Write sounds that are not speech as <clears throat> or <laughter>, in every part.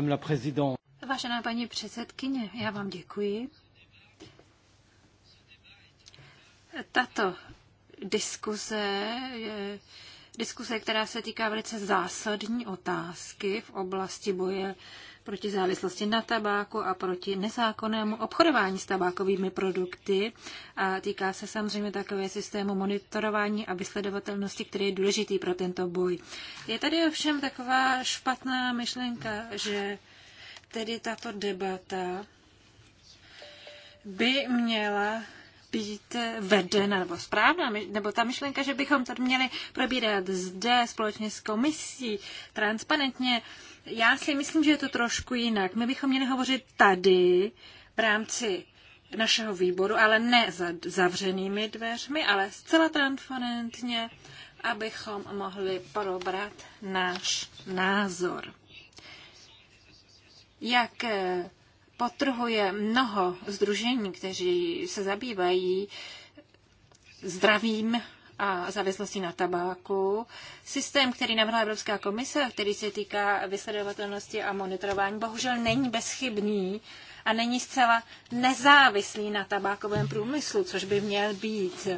la présidente. Vážená paní předsedkyně, já vám děkuji. Tato diskuze je diskuse, která se týká velice zásadní otázky v oblasti boje proti závislosti na tabáku a proti nezákonnému obchodování s tabákovými produkty. A týká se samozřejmě takové systému monitorování a vysledovatelnosti, který je důležitý pro tento boj. Je tady ovšem taková špatná myšlenka, že tedy tato debata by měla být vedena nebo správná, nebo ta myšlenka, že bychom to měli probírat zde společně s komisí transparentně, já si myslím, že je to trošku jinak. My bychom měli hovořit tady v rámci našeho výboru, ale ne za zavřenými dveřmi, ale zcela transparentně, abychom mohli probrat náš názor. Jak potrhuje mnoho združení, kteří se zabývají zdravím a závislostí na tabáku. Systém, který navrhla Evropská komise, který se týká vysledovatelnosti a monitorování, bohužel není bezchybný a není zcela nezávislý na tabákovém průmyslu, což by měl být.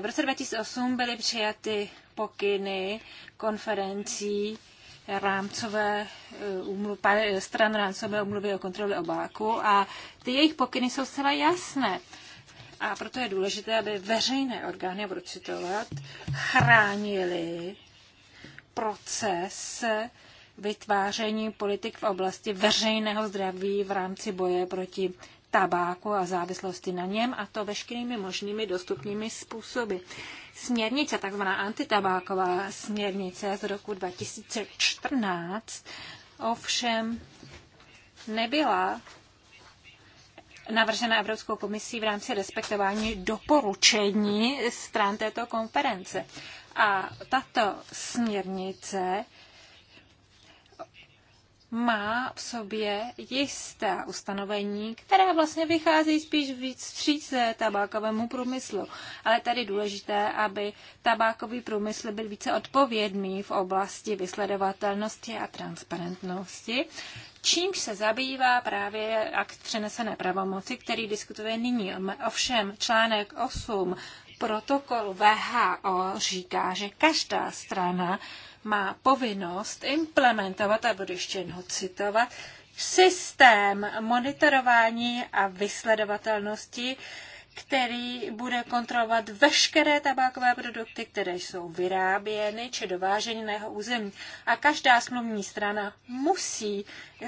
V roce 2008 byly přijaty pokyny konferencí rámcové umluv, eh, stran rámcové umluvy o kontrole obáku a ty jejich pokyny jsou zcela jasné. A proto je důležité, aby veřejné orgány, budu citovat, chránili proces vytváření politik v oblasti veřejného zdraví v rámci boje proti tabáku a závislosti na něm a to veškerými možnými dostupnými způsoby. Směrnice, takzvaná antitabáková směrnice z roku 2014, ovšem nebyla navržena Evropskou komisí v rámci respektování doporučení stran této konference. A tato směrnice má v sobě jistá ustanovení, která vlastně vychází spíš víc vstříc tabákovému průmyslu. Ale tady důležité, aby tabákový průmysl byl více odpovědný v oblasti vysledovatelnosti a transparentnosti, čímž se zabývá právě akt přenesené pravomoci, který diskutuje nyní. Ovšem článek 8 protokol VHO říká, že každá strana má povinnost implementovat, a budu ještě jednou citovat, systém monitorování a vysledovatelnosti který bude kontrolovat veškeré tabákové produkty, které jsou vyráběny či dováženy na jeho území. A každá smluvní strana musí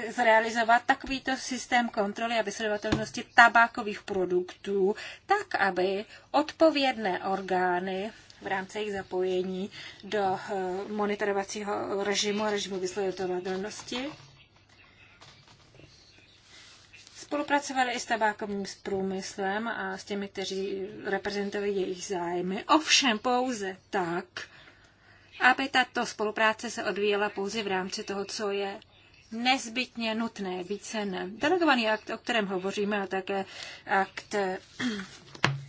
zrealizovat takovýto systém kontroly a vysledovatelnosti tabákových produktů, tak aby odpovědné orgány v rámci jejich zapojení do eh, monitorovacího režimu a režimu vysledovatelnosti Spolupracovali i s tabákovým průmyslem a s těmi, kteří reprezentovali jejich zájmy. Ovšem pouze tak, aby tato spolupráce se odvíjela pouze v rámci toho, co je nezbytně nutné, více ne. Delegovaný akt, o kterém hovoříme, a také akt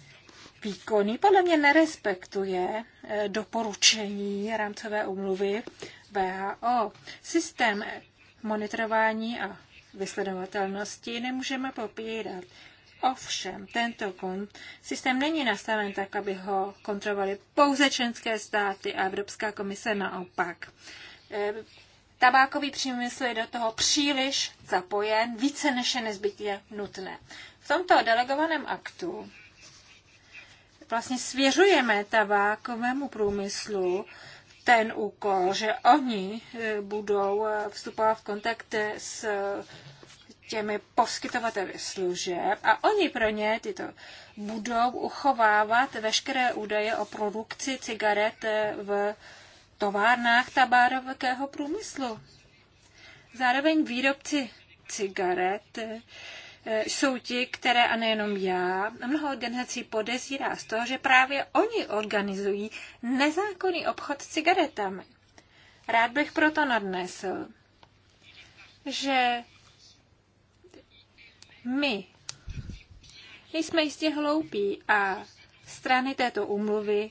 <clears throat> výkonný, podle mě nerespektuje eh, doporučení rámcové umluvy VHO. Systém monitorování a vysledovatelnosti nemůžeme popírat. Ovšem, tento kont, systém není nastaven tak, aby ho kontrolovaly pouze členské státy a Evropská komise naopak. E, tabákový přímysl je do toho příliš zapojen, více než je nezbytně nutné. V tomto delegovaném aktu vlastně svěřujeme tabákovému průmyslu ten úkol, že oni eh, budou eh, vstupovat v kontakt s těmi poskytovateli služeb a oni pro ně tyto budou uchovávat veškeré údaje o produkci cigaret eh, v továrnách tabárového průmyslu. Zároveň výrobci cigaret E, jsou ti, které a nejenom já, mnoho organizací podezírá z toho, že právě oni organizují nezákonný obchod s cigaretami. Rád bych proto nadnesl, že my nejsme jistě hloupí a strany této umluvy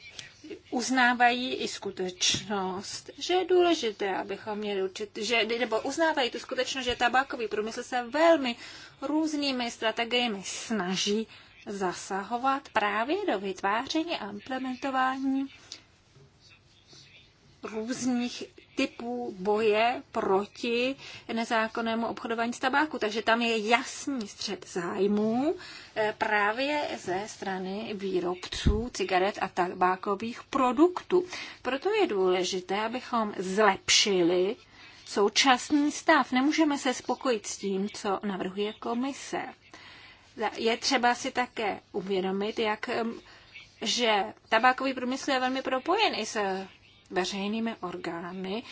uznávají i skutečnost, že je důležité, abychom měli určit, že, nebo uznávají tu skutečnost, že tabákový průmysl se velmi různými strategiemi snaží zasahovat právě do vytváření a implementování různých typů boje proti nezákonnému obchodování s tabáku. Takže tam je jasný střed zájmů eh, právě ze strany výrobců cigaret a tabákových produktů. Proto je důležité, abychom zlepšili současný stav. Nemůžeme se spokojit s tím, co navrhuje komise. Je třeba si také uvědomit, jak že tabákový průmysl je velmi propojen i s veřejnými orgány,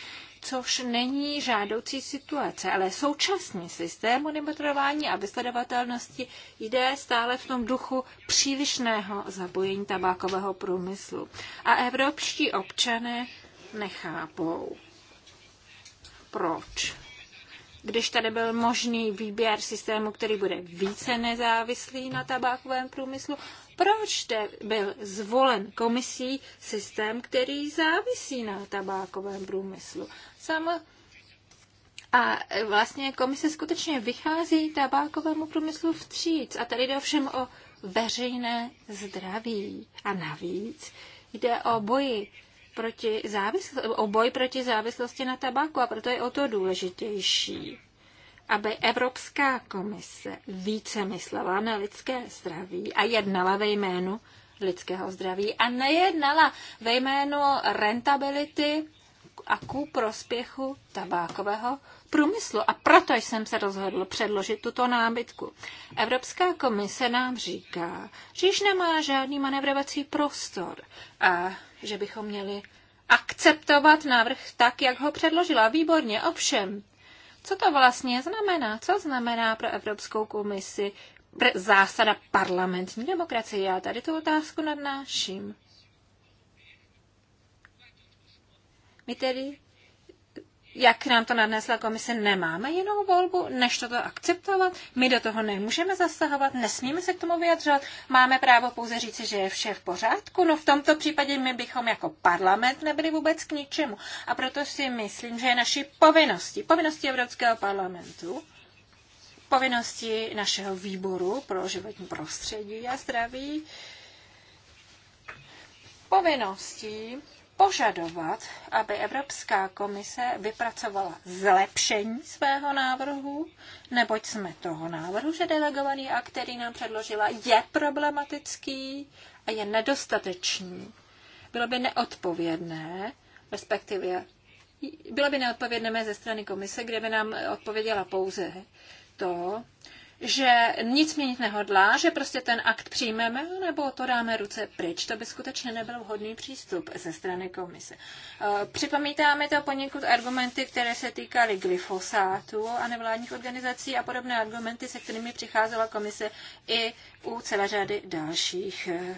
což není žádoucí situace, ale současný systém monitorování a vysledovatelnosti jde stále v tom duchu přílišného zabojení tabákového průmyslu. A evropští občané nechápou. Proč? Když tady byl možný výběr systému, který bude více nezávislý na tabákovém průmyslu, proč byl zvolen komisí systém, který závisí na tabákovém průmyslu. Samo a vlastně komise skutečně vychází tabákovému průmyslu vstříc. A tady jde ovšem o veřejné zdraví. A navíc jde o boji proti závislosti, o boj proti závislosti na tabáku a proto je o to důležitější aby Evropská komise více myslela na lidské zdraví a jednala ve jménu lidského zdraví a nejednala ve jménu rentability a ku prospěchu tabákového průmyslu. A proto jsem se rozhodl předložit tuto nábytku. Evropská komise nám říká, že již nemá žádný manevrovací prostor a že bychom měli akceptovat návrh tak, jak ho předložila. Výborně, ovšem, co to vlastně znamená? Co znamená pro Evropskou komisi pr- zásada parlamentní demokracie? Já tady tu otázku nadnáším. My tedy jak nám to nadnesla komise, nemáme jinou volbu, než toto akceptovat. My do toho nemůžeme zasahovat, nesmíme se k tomu vyjadřovat. Máme právo pouze říci, že je vše v pořádku. No v tomto případě my bychom jako parlament nebyli vůbec k ničemu. A proto si myslím, že je naší povinností, povinností Evropského parlamentu, povinnosti našeho výboru pro životní prostředí a zdraví, povinností požadovat, aby Evropská komise vypracovala zlepšení svého návrhu, neboť jsme toho návrhu, že delegovaný akt, který nám předložila, je problematický a je nedostatečný. Bylo by neodpovědné, respektive bylo by neodpovědné ze strany komise, kde by nám odpověděla pouze to, že nic měnit nehodlá, že prostě ten akt přijmeme, nebo to dáme ruce pryč. To by skutečně nebyl vhodný přístup ze strany komise. Eh, Připomítá mi to poněkud argumenty, které se týkaly glyfosátu a nevládních organizací a podobné argumenty, se kterými přicházela komise i u celé řady dalších eh,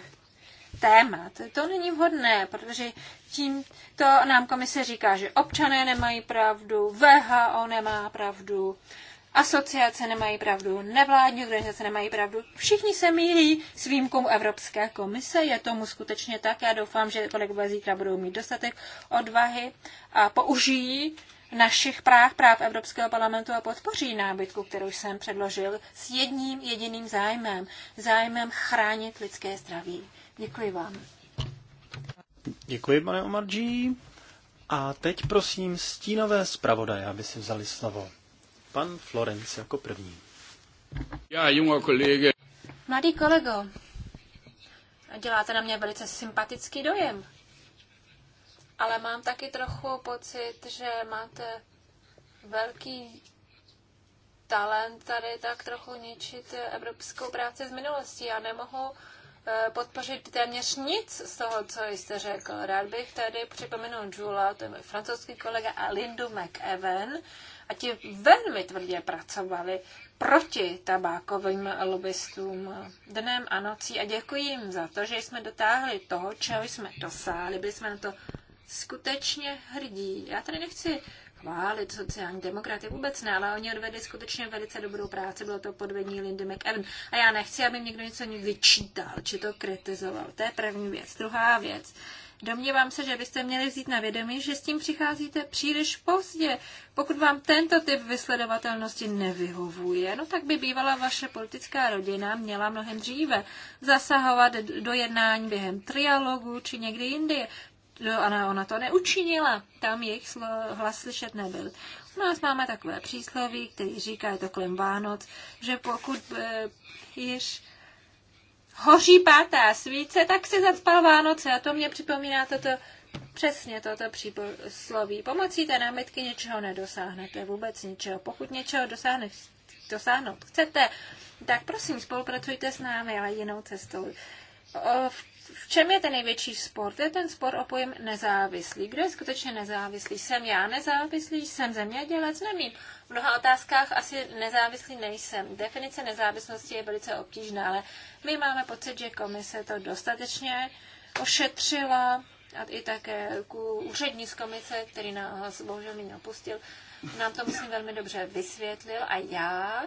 témat. To není vhodné, protože tím to nám komise říká, že občané nemají pravdu, VHO nemá pravdu, asociace nemají pravdu, nevládní organizace nemají pravdu, všichni se mílí s výjimkou Evropské komise, je tomu skutečně tak, já doufám, že kolegové zítra budou mít dostatek odvahy a použijí našich práv, práv Evropského parlamentu a podpoří nábytku, kterou jsem předložil, s jedním jediným zájmem, zájmem chránit lidské zdraví. Děkuji vám. Děkuji, pane Omarží. A teď prosím stínové zpravodaje, aby si vzali slovo. Pan Florenc jako první. Já, jungo kolege. Mladý kolego, děláte na mě velice sympatický dojem. Ale mám taky trochu pocit, že máte velký talent tady tak trochu ničit evropskou práci z minulosti. Já nemohu eh, podpořit téměř nic z toho, co jste řekl. Rád bych tady připomenul Jula, to je můj francouzský kolega, a Lindu McEwen, a ti velmi tvrdě pracovali proti tabákovým lobbystům dnem a nocí a děkuji jim za to, že jsme dotáhli toho, čeho jsme dosáhli. Byli jsme na to skutečně hrdí. Já tady nechci chválit sociální demokraty vůbec ne, ale oni odvedli skutečně velice dobrou práci, bylo to podvední Lindy McEwen. A já nechci, aby někdo něco vyčítal, či to kritizoval. To je první věc. Druhá věc. Uh, Domnívám se, že byste měli vzít na vědomí, že s tím přicházíte příliš pozdě. Pokud vám tento typ vysledovatelnosti nevyhovuje, no tak by bývala vaše politická rodina měla mnohem dříve zasahovat do jednání během trialogu či někdy jindy. No, ona, ona to neučinila, tam jejich slo, hlas slyšet nebyl. U no nás máme takové přísloví, který říká, je to kolem Vánoc, že pokud e, již hoří pátá svíce, tak si zacpal Vánoce. A to mě připomíná toto, přesně toto přísloví. Pomocí té námitky něčeho nedosáhnete, vůbec ničeho. Pokud něčeho dosáhne, dosáhnout chcete, tak prosím, spolupracujte s námi, ale jinou cestou. v čem je ten největší spor? To je ten spor o pojem nezávislý. Kdo je skutečně nezávislý? Jsem já nezávislý? Jsem zemědělec? Nevím. V mnoha otázkách asi nezávislý nejsem. Definice nezávislosti je velice obtížná, ale my máme pocit, že komise to dostatečně ošetřila a i také úřední z komise, který nás bohužel mě opustil, nám to myslím velmi dobře vysvětlil a já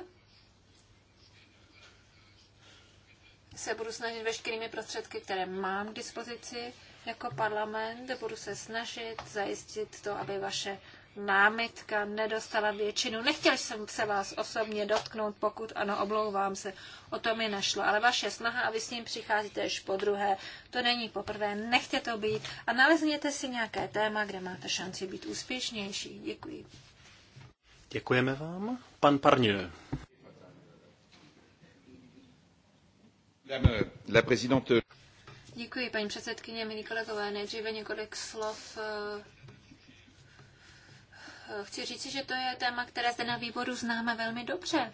se budu snažit veškerými prostředky, které mám k dispozici jako parlament, budu se snažit zajistit to, aby vaše námitka nedostala většinu. Nechtěl jsem se vás osobně dotknout, pokud ano, oblouvám se. O to mi nešlo. Ale vaše snaha, a s ním přicházíte již po druhé, to není poprvé, nechtě to být a nalezněte si nějaké téma, kde máte šanci být úspěšnější. Děkuji. Děkujeme vám. Pan Parnieu. Děkuji, paní předsedkyně, milí kolegové. Nejdříve několik slov eh, eh, chci říci, že to je téma, které zde na výboru známe velmi dobře.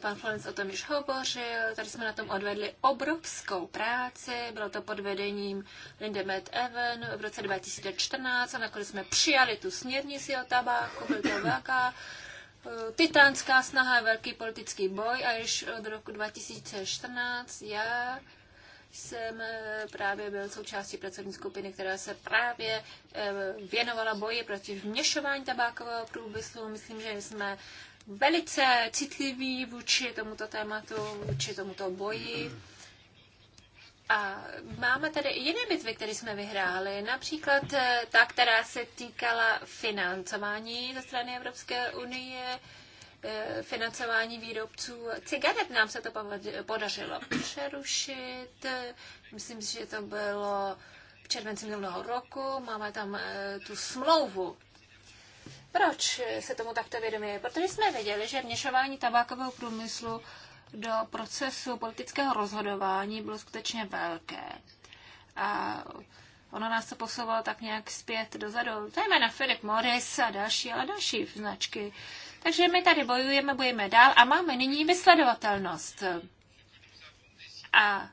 Pan Florenc o tom již hovořil, tady jsme na tom odvedli obrovskou práci, bylo to pod vedením Linda Matt Evan v roce 2014 a nakonec jsme přijali tu směrnici o tabáku, byl to velká Eh, titánská snaha, velký politický boj a již od roku 2014 já jsem eh, právě byl součástí pracovní skupiny, která se právě eh, věnovala boji proti vměšování tabákového průmyslu. Myslím, že jsme velice citliví vůči tomuto tématu, vůči tomuto boji. A máme tady i jiné bitvy, které jsme vyhráli, například eh, ta, která se týkala financování ze strany Evropské unie, eh, financování výrobců cigaret. Nám se to podařilo přerušit. Myslím si, že to bylo v červenci minulého roku. Máme tam eh, tu smlouvu. Proč se tomu takto vědomí? Protože jsme věděli, že vněšování tabákového průmyslu do procesu politického rozhodování bylo skutečně velké. A ono nás to posouvalo tak nějak zpět dozadu, zejména Philip Morris a další, ale další značky. Takže my tady bojujeme, bojujeme dál a máme nyní vysledovatelnost. A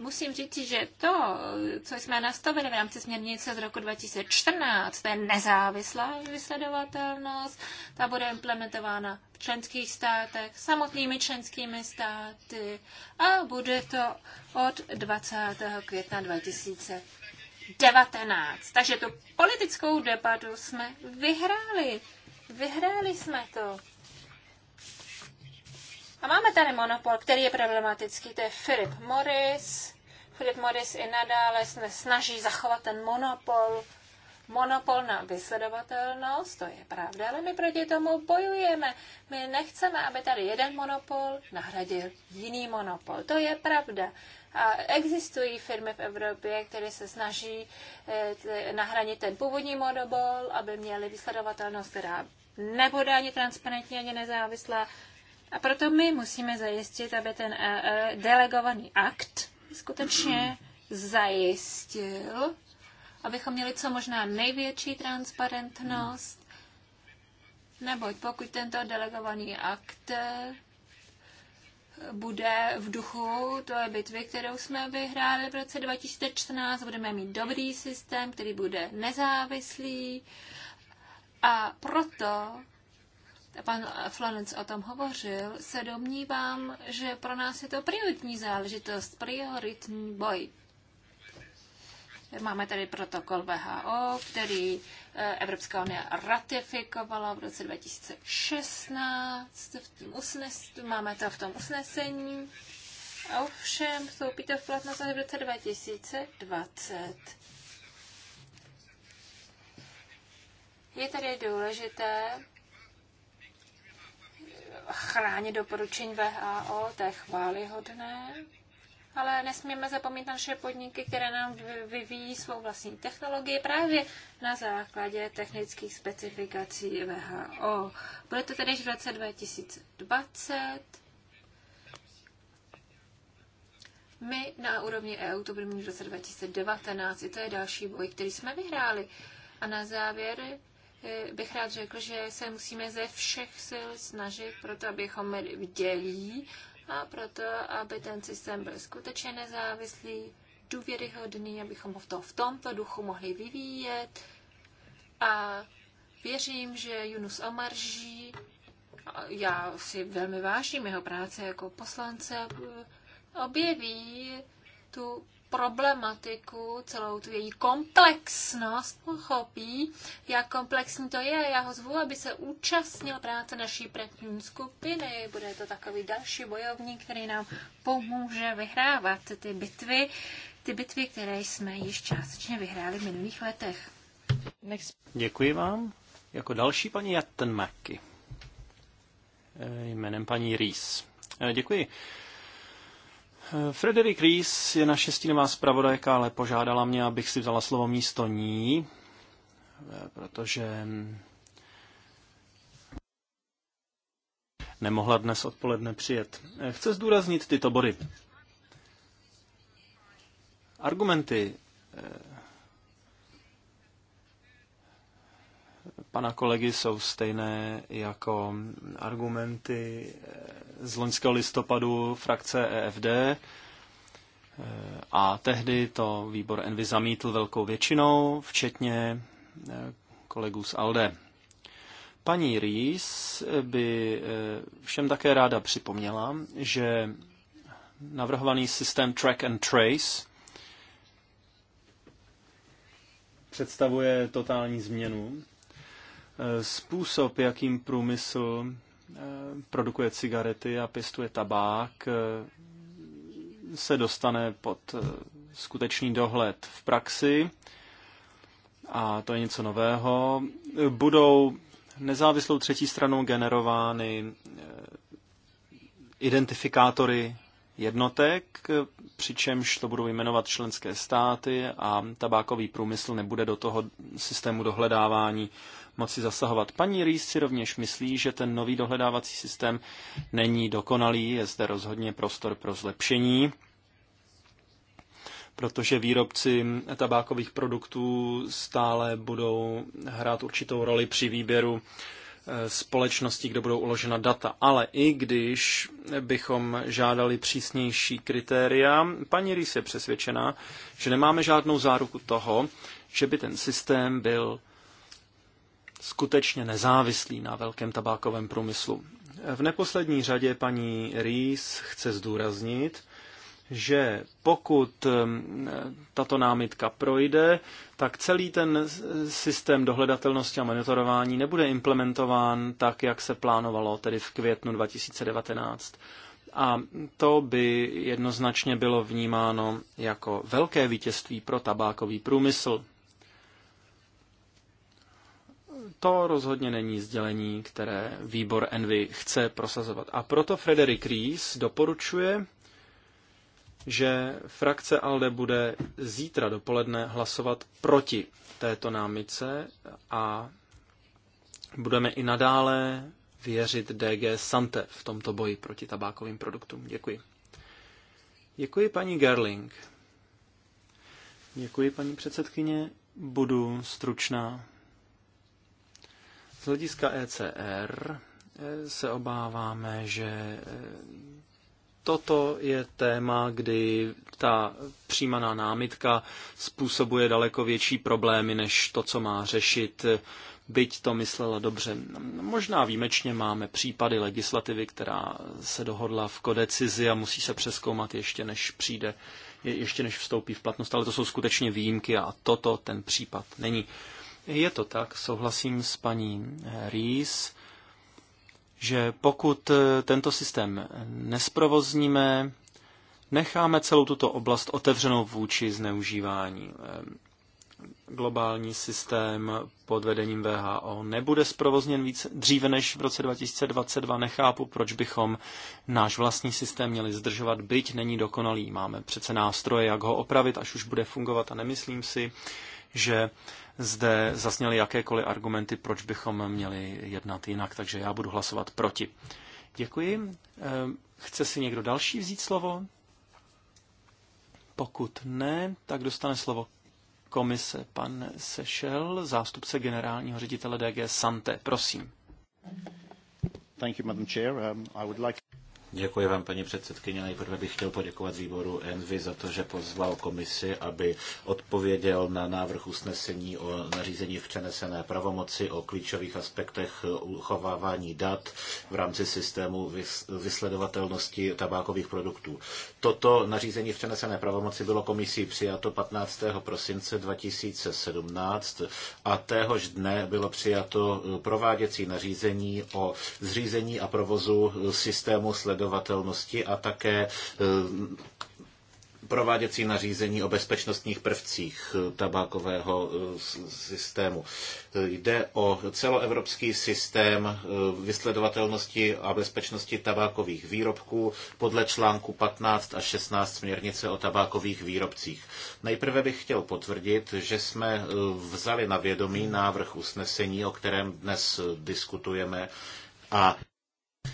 musím říct, že to, co jsme nastavili v rámci směrnice z roku 2014, to je nezávislá vysledovatelnost, ta bude implementována v členských státech, samotnými členskými státy a bude to od 20. května 2019. Takže tu politickou debatu jsme vyhráli. Vyhráli jsme to. A máme tady monopol, který je problematický, to je Philip Morris. Philip Morris i nadále se snaží zachovat ten monopol, monopol na vysledovatelnost, to je pravda, ale my proti tomu bojujeme. My nechceme, aby tady jeden monopol nahradil jiný monopol, to je pravda. A existují firmy v Evropě, které se snaží eh, nahradit ten původní monopol, aby měly vysledovatelnost, která nebude ani transparentní, ani nezávislá, a proto my musíme zajistit, aby ten eh, eh, delegovaný akt skutečně zajistil, abychom měli co možná největší transparentnost, neboť pokud tento delegovaný akt eh, bude v duchu té bitvy, kterou jsme vyhráli v roce 2014. Budeme mít dobrý systém, který bude nezávislý a proto pan Florence o tom hovořil, se domnívám, že pro nás je to prioritní záležitost, prioritní boj. Máme tady protokol VHO, který eh, Evropská unie ratifikovala v roce 2016. V tom usnes, máme to v tom usnesení. Ovšem vstoupí to v platnost až v roce 2020. Je tady důležité, chránit doporučení VHO, to je chválihodné. Ale nesmíme zapomínat naše podniky, které nám vyvíjí svou vlastní technologii právě na základě technických specifikací VHO. Bude to tedy v roce 2020. My na úrovni EU to budeme mít v roce 2019. I to je další boj, který jsme vyhráli. A na závěr Eh, bych rád řekl, že se musíme ze všech sil snažit proto, abychom byli vdělí a proto, aby ten systém byl skutečně nezávislý, důvěryhodný, abychom ho to v tomto duchu mohli vyvíjet. A věřím, že Yunus Omarží, já si velmi vážím jeho práce jako poslance, eh, objeví tu problematiku, celou tu její komplexnost pochopí, jak komplexní to je. Já ho zvu, aby se účastnil práce naší první skupiny. Bude to takový další bojovník, který nám pomůže vyhrávat ty bitvy, ty bitvy, které jsme již částečně vyhráli v minulých letech. Děkuji vám. Jako další paní Jattenmaky. Eh, jménem paní Rýs. Eh, děkuji. Frederik Ries je naše stínová zpravodajka, ale požádala mě, abych si vzala slovo místo ní, protože nemohla dnes odpoledne přijet. Chce zdůraznit tyto body. Argumenty pana kolegy jsou stejné jako argumenty z loňského listopadu frakce EFD. A tehdy to výbor Envy zamítl velkou většinou, včetně eh, kolegů z ALDE. Paní Rýs by eh, všem také ráda připomněla, že navrhovaný systém track and trace představuje totální změnu Eh, způsob, jakým průmysl eh, produkuje cigarety a pěstuje tabák, eh, se dostane pod skutečný dohled v praxi a to je něco nového. Budou nezávislou třetí stranou generovány identifikátory jednotek, přičemž to budou jmenovat členské státy a tabákový průmysl nebude do toho systému dohledávání moci zasahovat. Paní Rýs si rovněž myslí, že ten nový dohledávací systém není dokonalý, je zde rozhodně prostor pro zlepšení protože výrobci tabákových produktů stále budou hrát určitou roli při výběru eh, společností, kde budou uložena data. Ale i když bychom žádali přísnější kritéria, paní Rýs je přesvědčena, že nemáme žádnou záruku toho, že by ten systém byl skutečně nezávislý na velkém tabákovém průmyslu. V neposlední řadě paní Rees chce zdůraznit, že pokud um, tato námitka projde, tak celý ten systém dohledatelnosti a monitorování nebude implementován tak, jak se plánovalo, tedy v květnu 2019. A to by jednoznačně bylo vnímáno jako velké vítězství pro tabákový průmysl. to rozhodně není sdělení, které výbor Envy chce prosazovat. A proto Frederick Ries doporučuje, že frakce ALDE bude zítra dopoledne hlasovat proti této námice a budeme i nadále věřit DG Sante v tomto boji proti tabákovým produktům. Děkuji. Děkuji paní Gerling. Děkuji paní předsedkyně. Budu stručná. Z hlediska ECR eh, se obáváme, že eh, toto je téma, kdy ta přijímaná námitka způsobuje daleko větší problémy, než to, co má řešit, eh, byť to myslela dobře. Možná výjimečně máme případy legislativy, která se dohodla v kodecizi a musí se přeskoumat ještě než přijde, ještě než vstoupí v platnost, ale to jsou skutečně výjimky a toto ten případ není. Je to tak, souhlasím s paní eh, Rees, že pokud eh, tento systém nesprovozníme, necháme celou tuto oblast otevřenou vůči zneužívání. Eh, globální systém pod vedením VHO nebude zprovozněn víc, dříve než v roce 2022. Nechápu, proč bychom náš vlastní systém měli zdržovat, byť není dokonalý. Máme přece nástroje, jak ho opravit, až už bude fungovat a nemyslím si, že zde zazněly jakékoliv argumenty, proč bychom měli jednat jinak, takže já budu hlasovat proti. Děkuji. Eh, chce si někdo další vzít slovo? Pokud ne, tak dostane slovo komise pan Sešel, zástupce generálního ředitele DG Sante. Prosím. Thank you, Madam Chair. Um, I would like... Děkuji vám, paní předsedkyně. Nejprve bych chtěl poděkovat výboru Envy za to, že pozval komisi, aby odpověděl na návrh usnesení o nařízení v přenesené pravomoci o klíčových aspektech uchovávání dat v rámci systému vysledovatelnosti tabákových produktů. Toto nařízení v přenesené pravomoci bylo komisí přijato 15. prosince 2017 a téhož dne bylo přijato prováděcí nařízení o zřízení a provozu systému sledování sledovatelnosti a také e, prováděcí nařízení o bezpečnostních prvcích e, tabákového e, systému. Jde o celoevropský systém vysledovatelnosti a bezpečnosti tabákových výrobků podle článku 15 a 16 směrnice o tabákových výrobcích. Nejprve bych chtěl potvrdit, že jsme vzali na vědomí návrh usnesení, o kterém dnes diskutujeme, a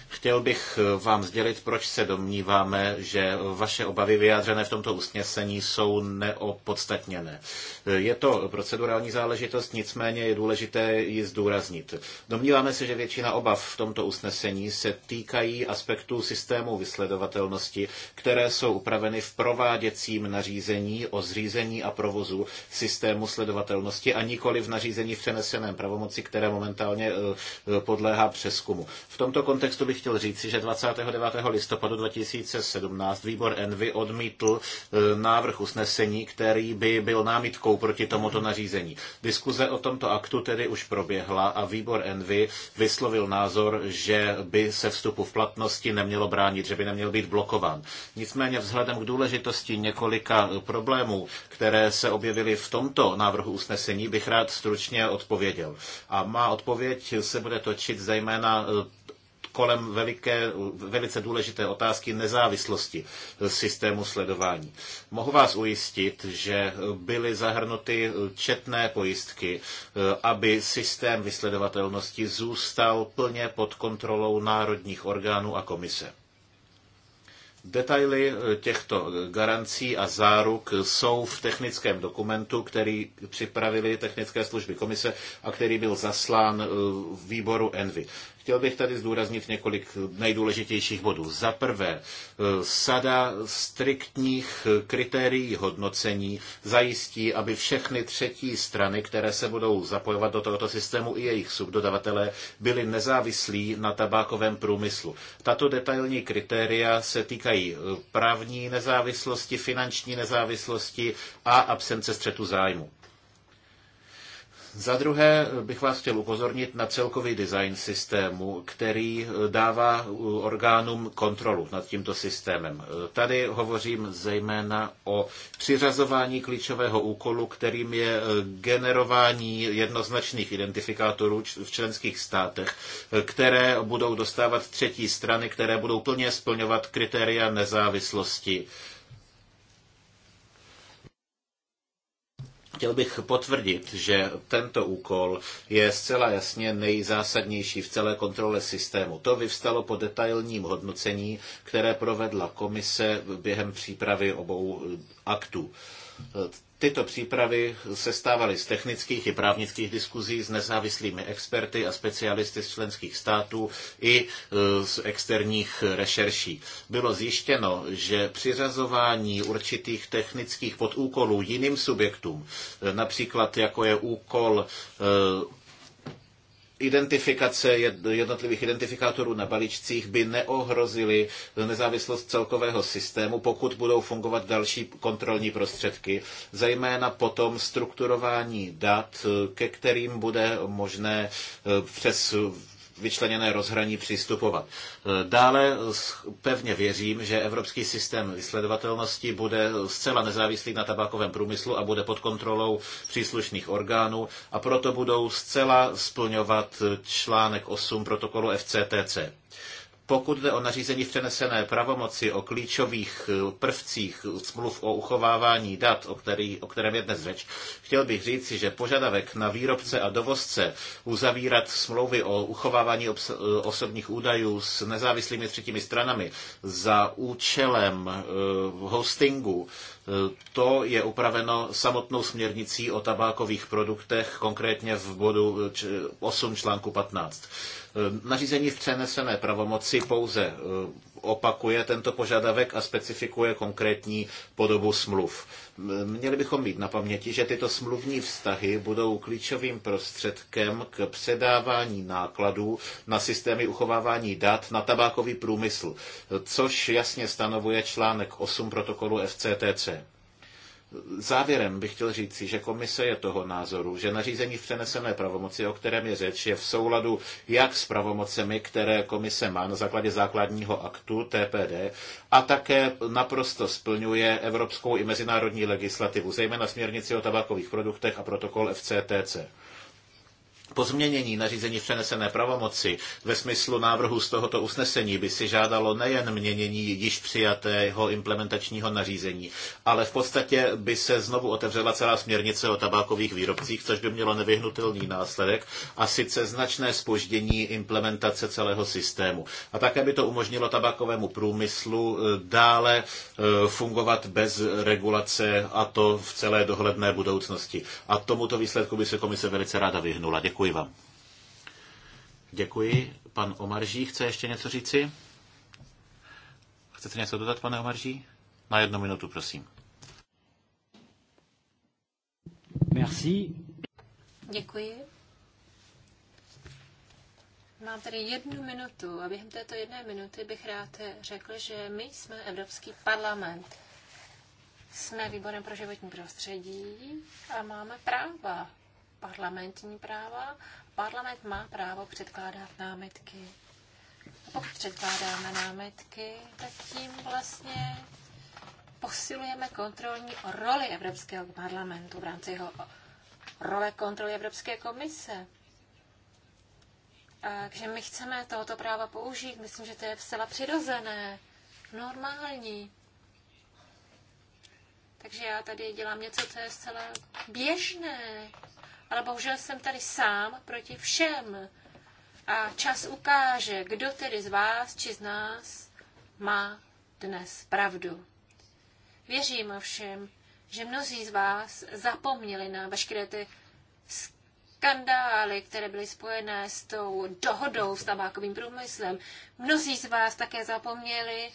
Chtěl bych eh, vám sdělit, proč se domníváme, že vaše obavy vyjádřené v tomto usnesení jsou neopodstatněné. Eh, je to procedurální záležitost, nicméně je důležité ji zdůraznit. Domníváme se, že většina obav v tomto usnesení se týkají aspektů systému vysledovatelnosti, které jsou upraveny v prováděcím nařízení o zřízení a provozu systému sledovatelnosti a nikoli v nařízení v přeneseném pravomoci, které momentálně eh, podléhá přeskumu. V tomto kontextu kontextu bych chtěl říci, že 29. listopadu 2017 výbor Envy odmítl e, návrh usnesení, který by byl námitkou proti tomuto nařízení. Diskuze o tomto aktu tedy už proběhla a výbor Envy vyslovil názor, že by se vstupu v platnosti nemělo bránit, že by neměl být blokován. Nicméně vzhledem k důležitosti několika problémů, které se objevily v tomto návrhu usnesení, bych rád stručně odpověděl. A má odpověď se bude točit zejména e, kolem veliké, velice důležité otázky nezávislosti systému sledování. Mohu vás ujistit, že byly zahrnuty četné pojistky, aby systém vysledovatelnosti zůstal plně pod kontrolou národních orgánů a komise. Detaily těchto garancí a záruk jsou v technickém dokumentu, který připravili technické služby komise a který byl zaslán eh, výboru Envy. Chtěl bych tady zdůraznit několik nejdůležitějších bodů. Za prvé, e, sada striktních kritérií hodnocení zajistí, aby všechny třetí strany, které se budou zapojovat do tohoto systému i jejich subdodavatelé, byli nezávislí na tabákovém průmyslu. Tato detailní kritéria se týkají e, právní nezávislosti, finanční nezávislosti a absence střetu zájmu. Za druhé bych vás chtěl upozornit na celkový design systému, který eh, dává eh, orgánům kontrolu nad tímto systémem. Eh, tady hovořím zejména o přiřazování klíčového úkolu, kterým je generování jednoznačných identifikátorů v členských státech, které budou dostávat třetí strany, které budou plně splňovat kritéria nezávislosti Chtěl bych potvrdit, že tento úkol je zcela jasně nejzásadnější v celé kontrole systému. To vyvstalo po detailním hodnocení, které provedla komise během přípravy obou aktů. Tyto přípravy se stávaly z technických i právnických diskuzí s nezávislými experty a specialisty z členských států i e, z externích rešerší. Bylo zjištěno, že přiřazování určitých technických podúkolů jiným subjektům, e, například jako je úkol e, identifikace jednotlivých identifikátorů na balíčcích by neohrozily nezávislost celkového systému, pokud budou fungovat další kontrolní prostředky, zejména potom strukturování dat, ke kterým bude možné eh, přes vyčleněné rozhraní přistupovat. E, dále pevně věřím, že evropský systém vysledovatelnosti bude zcela nezávislý na tabákovém průmyslu a bude pod kontrolou příslušných orgánů a proto budou zcela splňovat článek 8 protokolu FCTC. Pokud jde o nařízení v přenesené pravomoci, o klíčových eh, prvcích smluv o uchovávání dat, o, který, o kterém je dnes řeč, chtěl bych říci, že požadavek na výrobce a dovozce uzavírat smlouvy o uchovávání eh, osobních údajů s nezávislými třetími stranami za účelem eh, hostingu, to je upraveno samotnou směrnicí o tabákových produktech, konkrétně v bodu 8 článku 15. Eh, nařízení v přenesené pravomoci pouze eh, opakuje tento požadavek a specifikuje konkrétní podobu smluv. Eh, měli bychom mít na paměti, že tyto smluvní vztahy budou klíčovým prostředkem k předávání nákladů na systémy uchovávání dat na tabákový průmysl, což jasně stanovuje článek 8 protokolu FCTC. Závěrem bych chtěl říct, že komise je toho názoru, že nařízení v přenesené pravomoci, o kterém je řeč, je v souladu jak s pravomocemi, které komise má na základě základního aktu TPD, a také naprosto splňuje evropskou i mezinárodní legislativu, zejména směrnici o tabákových produktech a protokol FCTC pozměnění nařízení v přenesené pravomoci ve smyslu návrhu z tohoto usnesení by si žádalo nejen měnění již přijatého implementačního nařízení, ale v podstatě by se znovu otevřela celá směrnice o tabákových výrobcích, což by mělo nevyhnutelný následek a sice značné spoždění implementace celého systému. A také by to umožnilo tabákovému průmyslu eh, dále eh, fungovat bez regulace a to v celé dohledné budoucnosti. A tomuto výsledku by se komise velice ráda vyhnula. Děkuji. Děkuji vám. Děkuji. Pan Omarží chce ještě něco říci? Chcete něco dodat, pane Omarží? Na jednu minutu, prosím. Merci. Děkuji. Mám tady jednu minutu a během této jedné minuty bych rád řekl, že my jsme Evropský parlament. Jsme výborem pro životní prostředí a máme práva parlamentní práva. Parlament má právo předkládat námitky. A pokud předkládáme námitky, tak tím vlastně posilujeme kontrolní roli Evropského parlamentu v rámci jeho role kontroly Evropské komise. Takže my chceme tohoto práva použít. Myslím, že to je vcela přirozené, normální. Takže já tady dělám něco, co je zcela běžné ale bohužel jsem tady sám proti všem. A čas ukáže, kdo tedy z vás či z nás má dnes pravdu. Věřím ovšem, že mnozí z vás zapomněli na veškeré ty skandály, které byly spojené s tou dohodou s tabákovým průmyslem. Mnozí z vás také zapomněli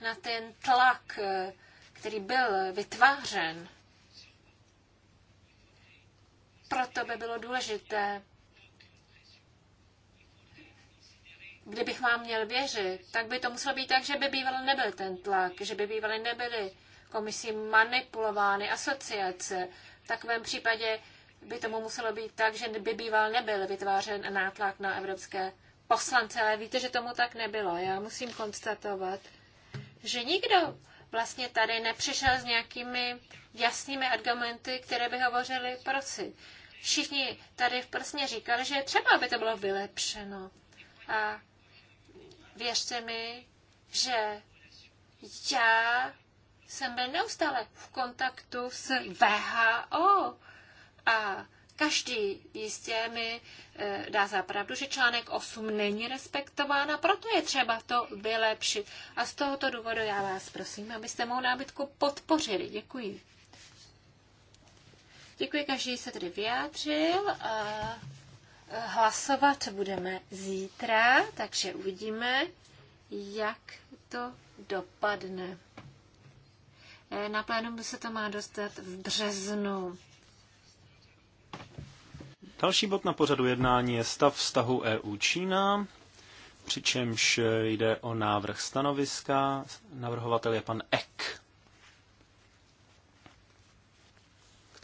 na ten tlak, eh, který byl vytvářen proto by bylo důležité, kdybych vám měl věřit, tak by to muselo být tak, že by býval nebyl ten tlak, že by bývaly nebyly komisí manipulovány asociace. V takovém případě by tomu muselo být tak, že by býval nebyl vytvářen nátlak na evropské poslance, ale víte, že tomu tak nebylo. Já musím konstatovat, že nikdo vlastně tady nepřišel s nějakými jasnými argumenty, které by hovořily proci. Všichni tady v prsně říkali, že je třeba, aby to bylo vylepšeno. A věřte mi, že já jsem byl neustále v kontaktu s VHO a každý jistě mi e, dá za pravdu, že článek 8 není respektován a proto je třeba to vylepšit. A z tohoto důvodu já vás prosím, abyste mou nábytku podpořili. Děkuji. Děkuji, každý se tedy vyjádřil. A hlasovat budeme zítra, takže uvidíme, jak to dopadne. E, na plénum se to má dostat v březnu. Další bod na pořadu jednání je stav vztahu EU-Čína, přičemž jde o návrh stanoviska. Navrhovatel je pan Eck.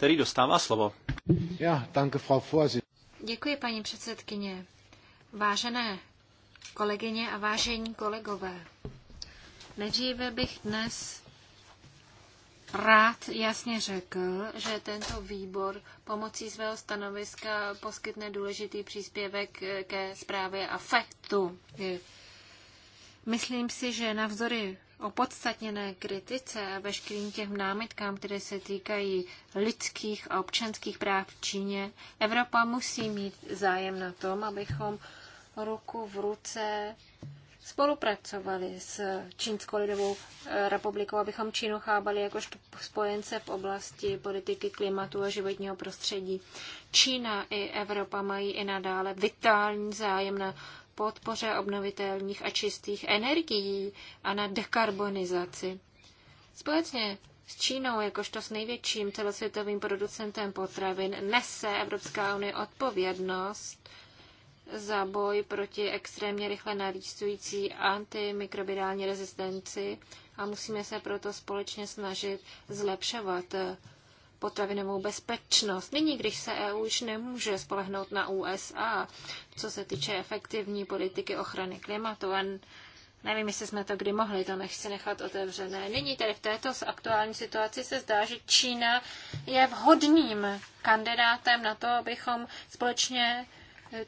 který dostává slovo. Ja, danke, Frau Děkuji, paní předsedkyně. Vážené kolegyně a vážení kolegové, nejdříve bych dnes rád jasně řekl, že tento výbor pomocí svého stanoviska poskytne důležitý příspěvek ke zprávě a faktu. Myslím si, že navzory opodstatněné kritice a veškerým těm námitkám, které se týkají lidských a občanských práv v Číně, Evropa musí mít zájem na tom, abychom ruku v ruce spolupracovali s Čínskou lidovou eh, republikou, abychom Čínu chápali jako spojence v oblasti politiky klimatu a životního prostředí. Čína i Evropa mají i nadále vitální zájem na podpoře obnovitelných a čistých energií a na dekarbonizaci. Společně s Čínou, jakožto s největším celosvětovým producentem potravin, nese Evropská unie odpovědnost za boj proti extrémně rychle narůstající antimikrobiální rezistenci a musíme se proto společně snažit zlepšovat potravinovou bezpečnost. Nyní, když se EU už nemůže spolehnout na USA, co se týče efektivní politiky ochrany klimatu, a nevím, jestli jsme to kdy mohli, to nechci nechat otevřené. Nyní tedy v této aktuální situaci se zdá, že Čína je vhodným kandidátem na to, abychom společně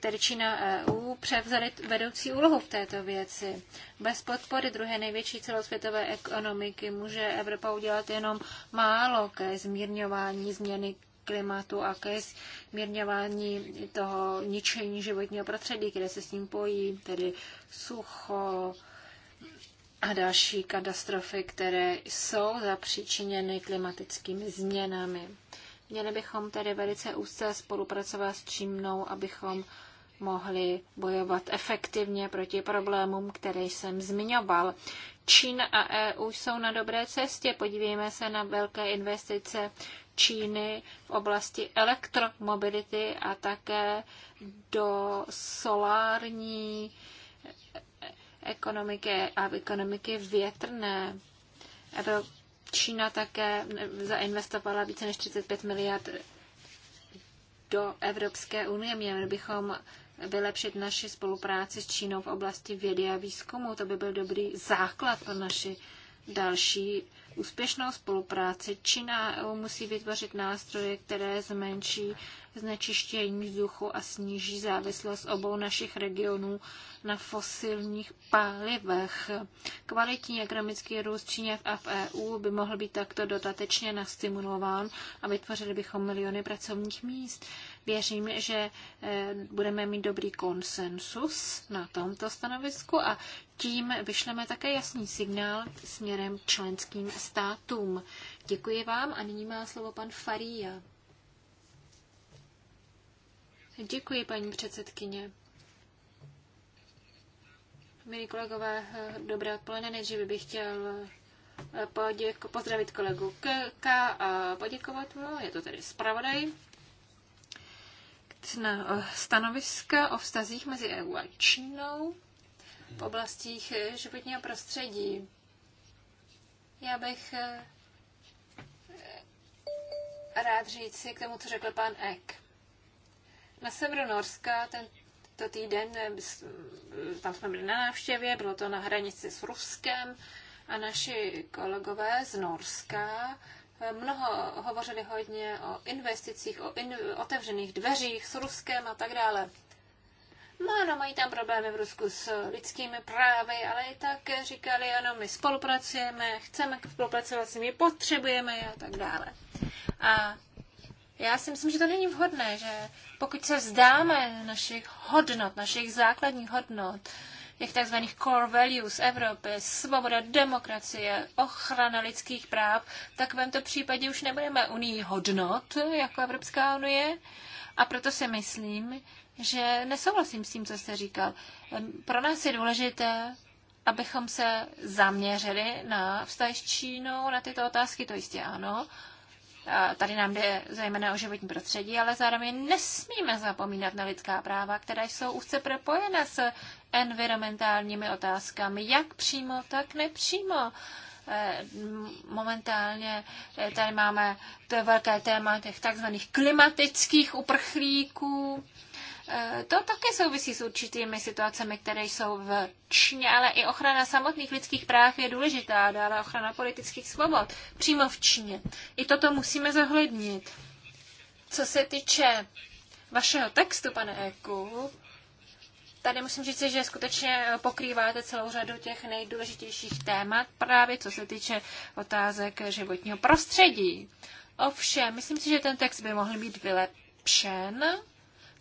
tedy Čína a EU, převzali vedoucí úlohu v této věci. Bez podpory druhé největší celosvětové ekonomiky může Evropa udělat jenom málo ke zmírňování změny klimatu a ke zmírňování toho ničení životního prostředí, které se s ním pojí, tedy sucho a další katastrofy, které jsou zapříčiněny klimatickými změnami. Měli bychom tedy velice úzce spolupracovat s Čímnou, abychom mohli bojovat efektivně proti problémům, které jsem zmiňoval. Čín a EU jsou na dobré cestě. Podívejme se na velké investice Číny v oblasti elektromobility a také do solární ekonomiky a ekonomiky větrné. Evropa Čína také zainvestovala více než 35 miliard do Evropské unie. Měli bychom vylepšit naši spolupráci s Čínou v oblasti vědy a výzkumu. To by byl dobrý základ pro naši další úspěšnou spolupráci. Čína e, musí vytvořit nástroje, které zmenší znečištění vzduchu a sníží závislost obou našich regionů na fosilních palivech. Kvalitní ekonomický růst Číně a v EU by mohl být takto dodatečně nastimulován a vytvořili bychom miliony pracovních míst. Věřím, že eh, budeme mít dobrý konsensus na tomto stanovisku a tím vyšleme také jasný signál směrem členským státům. Děkuji vám a nyní má slovo pan Faria. Děkuji, paní předsedkyně. Milí kolegové, eh, dobré odpoledne. Nejdříve bych chtěl eh, poděko- pozdravit kolegu K, a poděkovat mu. Je to tedy zpravodaj na eh, stanoviska o vztazích mezi EU a Čínou v oblastích eh, životního prostředí. Já bych eh, rád říci k tomu, co řekl pan Ek. Na severu Norska tento týden, tam jsme byli na návštěvě, bylo to na hranici s Ruskem a naši kolegové z Norska mnoho hovořili hodně o investicích, o in, otevřených dveřích s Ruskem a tak dále. No ano, mají tam problémy v Rusku s lidskými právy, ale i tak říkali, ano, my spolupracujeme, chceme spolupracovat s nimi, potřebujeme a tak dále. A já si myslím, že to není vhodné, že pokud se vzdáme našich hodnot, našich základních hodnot, těch tzv. core values Evropy, svoboda, demokracie, ochrana lidských práv, tak v tomto případě už nebudeme unii hodnot jako Evropská unie. A proto si myslím, že nesouhlasím s tím, co jste říkal. Pro nás je důležité, abychom se zaměřili na vztah s Čínou, na tyto otázky, to jistě ano, tady nám jde zejména o životní prostředí, ale zároveň nesmíme zapomínat na lidská práva, která jsou úzce propojena s environmentálními otázkami, jak přímo, tak nepřímo eh, momentálně eh, tady máme to velké téma těch takzvaných klimatických uprchlíků, Eh, to také souvisí s určitými situacemi, které jsou v Číně, ale i ochrana samotných lidských práv je důležitá, dále ochrana politických svobod přímo v Číně. I toto musíme zohlednit. Co se týče vašeho textu, pane Eku, tady musím říct, že skutečně pokrýváte celou řadu těch nejdůležitějších témat, právě co se týče otázek životního prostředí. Ovšem, myslím si, že ten text by mohl být vylepšen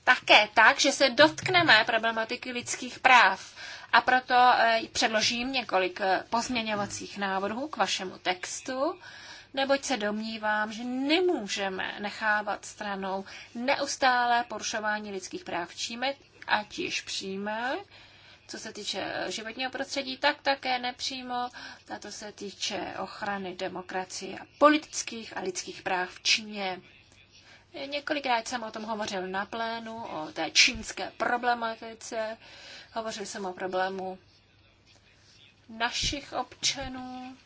také tak, že se dotkneme problematiky lidských práv. A proto eh, předložím několik eh, pozměňovacích návrhů k vašemu textu, neboť se domnívám, že nemůžeme nechávat stranou neustálé porušování lidských práv v Číme, ať již přijme, co se týče eh, životního prostředí, tak také nepřímo, a to se týče ochrany demokracie a politických a lidských práv v Číně. Několikrát jsem o tom hovořil na plénu, o té čínské problematice, hovořil jsem o problému našich občanů,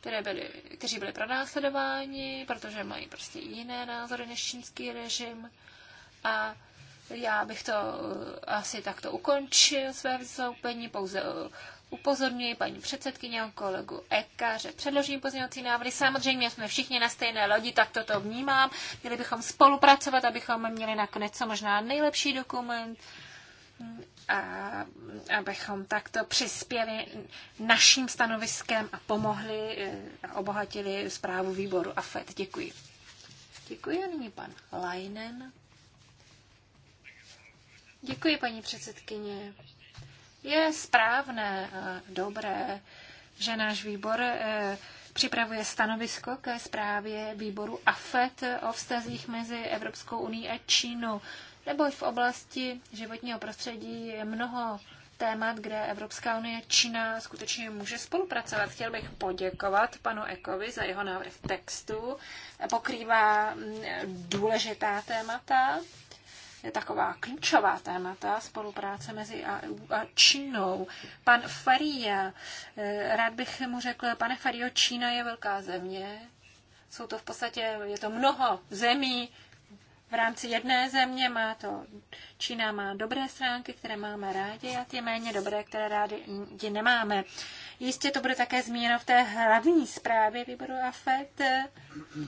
které byly, kteří byli pronásledováni, protože mají prostě jiné názory než čínský režim. A já bych to eh, asi takto ukončil své vystoupení, pouze eh, Upozorňuji paní předsedkyně a kolegu Eka, že předložím pozměňovací návrhy. Samozřejmě jsme všichni na stejné lodi, tak toto vnímám. Měli bychom spolupracovat, abychom měli nakonec co možná nejlepší dokument a abychom takto přispěli naším stanoviskem a pomohli eh, a obohatili zprávu výboru AFET. Děkuji. Děkuji a nyní pan Leinen. Děkuji, paní předsedkyně. Je správné a dobré, že náš výbor e, připravuje stanovisko ke zprávě výboru AFET o vztazích mezi Evropskou unii a Čínou, Nebo v oblasti životního prostředí je mnoho témat, kde Evropská unie Čína skutečně může spolupracovat. Chtěl bych poděkovat panu Ekovi za jeho návrh textu. Pokrývá mm, důležitá témata taková klíčová témata spolupráce mezi EU a Čínou. Pan Faria, eh, rád bych mu řekl, pane Fario, Čína je velká země. Jsou to v podstatě, je to mnoho zemí, v rámci jedné země má to, Čína má dobré stránky, které máme rádi a ty méně dobré, které rádi nemáme. Jistě to bude také zmíněno v té hlavní zprávě výboru AFET.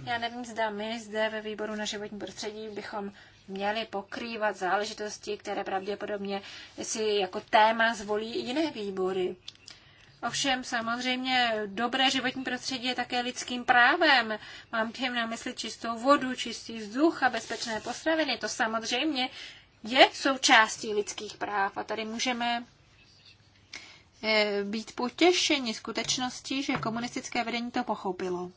Já nevím, zda my zde ve výboru na životní prostředí bychom měli pokrývat záležitosti, které pravděpodobně si jako téma zvolí jiné výbory. Ovšem samozřejmě dobré životní prostředí je také lidským právem. Mám tím na mysli čistou vodu, čistý vzduch a bezpečné potraviny. To samozřejmě je součástí lidských práv a tady můžeme eh, být potěšeni skutečností, že komunistické vedení to pochopilo.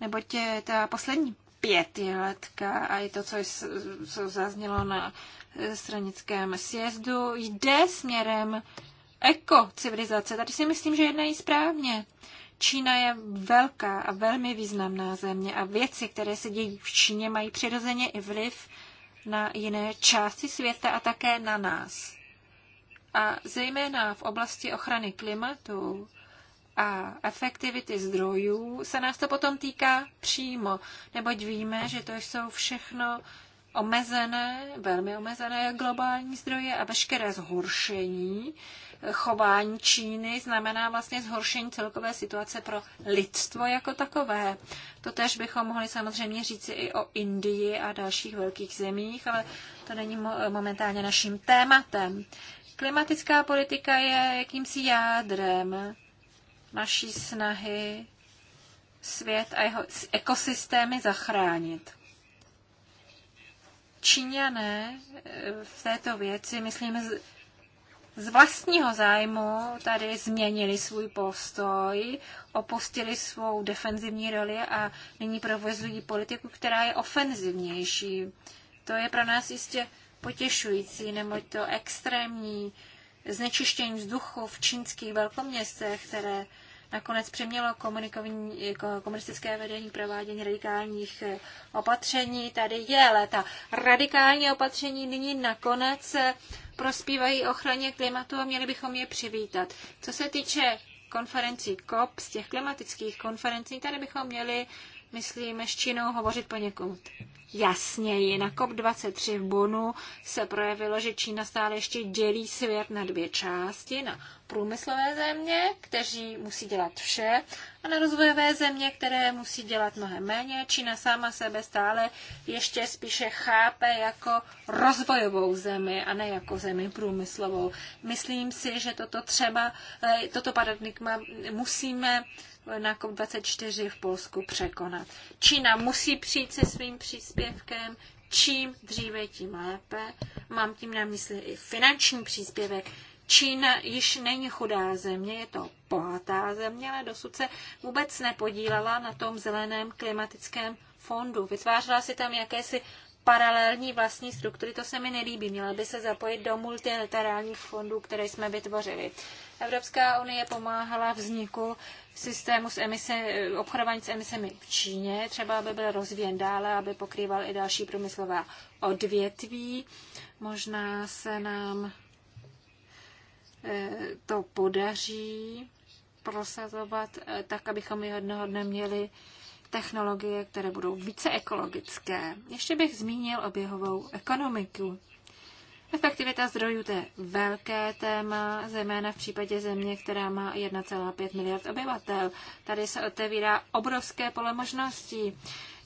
Neboť eh, ta poslední pětiletka a i to, co, co zaznělo na eh, stranickém sjezdu, jde směrem ekocivilizace. Tady si myslím, že jednají správně. Čína je velká a velmi významná země a věci, které se dějí v Číně, mají přirozeně i vliv na jiné části světa a také na nás. A zejména v oblasti ochrany klimatu a efektivity zdrojů se nás to potom týká přímo, neboť víme, že to jsou všechno omezené, velmi omezené globální zdroje a veškeré zhoršení chování Číny znamená vlastně zhoršení celkové situace pro lidstvo jako takové. To tež bychom mohli samozřejmě říci i o Indii a dalších velkých zemích, ale to není momentálně naším tématem. Klimatická politika je jakýmsi jádrem naší snahy svět a jeho ekosystémy zachránit. Číňané eh, v této věci, myslím, z vlastního zájmu tady změnili svůj postoj, opustili svou defenzivní roli a nyní provozují politiku, která je ofenzivnější. To je pro nás jistě potěšující, neboť to extrémní znečištění vzduchu v čínských velkoměstech, které Nakonec přemělo komunistické vedení provádění radikálních eh, opatření. Tady je, ale ta radikální opatření nyní nakonec eh, prospívají ochraně klimatu a měli bychom je přivítat. Co se týče konferencí COP, z těch klimatických konferencí, tady bychom měli, myslím, s Čínou hovořit poněkud jasněji. Na COP23 v Bonu se projevilo, že Čína stále ještě dělí svět na dvě části, na průmyslové země, kteří musí dělat vše, a na rozvojové země, které musí dělat mnohem méně. Čína sama sebe stále ještě spíše chápe jako rozvojovou zemi a ne jako zemi průmyslovou. Myslím si, že toto třeba, eh, toto paradigma musíme na COP24 v Polsku překonat. Čína musí přijít se svým příspěvkem, čím dříve, tím lépe. Mám tím na mysli i finanční příspěvek. Čína již není chudá země, je to bohatá země, ale dosud se vůbec nepodílela na tom zeleném klimatickém fondu. Vytvářela si tam jakési paralelní vlastní struktury, to se mi nelíbí. Měla by se zapojit do multilaterálních fondů, které jsme vytvořili. Evropská unie pomáhala vzniku systému s emise, obchodování s emisemi v Číně, třeba aby byl rozvíjen dále, aby pokrýval i další průmyslová odvětví. Možná se nám e, to podaří prosazovat e, tak, abychom jednoho dne měli technologie, které budou více ekologické. Ještě bych zmínil oběhovou ekonomiku. Efektivita zdrojů to je velké téma, zejména v případě země, která má 1,5 miliard obyvatel. Tady se otevírá obrovské pole možností.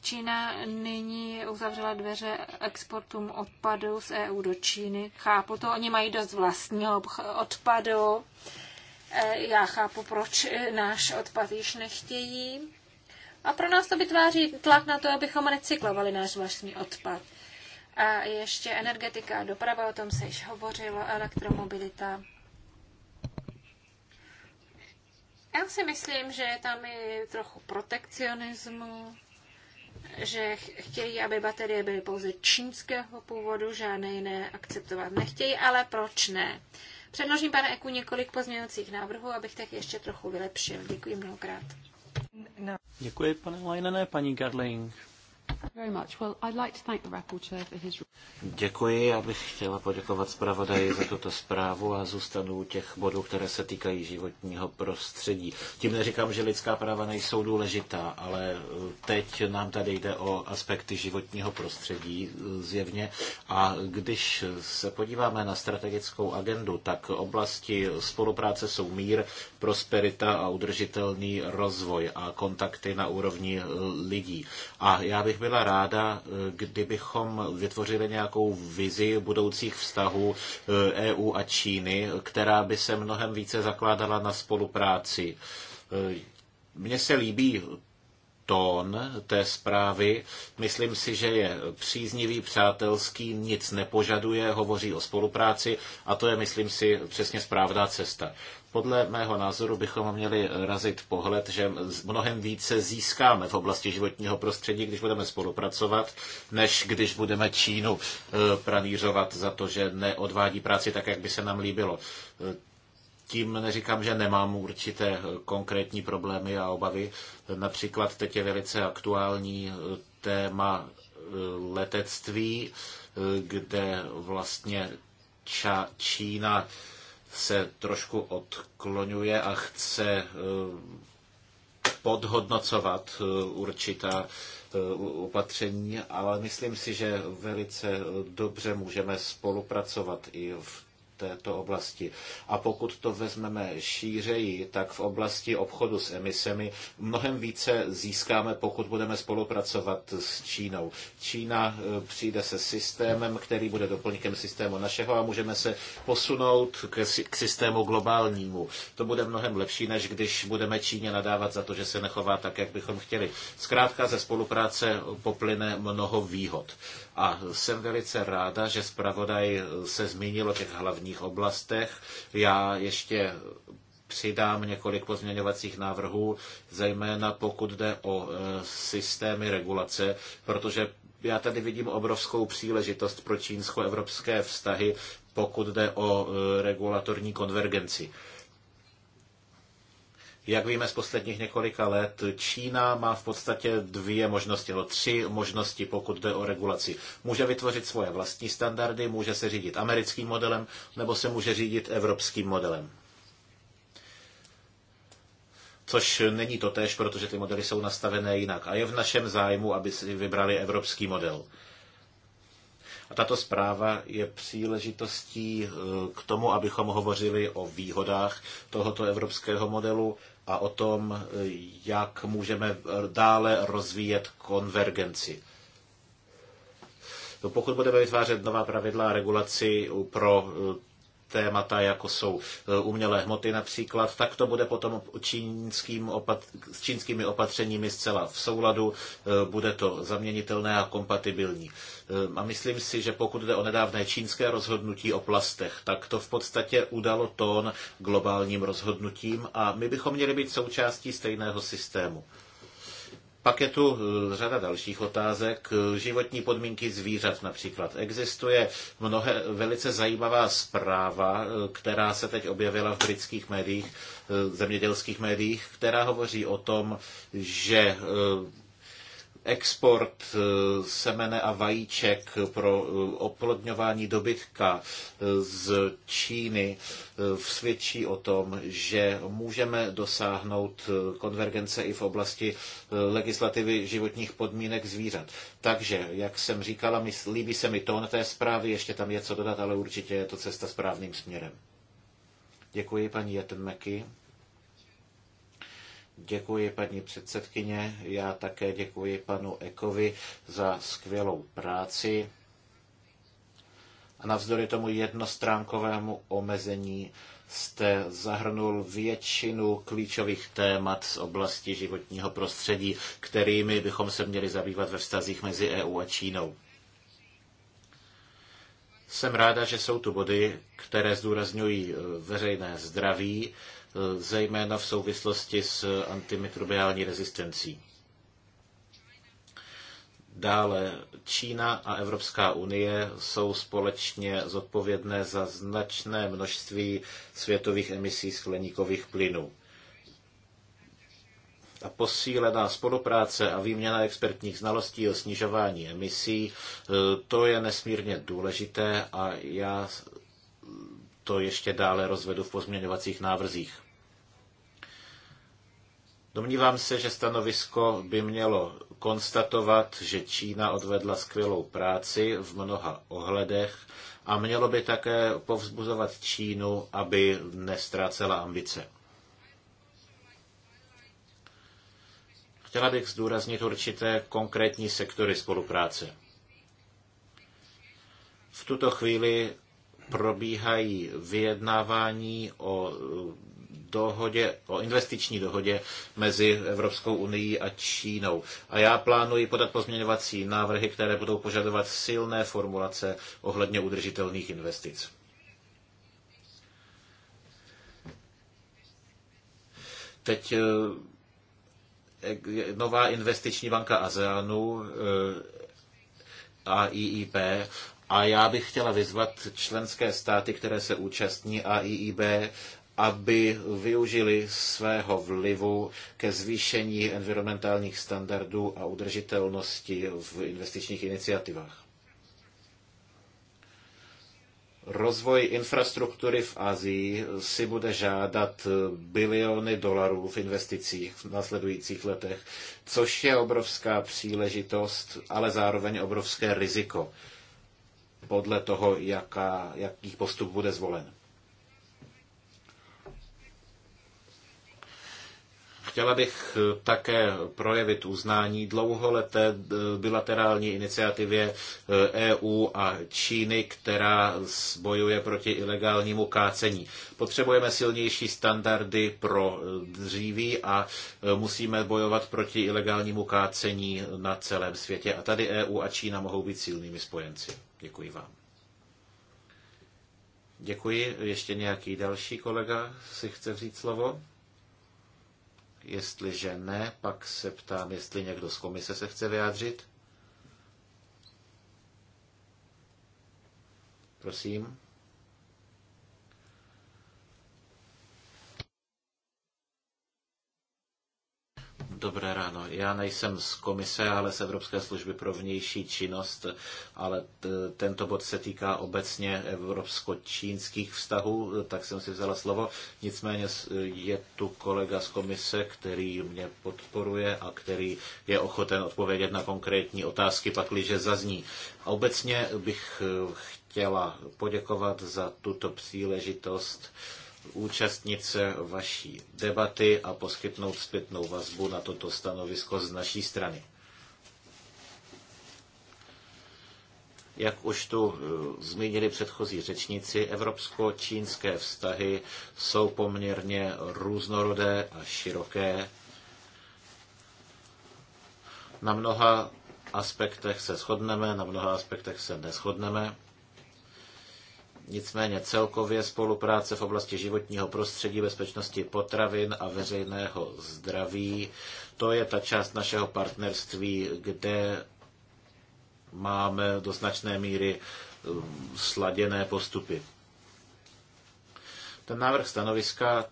Čína nyní uzavřela dveře exportům odpadu z EU do Číny. Chápu to, oni mají dost vlastního odpadu. E, já chápu, proč e, náš odpad již nechtějí. A pro nás to vytváří tlak na to, abychom recyklovali náš vlastní odpad. A ještě energetika a doprava, o tom se již hovořilo, elektromobilita. Já si myslím, že tam je trochu protekcionismu, že chtějí, aby baterie byly pouze čínského původu, žádné jiné akceptovat nechtějí, ale proč ne? Předložím, pane Eku, několik pozměňovacích návrhů, abych tak ještě trochu vylepšil. Děkuji mnohokrát. No. Děkuji, pane Lajnené, paní Gardling. Děkuji, já bych chtěla poděkovat zpravodaji za tuto zprávu a zůstanu u těch bodů, které se týkají životního prostředí. Tím neříkám, že lidská práva nejsou důležitá, ale e, teď nám tady jde o aspekty životního prostředí e, zjevně. A když se podíváme na strategickou agendu, tak oblasti spolupráce jsou mír, prosperita a udržitelný rozvoj a kontakty na úrovni e, lidí. A já bych byla ráda, eh, kdybychom vytvořili nějakou vizi budoucích vztahů EU eh, e a Číny, která by se mnohem více zakládala na spolupráci. Eh, mně se líbí tón té zprávy. Myslím si, že je příznivý, přátelský, nic nepožaduje, hovoří o spolupráci a to je, myslím si, přesně správná cesta. Podle mého názoru bychom měli razit pohled, že mnohem více získáme v oblasti životního prostředí, když budeme spolupracovat, než když budeme Čínu e, pranířovat za to, že neodvádí práci tak, jak by se nám líbilo. E, tím neříkám, že nemám určité e, konkrétní problémy a obavy. Například teď je velice aktuální téma letectví, kde vlastně Čína se trošku odklonuje a chce eh, podhodnocovat eh, určitá eh, opatření, ale myslím si, že velice dobře můžeme spolupracovat i v této oblasti. A pokud to vezmeme šířeji, tak v oblasti obchodu s emisemi mnohem více získáme, pokud budeme spolupracovat s Čínou. Čína e, přijde se systémem, který bude doplňkem systému našeho a můžeme se posunout k systému globálnímu. To bude mnohem lepší, než když budeme Číně nadávat za to, že se nechová tak, jak bychom chtěli. Zkrátka ze spolupráce poplyne mnoho výhod. A jsem velice ráda, že zpravodaj se zmínil o těch hlavních oblastech. Já ještě přidám několik pozměňovacích návrhů, zejména pokud jde o e, systémy regulace, protože já tady vidím obrovskou příležitost pro čínsko-evropské vztahy, pokud jde o e, regulatorní konvergenci. Jak víme z posledních několika let, Čína má v podstatě dvě možnosti, nebo tři možnosti, pokud jde o regulaci. Může vytvořit svoje vlastní standardy, může se řídit americkým modelem, nebo se může řídit evropským modelem. Což není to tež, protože ty modely jsou nastavené jinak. A je v našem zájmu, aby si vybrali evropský model. A tato zpráva je příležitostí eh, k tomu, abychom hovořili o výhodách tohoto evropského modelu a o tom, jak můžeme dále rozvíjet konvergenci. No, pokud budeme vytvářet nová pravidla a regulaci pro eh, témata, jako jsou eh, umělé hmoty například, tak to bude potom čínským opat- s čínskými opatřeními zcela v souladu, eh, bude to zaměnitelné a kompatibilní. Eh, a myslím si, že pokud jde o nedávné čínské rozhodnutí o plastech, tak to v podstatě udalo tón globálním rozhodnutím a my bychom měli být součástí stejného systému. Pak je tu eh, řada dalších otázek. Životní podmínky zvířat například. Existuje mnohé velice zajímavá zpráva, eh, která se teď objevila v britských médiích, eh, zemědělských médiích, která hovoří o tom, že export eh, semene a vajíček pro eh, oplodňování dobytka eh, z Číny svědčí o tom, že můžeme dosáhnout konvergence i v oblasti legislativy životních podmínek zvířat. Takže, jak jsem říkala, líbí se mi tón té zprávy, ještě tam je co dodat, ale určitě je to cesta správným směrem. Děkuji paní Jetenmeky. Děkuji paní předsedkyně, já také děkuji panu Ekovi za skvělou práci. A navzdory tomu jednostránkovému omezení jste zahrnul většinu klíčových témat z oblasti životního prostředí, kterými bychom se měli zabývat ve vztazích mezi EU a Čínou. Jsem ráda, že jsou tu body, které zdůrazňují eh, veřejné zdraví, Eh, zejména v souvislosti s antimikrobiální rezistencí. Dále Čína a Evropská unie jsou společně zodpovědné za značné množství světových emisí skleníkových plynů. A posílená spolupráce a výměna expertních znalostí o snižování emisí, eh, to je nesmírně důležité a já to ještě dále rozvedu v pozměňovacích návrzích. Domnívám se, že stanovisko by mělo konstatovat, že Čína odvedla skvělou práci v mnoha ohledech a mělo by také povzbuzovat Čínu, aby nestrácela ambice. Chtěla bych zdůraznit určité konkrétní sektory spolupráce. V tuto chvíli probíhají vyjednávání o dohodě, o investiční dohodě mezi Evropskou unii a Čínou. A já plánuji podat pozměňovací návrhy, které budou požadovat silné formulace ohledně udržitelných investic. Teď eh, eh, nová investiční banka ASEANu eh, AIIP a já bych chtěla vyzvat členské státy, které se účastní AIIB, aby využili svého vlivu ke zvýšení environmentálních standardů a udržitelnosti v investičních iniciativách. Rozvoj infrastruktury v Asii si bude žádat biliony dolarů v investicích v následujících letech, což je obrovská příležitost, ale zároveň obrovské riziko podle toho, jaká, jaký postup bude zvolen. Chtěla bych eh, také projevit uznání dlouholeté eh, bilaterální iniciativě EU eh, e a Číny, která bojuje proti ilegálnímu kácení. Potřebujeme silnější standardy pro dříví a musíme bojovat proti ilegálnímu kácení na celém světě. A tady EU a Čína mohou být silnými spojenci. Děkuji vám. Děkuji. Ještě nějaký další kolega si chce vzít slovo? Jestliže ne, pak se ptám, jestli někdo z komise se chce vyjádřit. Prosím. Dobré ráno. Já nejsem z komise, ale z Evropské služby pro vnější činnost, ale tento bod se týká obecně evropsko-čínských vztahů, tak jsem si vzala slovo. Nicméně je tu kolega z komise, který mě podporuje a který je ochoten odpovědět na konkrétní otázky, pakliže zazní. A obecně bych eh, chtěla poděkovat za tuto příležitost účastnit se vaší debaty a poskytnout zpětnou vazbu na toto stanovisko z naší strany. Jak už tu eh, zmínili předchozí řečníci, evropsko-čínské vztahy jsou poměrně různorodé a široké. Na mnoha aspektech se shodneme, na mnoha aspektech se neschodneme. Nicméně celkově spolupráce v oblasti životního prostředí, bezpečnosti potravin a veřejného zdraví, to je ta část našeho partnerství, kde máme do značné míry um, sladěné postupy. Ten návrh stanoviska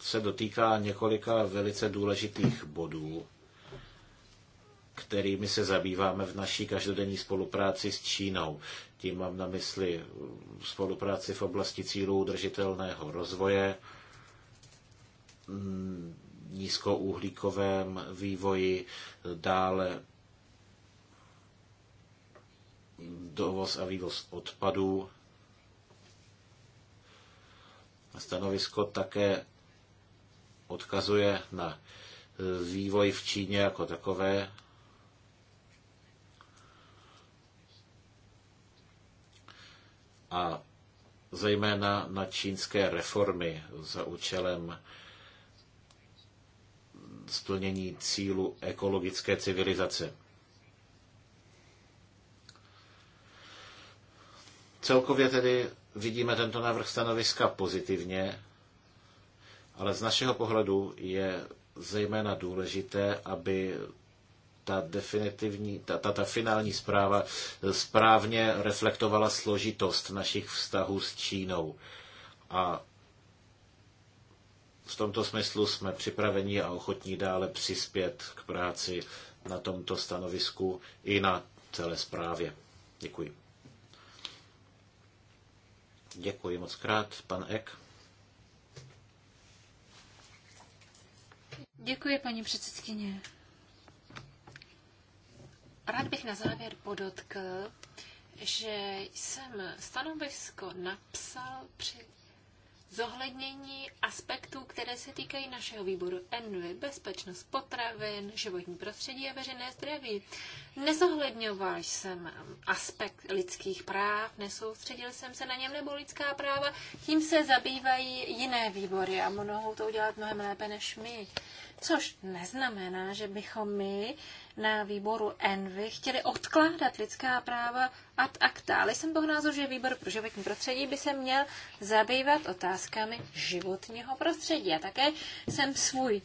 se dotýká několika velice důležitých bodů kterými se zabýváme v naší každodenní spolupráci s Čínou. Tím mám na mysli mm, spolupráci v oblasti cílů udržitelného rozvoje, mm, nízkouhlíkovém vývoji, dále dovoz a vývoz odpadů. Stanovisko také odkazuje na e, vývoj v Číně jako takové, a zejména na čínské reformy za účelem splnění cílu ekologické civilizace. Celkově tedy vidíme tento návrh stanoviska pozitivně, ale z našeho pohledu je zejména důležité, aby ta definitivní, ta, ta, ta finální zpráva správně reflektovala složitost našich vztahů s Čínou. A v tomto smyslu jsme připraveni a ochotní dále přispět k práci na tomto stanovisku i na celé zprávě. Děkuji. Děkuji moc krát, pan Ek. Děkuji, paní předsedkyně. Rád bych na závěr podotkl, že jsem stanovisko napsal při zohlednění aspektů, které se týkají našeho výboru ENVY, bezpečnost potravin, životní prostředí a veřejné zdraví. Nezohledňoval jsem aspekt lidských práv, nesoustředil jsem se na něm nebo lidská práva, tím se zabývají jiné výbory a mohou to udělat mnohem lépe než my. Což neznamená, že bychom my na výboru Envy chtěli odkládat lidská práva ad acta, ale jsem toho názoru, že výbor pro životní prostředí by se měl zabývat otázkami životního prostředí. A také jsem svůj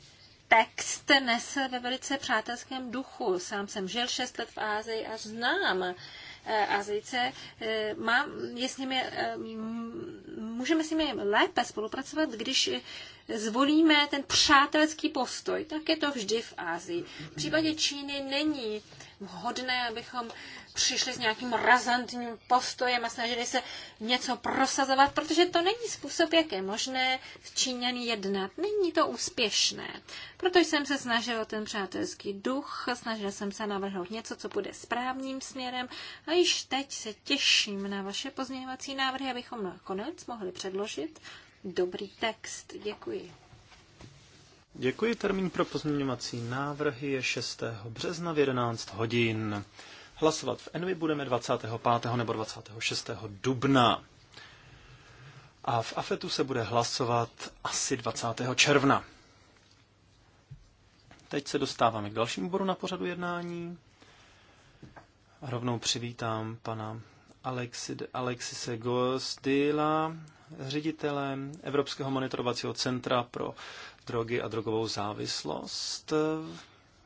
text nesl ve velice přátelském duchu. Sám jsem žil šest let v Ázii a znám Eh, Azijce, eh, má, je s nimi, eh, můžeme s nimi lépe spolupracovat, když zvolíme ten přátelský postoj. Tak je to vždy v Ázii. V případě Číny není vhodné, abychom přišli s nějakým razantním postojem a snažili se něco prosazovat, protože to není způsob, jak je možné v Číňaní jednat. Není to úspěšné. Proto jsem se snažil o ten přátelský duch, snažil jsem se navrhnout něco, co bude správným směrem a již teď se těším na vaše pozměňovací návrhy, abychom nakonec mohli předložit dobrý text. Děkuji. Děkuji. Termín pro pozměňovací návrhy je 6. března v 11 hodin. Hlasovat v Envy budeme 25. nebo 26. dubna. A v AFETu se bude hlasovat asi 20. června. Teď se dostáváme k dalšímu bodu na pořadu jednání. A rovnou přivítám pana Alexi, Alexise Gosdila, ředitele Evropského monitorovacího centra pro drogy a drogovou závislost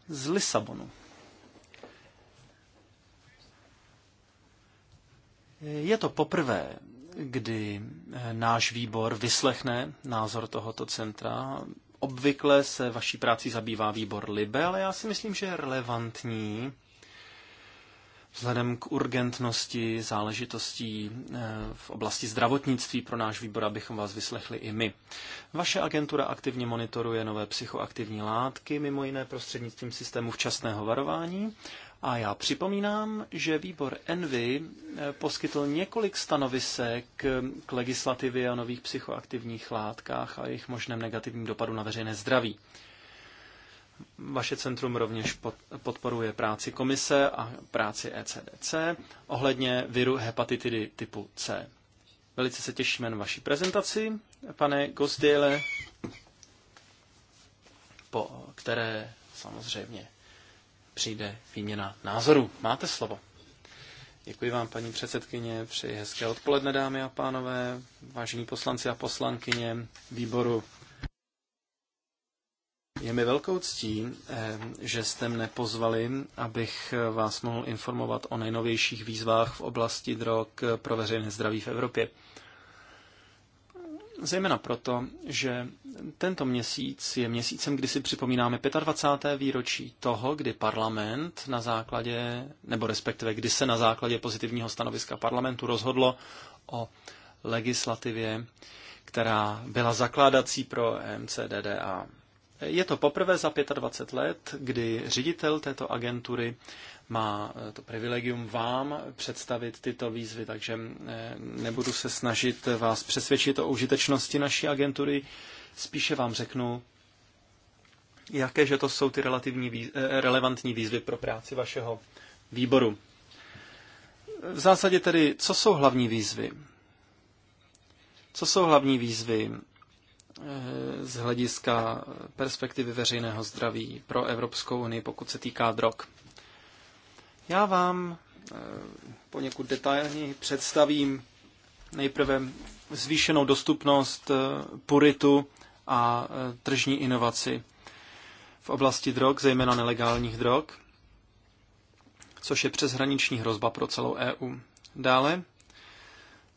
z Lisabonu. Je to poprvé, kdy náš výbor vyslechne názor tohoto centra. Obvykle se vaší práci zabývá výbor LIBE, ale já si myslím, že je relevantní Vzhledem k urgentnosti záležitostí eh, v oblasti zdravotnictví pro náš výbor, abychom vás vyslechli i my. Vaše agentura aktivně monitoruje nové psychoaktivní látky, mimo jiné prostřednictvím systému včasného varování. A já připomínám, že výbor Envy eh, poskytl několik stanovisek k legislativě o nových psychoaktivních látkách a jejich možném negativním dopadu na veřejné zdraví. Vaše centrum rovněž podporuje práci komise a práci ECDC ohledně viru hepatitidy typu C. Velice se těšíme na vaši prezentaci, pane Gosdiele, po které samozřejmě přijde výměna názorů. Máte slovo. Děkuji vám, paní předsedkyně, přeji hezké odpoledne, dámy a pánové, vážení poslanci a poslankyně výboru je mi velkou ctí, eh, že jste mne pozvali, abych vás mohl informovat o nejnovějších výzvách v oblasti drog pro veřejné zdraví v Evropě. Zejména proto, že tento měsíc je měsícem, kdy si připomínáme 25. výročí toho, kdy parlament na základě, nebo respektive kdy se na základě pozitivního stanoviska parlamentu rozhodlo o legislativě, která byla zakládací pro MCDDA. Je to poprvé za 25 let, kdy ředitel této agentury má eh, to privilegium vám představit tyto výzvy, takže eh, nebudu se snažit vás přesvědčit o užitečnosti naší agentury, spíše vám řeknu, jaké že to jsou ty relativní eh, relevantní výzvy pro práci vašeho výboru. V zásadě tedy, co jsou hlavní výzvy? Co jsou hlavní výzvy Eh, z hlediska perspektivy veřejného zdraví pro Evropskou unii, pokud se týká drog. Já vám eh, poněkud detailně představím nejprve zvýšenou dostupnost eh, puritu a tržní inovaci v oblasti drog, zejména nelegálních drog, což je přeshraniční hrozba pro celou EU. Dále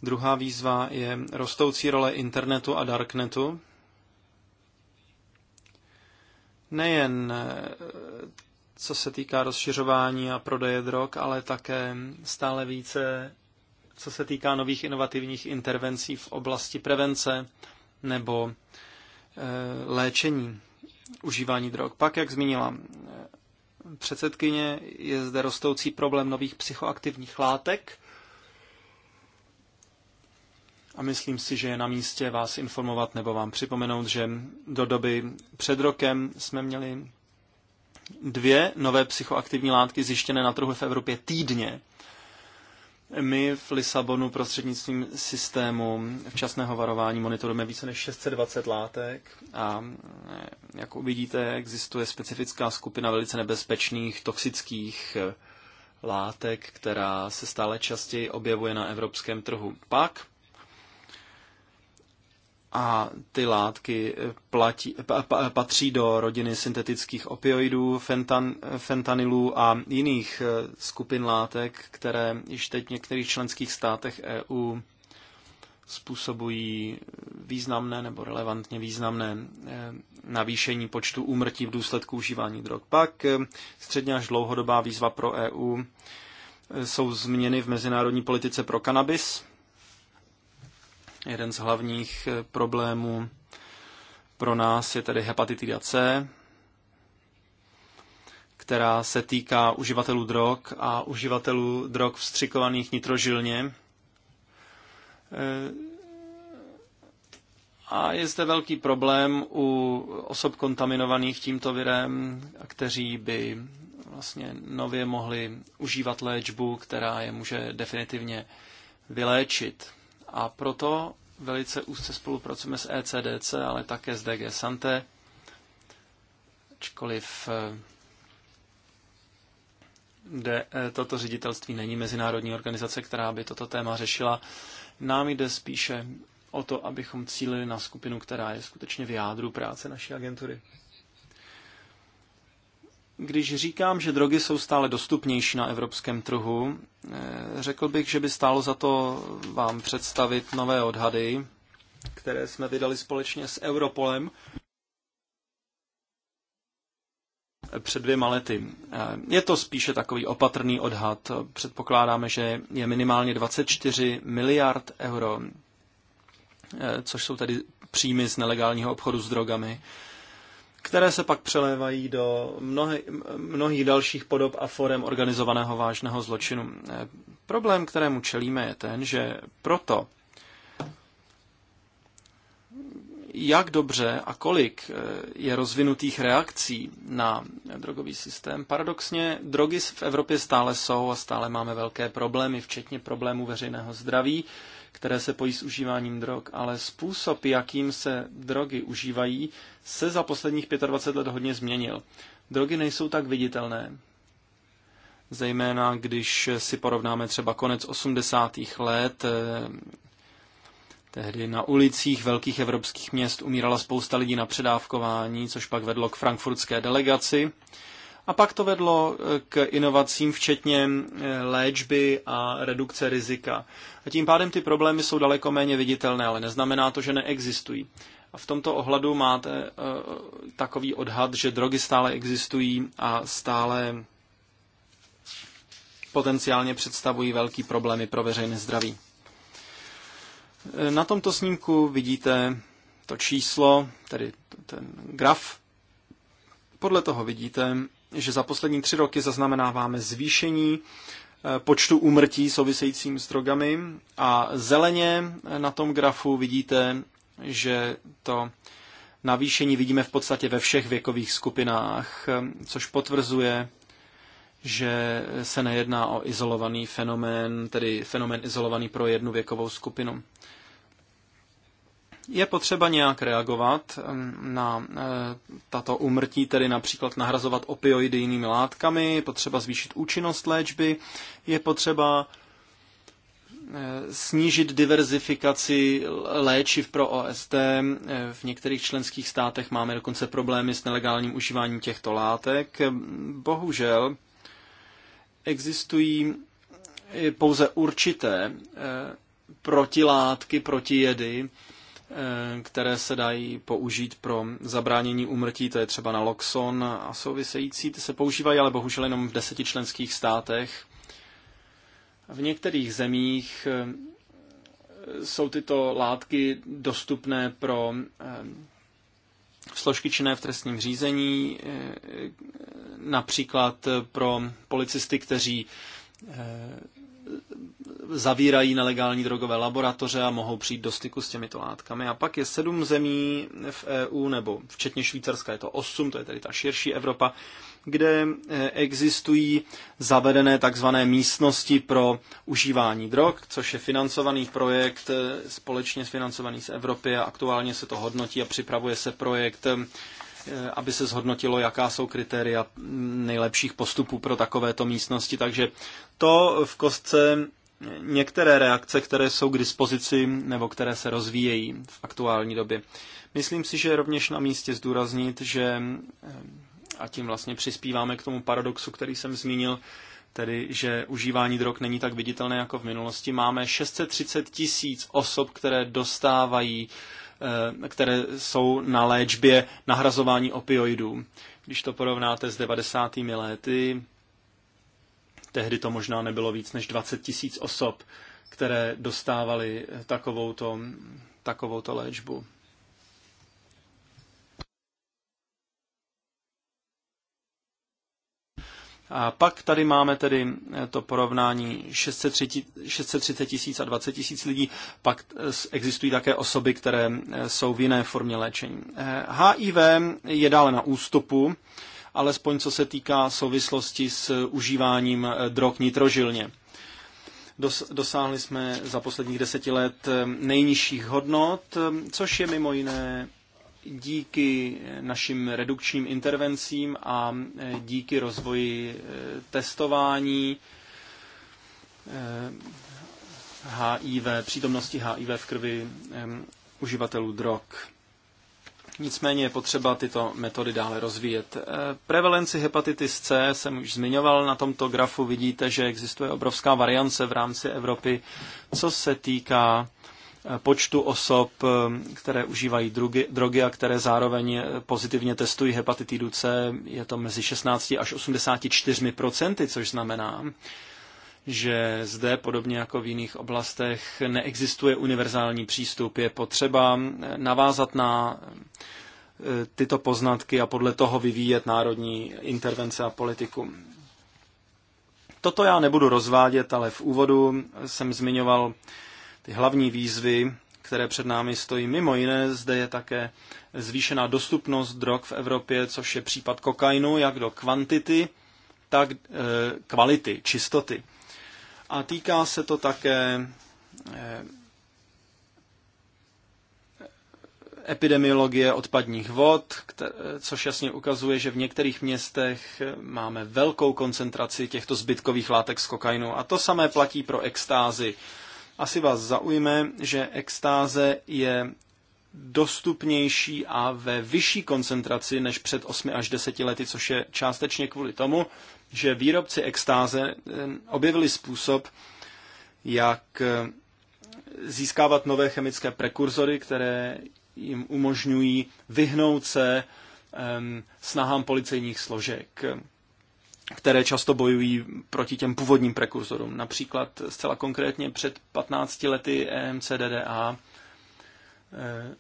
Druhá výzva je rostoucí role internetu a darknetu nejen eh, co se týká rozšiřování a prodeje drog, ale také stále více co se týká nových inovativních intervencí v oblasti prevence nebo eh, léčení užívání drog. Pak, jak zmínila eh, předsedkyně, je zde rostoucí problém nových psychoaktivních látek, a myslím si, že je na místě vás informovat nebo vám připomenout, že do doby před rokem jsme měli dvě nové psychoaktivní látky zjištěné na trhu v Evropě týdně. My v Lisabonu prostřednictvím systému včasného varování monitorujeme více než 620 látek a eh, jak uvidíte, existuje specifická skupina velice nebezpečných, toxických eh, látek, která se stále častěji objevuje na evropském trhu. Pak a ty látky eh, platí, eh, pa, pa, patří do rodiny syntetických opioidů, fentan, eh, fentanylů a jiných skupin látek, které již teď v některých členských státech EU způsobují významné nebo relevantně významné navýšení počtu úmrtí v důsledku užívání drog. Pak středně až dlouhodobá výzva pro EU jsou změny v mezinárodní politice pro kanabis, Jeden z hlavních eh, problémů pro nás je tedy hepatitida C, která se týká uživatelů drog a uživatelů drog vstřikovaných nitrožilně. Eh, a je zde velký problém u osob kontaminovaných tímto virem, kteří by vlastně nově mohli užívat léčbu, která je může definitivně vyléčit. A proto velice úzce spolupracujeme s ECDC, ale také s DG Santé, ačkoliv kde eh, eh, toto ředitelství není mezinárodní organizace, která by toto téma řešila. Nám jde spíše o to, abychom cílili na skupinu, která je skutečně v jádru práce naší agentury. Když říkám, že drogy jsou stále dostupnější na evropském trhu, eh, řekl bych, že by stálo za to vám představit nové odhady, které jsme vydali společně s Europolem před dvěma lety. Eh, je to spíše takový opatrný odhad. Předpokládáme, že je minimálně 24 miliard euro, eh, což jsou tedy příjmy z nelegálního obchodu s drogami které se pak přelévají do mnohy, mnohých dalších podob a forem organizovaného vážného zločinu. Eh, problém, kterému čelíme, je ten, že proto, jak dobře a kolik eh, je rozvinutých reakcí na drogový systém. Paradoxně, drogy v Evropě stále jsou a stále máme velké problémy, včetně problémů veřejného zdraví, které se pojí s užíváním drog, ale způsob, jakým se drogy užívají, se za posledních 25 let hodně změnil. Drogy nejsou tak viditelné. Zejména když si porovnáme třeba konec 80. let, eh, Tehdy na ulicích velkých evropských měst umírala spousta lidí na předávkování, což pak vedlo k frankfurtské delegaci, a pak to vedlo eh, k inovacím, včetně eh, léčby a redukce rizika. A tím pádem ty problémy jsou daleko méně viditelné, ale neznamená to, že neexistují. A v tomto ohledu máte eh, takový odhad, že drogy stále existují a stále potenciálně představují velký problémy pro veřejné zdraví. Na tomto snímku vidíte to číslo, tedy ten graf. Podle toho vidíte, že za poslední tři roky zaznamenáváme zvýšení eh, počtu úmrtí souvisejícím s drogami a zeleně eh, na tom grafu vidíte, že to navýšení vidíme v podstatě ve všech věkových skupinách, eh, což potvrzuje, že se nejedná o izolovaný fenomén, tedy fenomén izolovaný pro jednu věkovou skupinu. Je potřeba nějak reagovat na eh, tato umrtí, tedy například nahrazovat opioidy jinými látkami, potřeba zvýšit účinnost léčby, je potřeba eh, snížit diverzifikaci léčiv pro OST. Eh, v některých členských státech máme dokonce problémy s nelegálním užíváním těchto látek. Bohužel existují pouze určité protilátky, protijedy, Eh, které se dají použít pro zabránění úmrtí, to je třeba naloxon a související, ty se používají, ale bohužel jenom v deseti členských státech. V některých zemích eh, jsou tyto látky dostupné pro eh, složky činné v trestním řízení, například pro policisty, kteří zavírají nelegální drogové laboratoře a mohou přijít do styku s těmito látkami. A pak je sedm zemí v EU, nebo včetně Švýcarska je to osm, to je tedy ta širší Evropa, kde e, existují zavedené takzvané místnosti pro užívání drog, což je financovaný projekt, e, společně financovaný z Evropy a aktuálně se to hodnotí a připravuje se projekt e, Eh, aby se zhodnotilo, jaká jsou kritéria nejlepších postupů pro takovéto místnosti. Takže to v kostce některé reakce, které jsou k dispozici nebo které se rozvíjejí v aktuální době. Myslím si, že je rovněž na místě zdůraznit, že eh, a tím vlastně přispíváme k tomu paradoxu, který jsem zmínil, tedy že užívání drog není tak viditelné jako v minulosti. Máme 630 tisíc osob, které dostávají Eh, které jsou na léčbě nahrazování opioidů. Když to porovnáte s 90. lety, tehdy to možná nebylo víc než 20 tisíc osob, které dostávaly takovouto, takovouto léčbu. A pak tady máme tedy eh, to porovnání 630 tisíc a 20 tisíc lidí, pak eh, existují také osoby, které eh, jsou v jiné formě léčení. HIV je dále na ústupu, alespoň co se týká souvislosti s užíváním drog nitrožilně. Dosáhli jsme za posledních deseti let nejnižších hodnot, což je mimo jiné díky našim redukčním intervencím a e, díky rozvoji e, testování e, HIV, přítomnosti HIV v krvi uživatelů drog. Nicméně je potřeba tyto metody dále rozvíjet. Prevalenci hepatitis C jsem už zmiňoval. Na tomto grafu vidíte, že existuje obrovská variance v rámci Evropy, co se týká počtu osob, eh, které užívají drogy, drogy a které zároveň eh, pozitivně testují hepatitidu C, je to mezi 16 až 84 procenty, což znamená, že zde, podobně jako v jiných oblastech, neexistuje univerzální přístup. Je potřeba eh, navázat na tyto poznatky a podle toho vyvíjet národní intervence a politiku. Toto já nebudu rozvádět, ale v úvodu jsem zmiňoval ty hlavní výzvy, které před námi stojí. Mimo jiné zde je také zvýšená dostupnost drog v Evropě, což je případ kokainu, jak do kvantity, tak eh, kvality, čistoty. A týká se to také eh, epidemiologie odpadních vod, což jasně ukazuje, že v některých městech máme velkou koncentraci těchto zbytkových látek z kokainu. A to samé platí pro extázy. Asi vás zaujme, že extáze je dostupnější a ve vyšší koncentraci než před 8 až 10 lety, což je částečně kvůli tomu, že výrobci extáze eh, objevili způsob, jak eh, získávat nové chemické prekurzory, které jim umožňují vyhnout se ehm, snahám policejních složek které často bojují proti těm původním prekurzorům. Například zcela konkrétně před 15 lety EMCDDA eh,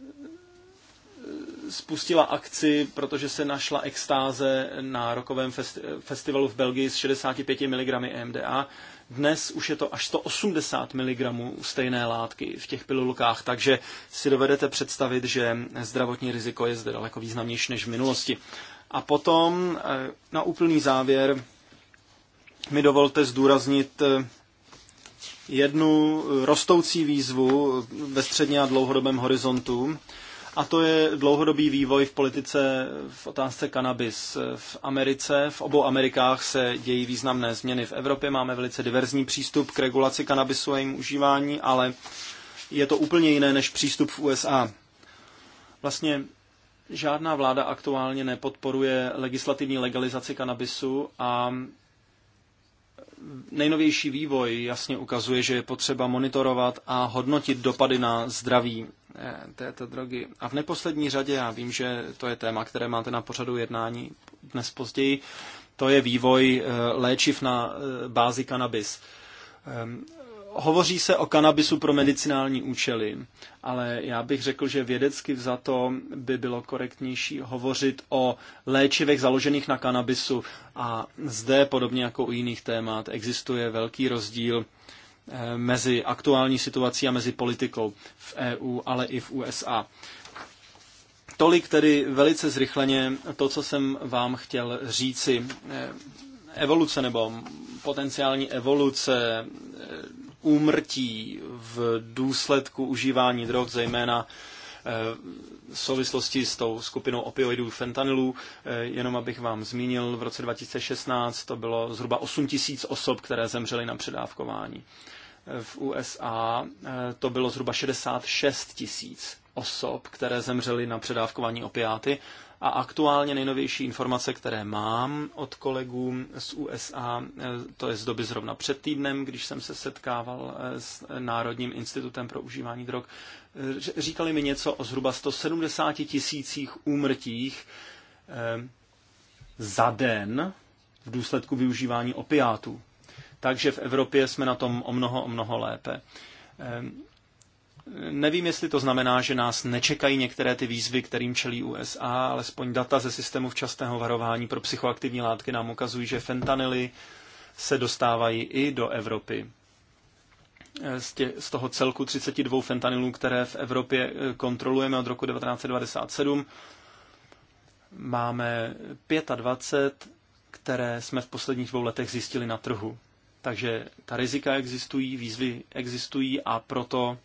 spustila akci, protože se našla extáze na rokovém festivalu v Belgii s 65 mg EMDA. Dnes už je to až 180 mg stejné látky v těch pilulkách, takže si dovedete představit, že zdravotní riziko je zde daleko významnější než v minulosti. A potom eh, na úplný závěr mi dovolte zdůraznit eh, jednu rostoucí výzvu ve středně a dlouhodobém horizontu, a to je dlouhodobý vývoj v politice v otázce kanabis. V Americe, v obou Amerikách se dějí významné změny. V Evropě máme velice diverzní přístup k regulaci kanabisu a jejím užívání, ale je to úplně jiné než přístup v USA. Vlastně Žádná vláda aktuálně nepodporuje legislativní legalizaci kanabisu a nejnovější vývoj jasně ukazuje, že je potřeba monitorovat a hodnotit dopady na zdraví eh, této drogy. A v neposlední řadě, já vím, že to je téma, které máte na pořadu jednání dnes později, to je vývoj eh, léčiv na eh, bázi kanabis. Ehm, Hovoří se o kanabisu pro medicinální účely, ale já bych řekl, že vědecky vzato by bylo korektnější hovořit o léčivech založených na kanabisu. A zde, podobně jako u jiných témat, existuje velký rozdíl eh, mezi aktuální situací a mezi politikou v EU, ale i v USA. Tolik tedy velice zrychleně to, co jsem vám chtěl říci. Eh, evoluce nebo potenciální evoluce eh, úmrtí v důsledku užívání drog, zejména eh, v souvislosti s tou skupinou opioidů fentanylů. Eh, jenom abych vám zmínil, v roce 2016 to bylo zhruba 8 tisíc osob, které zemřely na předávkování. Eh, v USA to bylo zhruba 66 tisíc osob, které zemřely na předávkování opiáty a aktuálně nejnovější informace, které mám od kolegů z USA, eh, to je z doby zrovna před týdnem, když jsem se setkával eh, s Národním institutem pro užívání drog, eh, říkali mi něco o zhruba 170 tisících úmrtích za den v důsledku využívání opiátů. Takže v Evropě jsme na tom o mnoho, o mnoho lépe. Ehm, Nevím, jestli to znamená, že nás nečekají některé ty výzvy, kterým čelí USA, alespoň data ze systému včasného varování pro psychoaktivní látky nám ukazují, že fentanily se dostávají i do Evropy. Z, tě, z toho celku 32 fentanylů, které v Evropě eh, kontrolujeme od roku 1997, máme 25, které jsme v posledních dvou letech zjistili na trhu. Takže ta rizika existují, výzvy existují a proto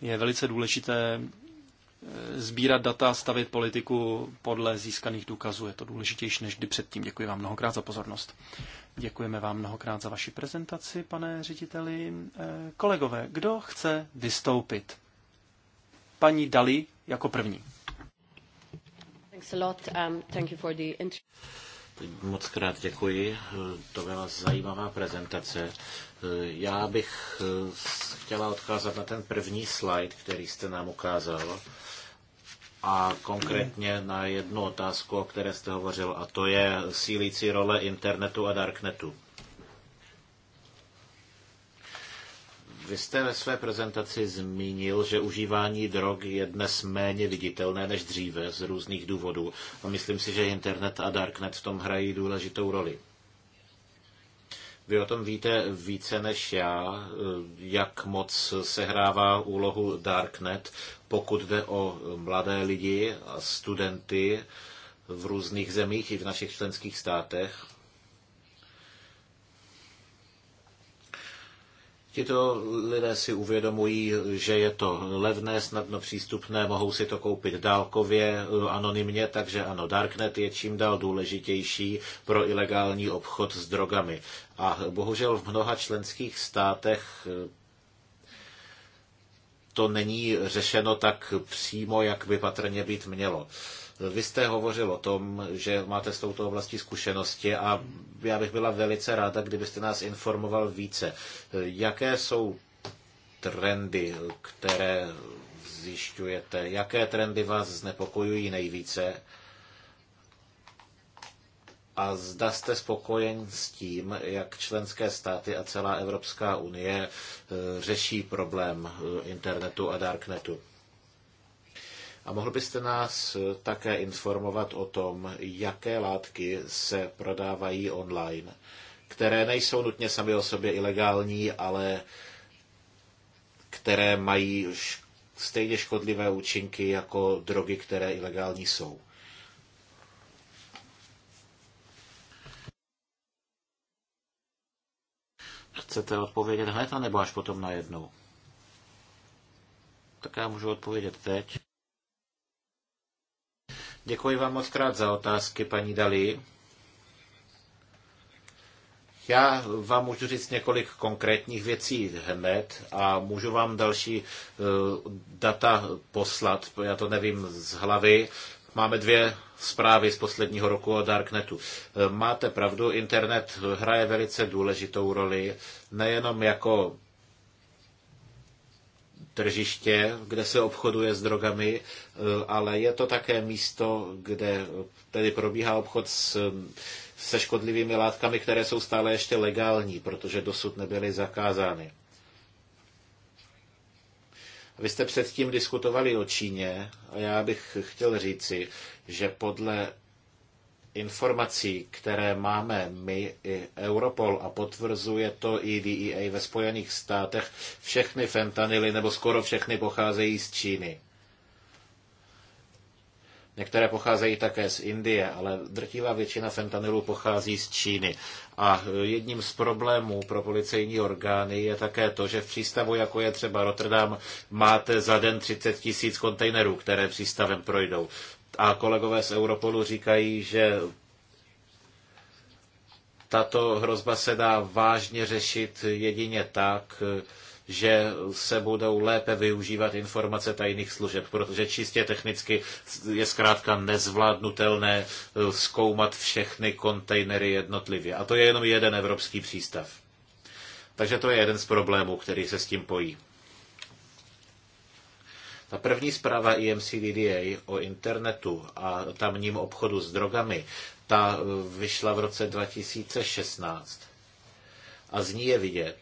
je velice důležité eh, sbírat data, stavit politiku podle získaných důkazů. Je to důležitější než kdy předtím. Děkuji vám mnohokrát za pozornost. Děkujeme vám mnohokrát za vaši prezentaci, pane řediteli. Eh, kolegové, kdo chce vystoupit? Paní Dali jako první. Thanks a lot. Um, thank you for the Moc krát děkuji, to byla zajímavá prezentace. Já bych eh, chtěla odkázat na ten první slide, který jste nám ukázal a konkrétně na jednu otázku, o které jste hovořil, a to je sílící role internetu a darknetu. Vy jste ve své prezentaci zmínil, že užívání drog je dnes méně viditelné než dříve z různých důvodů. A myslím si, že internet a darknet v tom hrají důležitou roli. Vy o tom víte více než já, eh, jak moc sehrává úlohu Darknet, pokud jde o mladé lidi a studenty v různých zemích i v našich členských státech. Tito lidé si uvědomují, že je to levné, snadno přístupné, mohou si to koupit dálkově, anonymně, takže ano, Darknet je čím dál důležitější pro ilegální obchod s drogami. A bohužel v mnoha členských státech eh, to není řešeno tak přímo, jak by patrně být mělo. Vy jste hovořil o tom, že máte s touto oblastí zkušenosti a já bych byla velice ráda, kdybyste nás informoval více. Jaké jsou trendy, které zjišťujete? Jaké trendy vás znepokojují nejvíce? A zda jste spokojen s tím, jak členské státy a celá Evropská unie eh, řeší problém eh, internetu a darknetu? A mohl byste nás eh, také informovat o tom, jaké látky se prodávají online, které nejsou nutně sami o sobě ilegální, ale které mají stejně škodlivé účinky jako drogy, které ilegální jsou. Chcete odpovědět hned, anebo až potom najednou? Tak já můžu odpovědět teď. Děkuji vám moc krát za otázky, paní Dalí. Já vám můžu říct několik konkrétních věcí hned a můžu vám další eh, data poslat. Já to nevím z hlavy. Máme dvě zprávy z posledního roku o Darknetu. Eh, máte pravdu, internet hraje velice důležitou roli, nejenom jako tržiště, kde se obchoduje s drogami, e, ale je to také místo, kde tedy probíhá obchod s, se škodlivými látkami, které jsou stále ještě legální, protože dosud nebyly zakázány. Vy jste předtím diskutovali o Číně a já bych chtěl říci, že podle informací, které máme my i Europol a potvrzuje to i DEA ve Spojených státech, všechny fentanily nebo skoro všechny pocházejí z Číny. Některé pocházejí také z Indie, ale drtivá většina fentanylu pochází z Číny. A jedním z problémů pro policejní orgány je také to, že v přístavu, jako je třeba Rotterdam, máte za den 30 tisíc kontejnerů, které přístavem projdou a kolegové z Europolu říkají, že tato hrozba se dá vážně řešit jedině tak, že se budou lépe využívat informace tajných služeb, protože čistě technicky je zkrátka nezvládnutelné eh, zkoumat všechny kontejnery jednotlivě. A to je jenom jeden evropský přístav. Takže to je jeden z problémů, který se s tím pojí. Ta první zpráva IMCDDA e o internetu a tamním obchodu s drogami, ta e, vyšla v roce 2016. A z ní je vidět,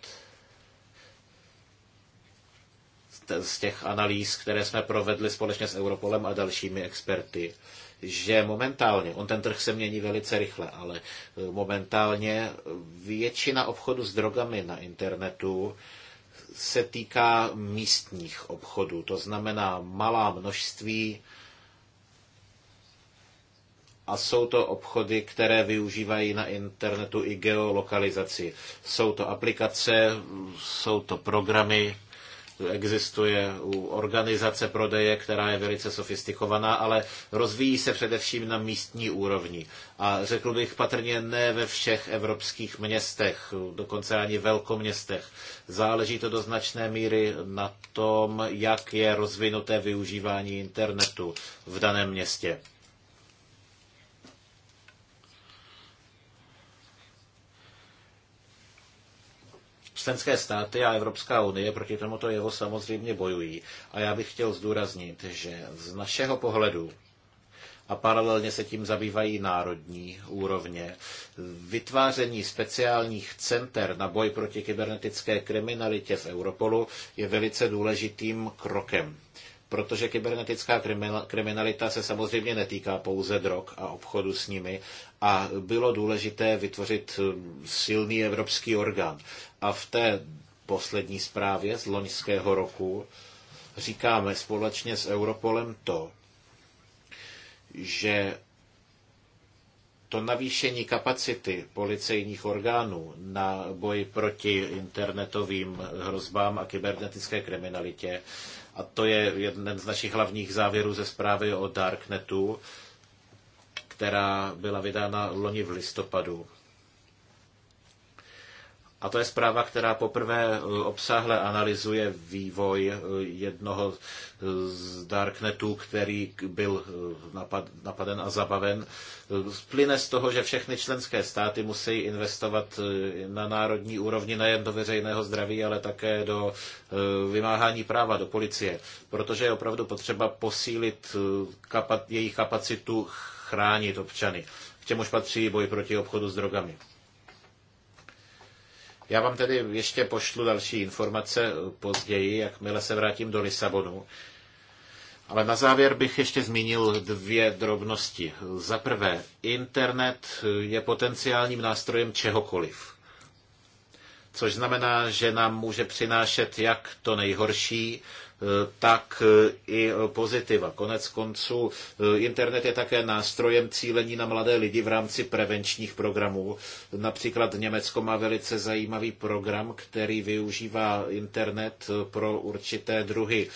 z těch analýz, které jsme provedli společně s Europolem a dalšími experty, že momentálně, on ten trh se mění velice rychle, ale e, momentálně většina obchodu s drogami na internetu se týká místních obchodů, to znamená malá množství a jsou to obchody, které využívají na internetu i geolokalizaci. Jsou to aplikace, jsou to programy, Existuje organizace prodeje, která je velice sofistikovaná, ale rozvíjí se především na místní úrovni. A řekl bych patrně ne ve všech evropských městech, dokonce ani velkoměstech. Záleží to do značné míry na tom, jak je rozvinuté využívání internetu v daném městě. Členské státy a Evropská unie proti tomuto jevu samozřejmě bojují. A já bych chtěl zdůraznit, že z našeho pohledu a paralelně se tím zabývají národní úrovně. Vytváření speciálních center na boj proti kybernetické kriminalitě v Europolu je velice důležitým krokem protože kybernetická kriminalita se samozřejmě netýká pouze drog a obchodu s nimi a bylo důležité vytvořit silný evropský orgán. A v té poslední zprávě z loňského roku říkáme společně s Europolem to, že to navýšení kapacity policejních orgánů na boj proti internetovým hrozbám a kybernetické kriminalitě, a to je jeden z našich hlavních závěrů ze zprávy o Darknetu, která byla vydána loni v listopadu, a to je zpráva, která poprvé eh, obsáhle analyzuje vývoj eh, jednoho eh, z Darknetů, který byl napaden a zabaven. Splyne z toho, že všechny členské státy musí investovat na národní úrovni nejen do veřejného zdraví, ale také do vymáhání práva, do policie, protože je opravdu potřeba posílit kapac- jejich kapacitu chránit občany. K čemuž patří boj proti obchodu s drogami. Já vám tedy ještě pošlu další informace později, jakmile se vrátím do Lisabonu. Ale na závěr bych ještě zmínil dvě drobnosti. Za prvé, internet je potenciálním nástrojem čehokoliv. Což znamená, že nám může přinášet jak to nejhorší, Eh, tak eh, i eh, pozitiva. Konec konců internet je také nástrojem cílení na mladé lidi v rámci prevenčních programů. Například Německo má velice zajímavý program, který využívá internet pro určité druhy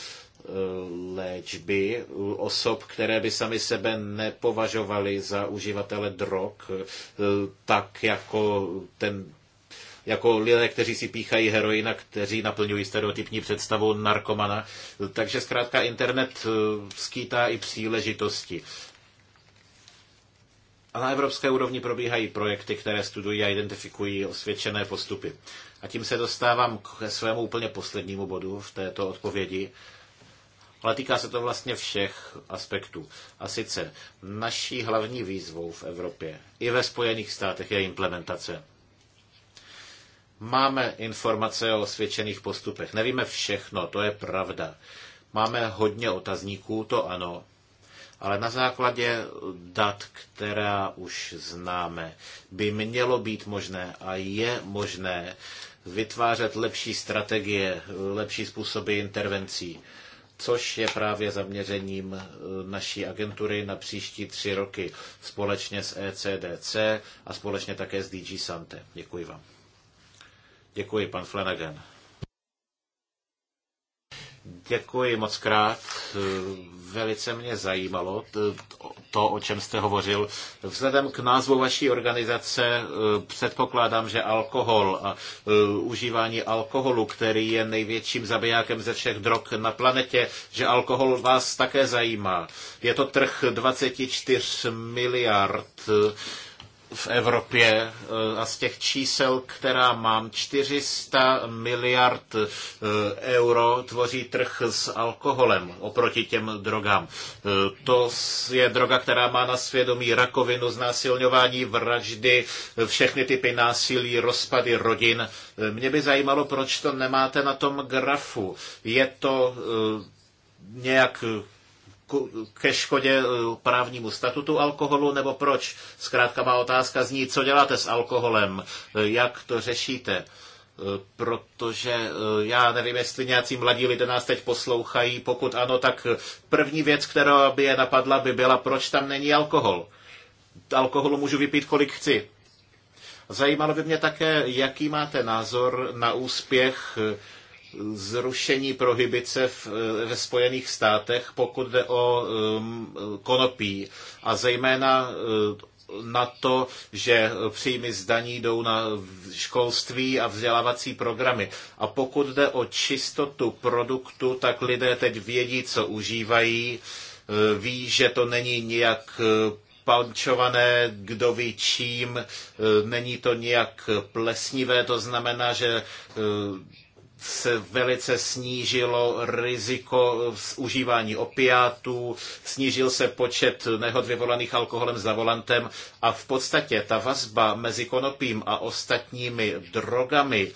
léčby osob, které by sami sebe nepovažovaly za uživatele drog, tak jako ten jako lidé, kteří si píchají heroina, kteří naplňují stereotypní představu narkomana. Takže zkrátka internet eh, skýtá i příležitosti. A na evropské úrovni probíhají projekty, které studují a identifikují osvědčené postupy. A tím se dostávám k svému úplně poslednímu bodu v této odpovědi. Ale týká se to vlastně všech aspektů. A sice naší hlavní výzvou v Evropě i ve Spojených státech je implementace. Máme informace o osvědčených postupech. Nevíme všechno, to je pravda. Máme hodně otazníků, to ano, ale na základě dat, která už známe, by mělo být možné a je možné vytvářet lepší strategie, lepší způsoby intervencí, což je právě zaměřením e, naší agentury na příští tři roky společně s ECDC a společně také s DG Sante. Děkuji vám. Děkuji, pan Flanagan. Děkuji moc krát. Velice mě zajímalo to, o čem jste hovořil. Vzhledem k názvu vaší organizace předpokládám, že alkohol a e, užívání alkoholu, který je největším zabijákem ze všech drog na planetě, že alkohol vás také zajímá. Je to trh 24 miliard v Evropě eh, a z těch čísel, která mám, 400 miliard eh, euro tvoří trh s alkoholem oproti těm drogám. Eh, to je droga, která má na svědomí rakovinu, znásilňování, vraždy, všechny typy násilí, rozpady rodin. Mě by zajímalo, proč to nemáte na tom grafu. Je to nějak ke škodě eh, právnímu statutu alkoholu, nebo proč? Zkrátka má otázka zní, co děláte s alkoholem, eh, jak to řešíte? Eh, protože já nevím, jestli nějací mladí lidé nás teď poslouchají. Pokud ano, tak první věc, která by je napadla, by byla, proč tam není alkohol. Alkoholu můžu vypít, kolik chci. Zajímalo by mě také, jaký máte názor na úspěch zrušení prohibice v, ve Spojených státech, pokud jde o um, konopí a zejména uh, na to, že příjmy z daní jdou na školství a vzdělávací programy. A pokud jde o čistotu produktu, tak lidé teď vědí, co užívají, uh, ví, že to není nijak uh, palčované, kdo ví čím, není to nijak plesnivé, to znamená, že se velice snížilo riziko užívání opiátů, snížil se počet nehod vyvolaných alkoholem za volantem a v podstatě ta vazba mezi konopím a ostatními drogami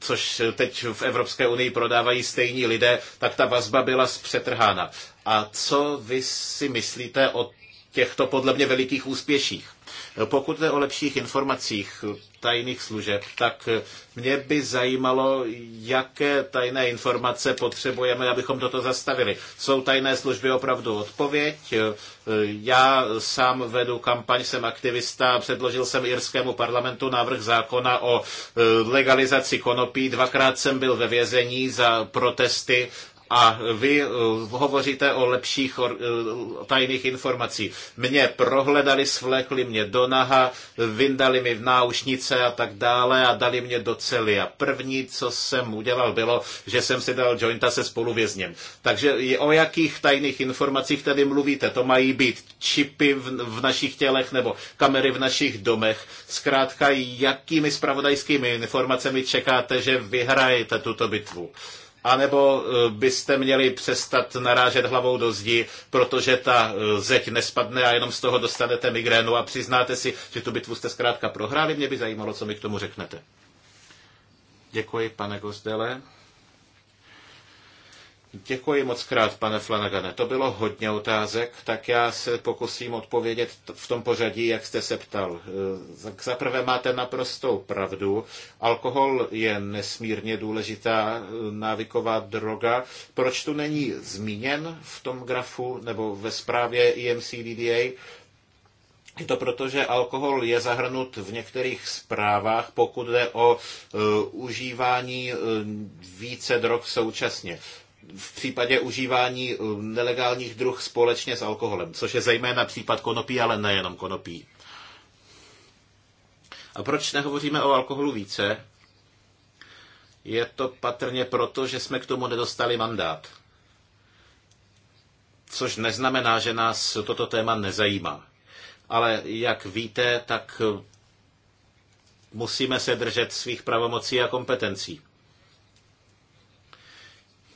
což teď v Evropské unii prodávají stejní lidé, tak ta vazba byla zpřetrhána. A co vy si myslíte o těchto podle mě velikých úspěších? Pokud jde o lepších informacích tajných služeb, tak mě by zajímalo, jaké tajné informace potřebujeme, abychom toto zastavili. Jsou tajné služby opravdu odpověď? Já sám vedu kampaň, jsem aktivista, předložil jsem irskému parlamentu návrh zákona o e, legalizaci konopí. Dvakrát jsem byl ve vězení za protesty a vy eh, hovoříte o lepších eh, tajných informací. Mě prohledali, svlekli mě do naha, vyndali mi v náušnice a tak dále a dali mě do cely. A první, co jsem udělal, bylo, že jsem si dal jointa se spoluvězněm. Takže o jakých tajných informacích tady mluvíte? To mají být čipy v, v našich tělech nebo kamery v našich domech. Zkrátka, jakými spravodajskými informacemi čekáte, že vyhrajete tuto bitvu? anebo eh, byste měli přestat narážet hlavou do zdi, protože ta eh, zeď nespadne a jenom z toho dostanete migrénu a přiznáte si, že tu bitvu jste zkrátka prohráli. Mě by zajímalo, co mi k tomu řeknete. Děkuji, pane Gozdele. Děkuji moc krát, pane Flanagane. To bylo hodně otázek, tak já se pokusím odpovědět v tom pořadí, jak jste se ptal. E, Za prvé máte naprostou pravdu. Alkohol je nesmírně důležitá e, návyková droga. Proč tu není zmíněn v tom grafu nebo ve zprávě EMCDDA? Je to proto, že alkohol je zahrnut v některých zprávách, pokud jde o uh, užívání uh, více drog současně v případě užívání eh, nelegálních druh společně s alkoholem, což je zejména případ konopí, ale nejenom konopí. A proč nehovoříme o alkoholu více? Je to patrně proto, že jsme k tomu nedostali mandát. Což neznamená, že nás toto téma nezajímá. Ale jak víte, tak musíme se držet svých pravomocí a kompetencí.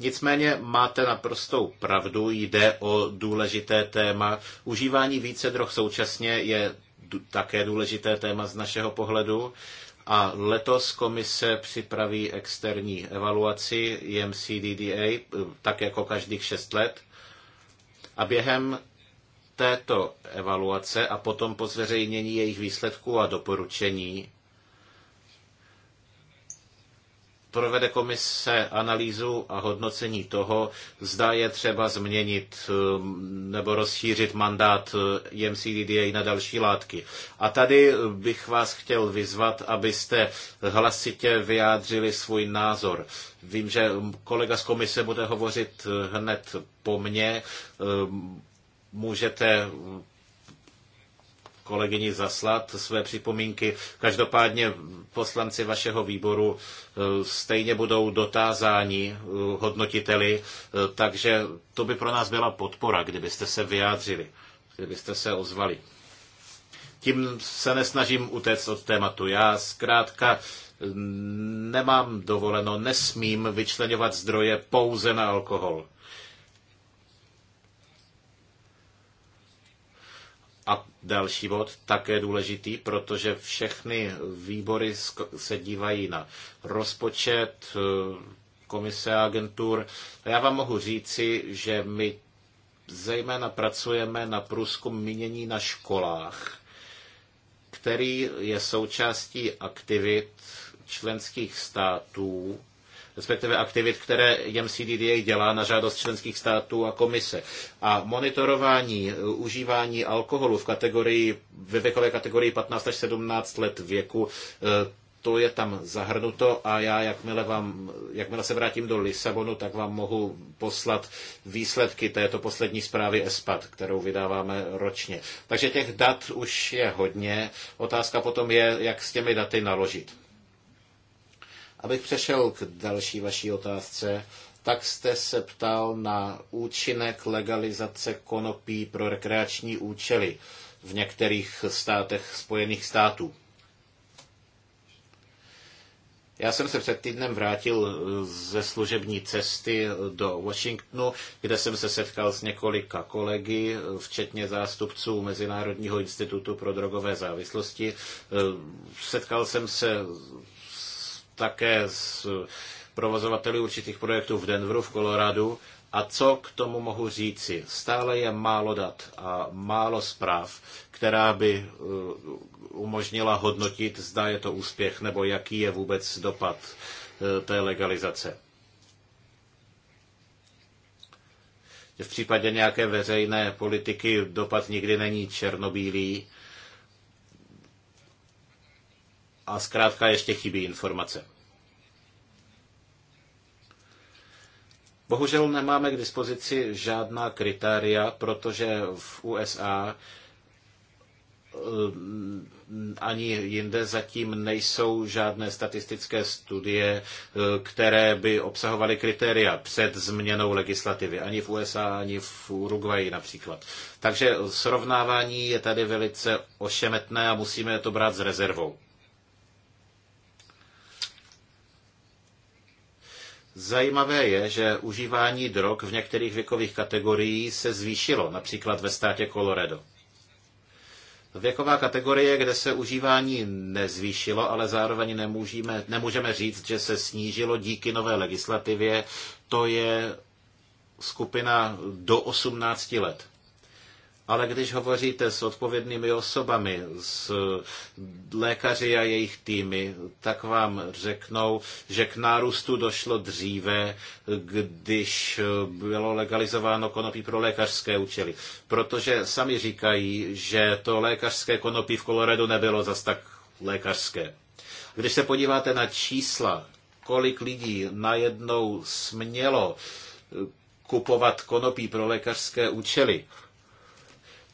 Nicméně máte naprostou pravdu, jde o důležité téma. Užívání více drog současně je také důležité téma z našeho pohledu. A letos komise připraví externí evaluaci EMCDDA, tak jako každých šest let. A během této evaluace a potom po zveřejnění jejich výsledků a doporučení provede komise analýzu a hodnocení toho, zda je třeba změnit um, nebo rozšířit mandát eh, MCDDA na další látky. A tady eh, bych vás chtěl vyzvat, abyste hlasitě vyjádřili svůj názor. Vím, že um, kolega z komise bude hovořit eh, hned po mně. Můžete kolegyni zaslat své připomínky. Každopádně poslanci vašeho výboru eh, stejně budou dotázáni eh, hodnotiteli, eh, takže to by pro nás byla podpora, kdybyste se vyjádřili, kdybyste se ozvali. Tím se nesnažím utéct od tématu. Já zkrátka nemám dovoleno, nesmím vyčlenovat zdroje pouze na alkohol. A další bod, také důležitý, protože všechny výbory se dívají na rozpočet, eh, komise a agentur. A já vám mohu říci, že my zejména pracujeme na průzkum mínění na školách, který je součástí aktivit členských států respektive aktivit, které MCDDA dělá na žádost členských států a komise. A monitorování e, užívání alkoholu v kategorii, ve věkové kategorii 15 až 17 let věku, e, to je tam zahrnuto a já, jakmile, vám, jakmile se vrátím do Lisabonu, tak vám mohu poslat výsledky této poslední zprávy ESPAD, kterou vydáváme ročně. Takže těch dat už je hodně. Otázka potom je, jak s těmi daty naložit. Abych přešel k další vaší otázce, tak jste se ptal na účinek legalizace konopí pro rekreační účely v některých státech Spojených států. Já jsem se před týdnem vrátil eh, ze služební cesty eh, do Washingtonu, kde jsem se setkal s několika kolegy, eh, včetně zástupců Mezinárodního institutu pro drogové závislosti. Setkal jsem se také s provozovateli určitých projektů v Denveru, v Koloradu. A co k tomu mohu říci? Stále je málo dat a málo zpráv, která by eh, umožnila hodnotit, zda je to úspěch nebo jaký je vůbec dopad eh, té legalizace. V případě nějaké veřejné politiky dopad nikdy není černobílý a zkrátka ještě chybí informace. Bohužel nemáme k dispozici žádná kritéria, protože v USA eh, ani jinde zatím nejsou žádné statistické studie, eh, které by obsahovaly kritéria před změnou legislativy, ani v USA, ani v Uruguayi například. Takže srovnávání je tady velice ošemetné a musíme to brát s rezervou. Zajímavé je, že užívání drog v některých věkových kategoriích se zvýšilo, například ve státě Colorado. Věková kategorie, kde se užívání nezvýšilo, ale zároveň nemůžeme, nemůžeme říct, že se snížilo díky nové legislativě, to je skupina do 18 let ale když hovoříte s odpovědnými osobami, s lékaři a jejich týmy, tak vám řeknou, že k nárůstu došlo dříve, když bylo legalizováno konopí pro lékařské účely. Protože sami říkají, že to lékařské konopí v Koloradu nebylo zas tak lékařské. Když se podíváte na čísla, kolik lidí najednou smělo kupovat konopí pro lékařské účely,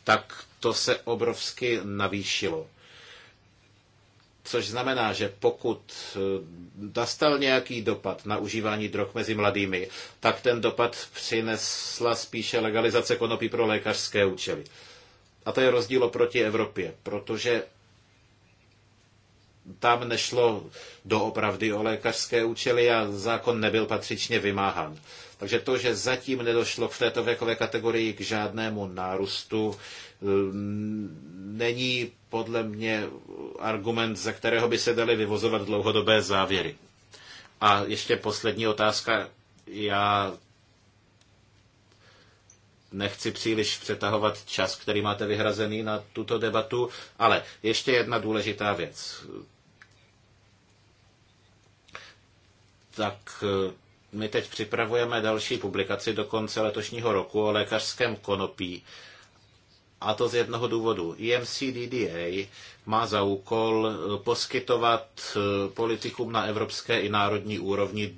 tak to se obrovsky navýšilo. Což znamená, že pokud eh, nastal nějaký dopad na užívání drog mezi mladými, tak ten dopad přinesla spíše legalizace konopí pro lékařské účely. A to je rozdíl oproti Evropě, protože tam nešlo doopravdy o lékařské účely a zákon nebyl patřičně vymáhán. Takže to, že zatím nedošlo v této věkové kategorii k žádnému nárůstu, mm, není podle mě argument, za kterého by se daly vyvozovat dlouhodobé závěry. A ještě poslední otázka. Já nechci příliš přetahovat čas, který máte vyhrazený na tuto debatu, ale ještě jedna důležitá věc. Tak eh, my teď připravujeme další publikaci do konce letošního roku o lékařském konopí. A to z jednoho důvodu. EMCDDA má za úkol eh, poskytovat eh, politikům na evropské i národní úrovni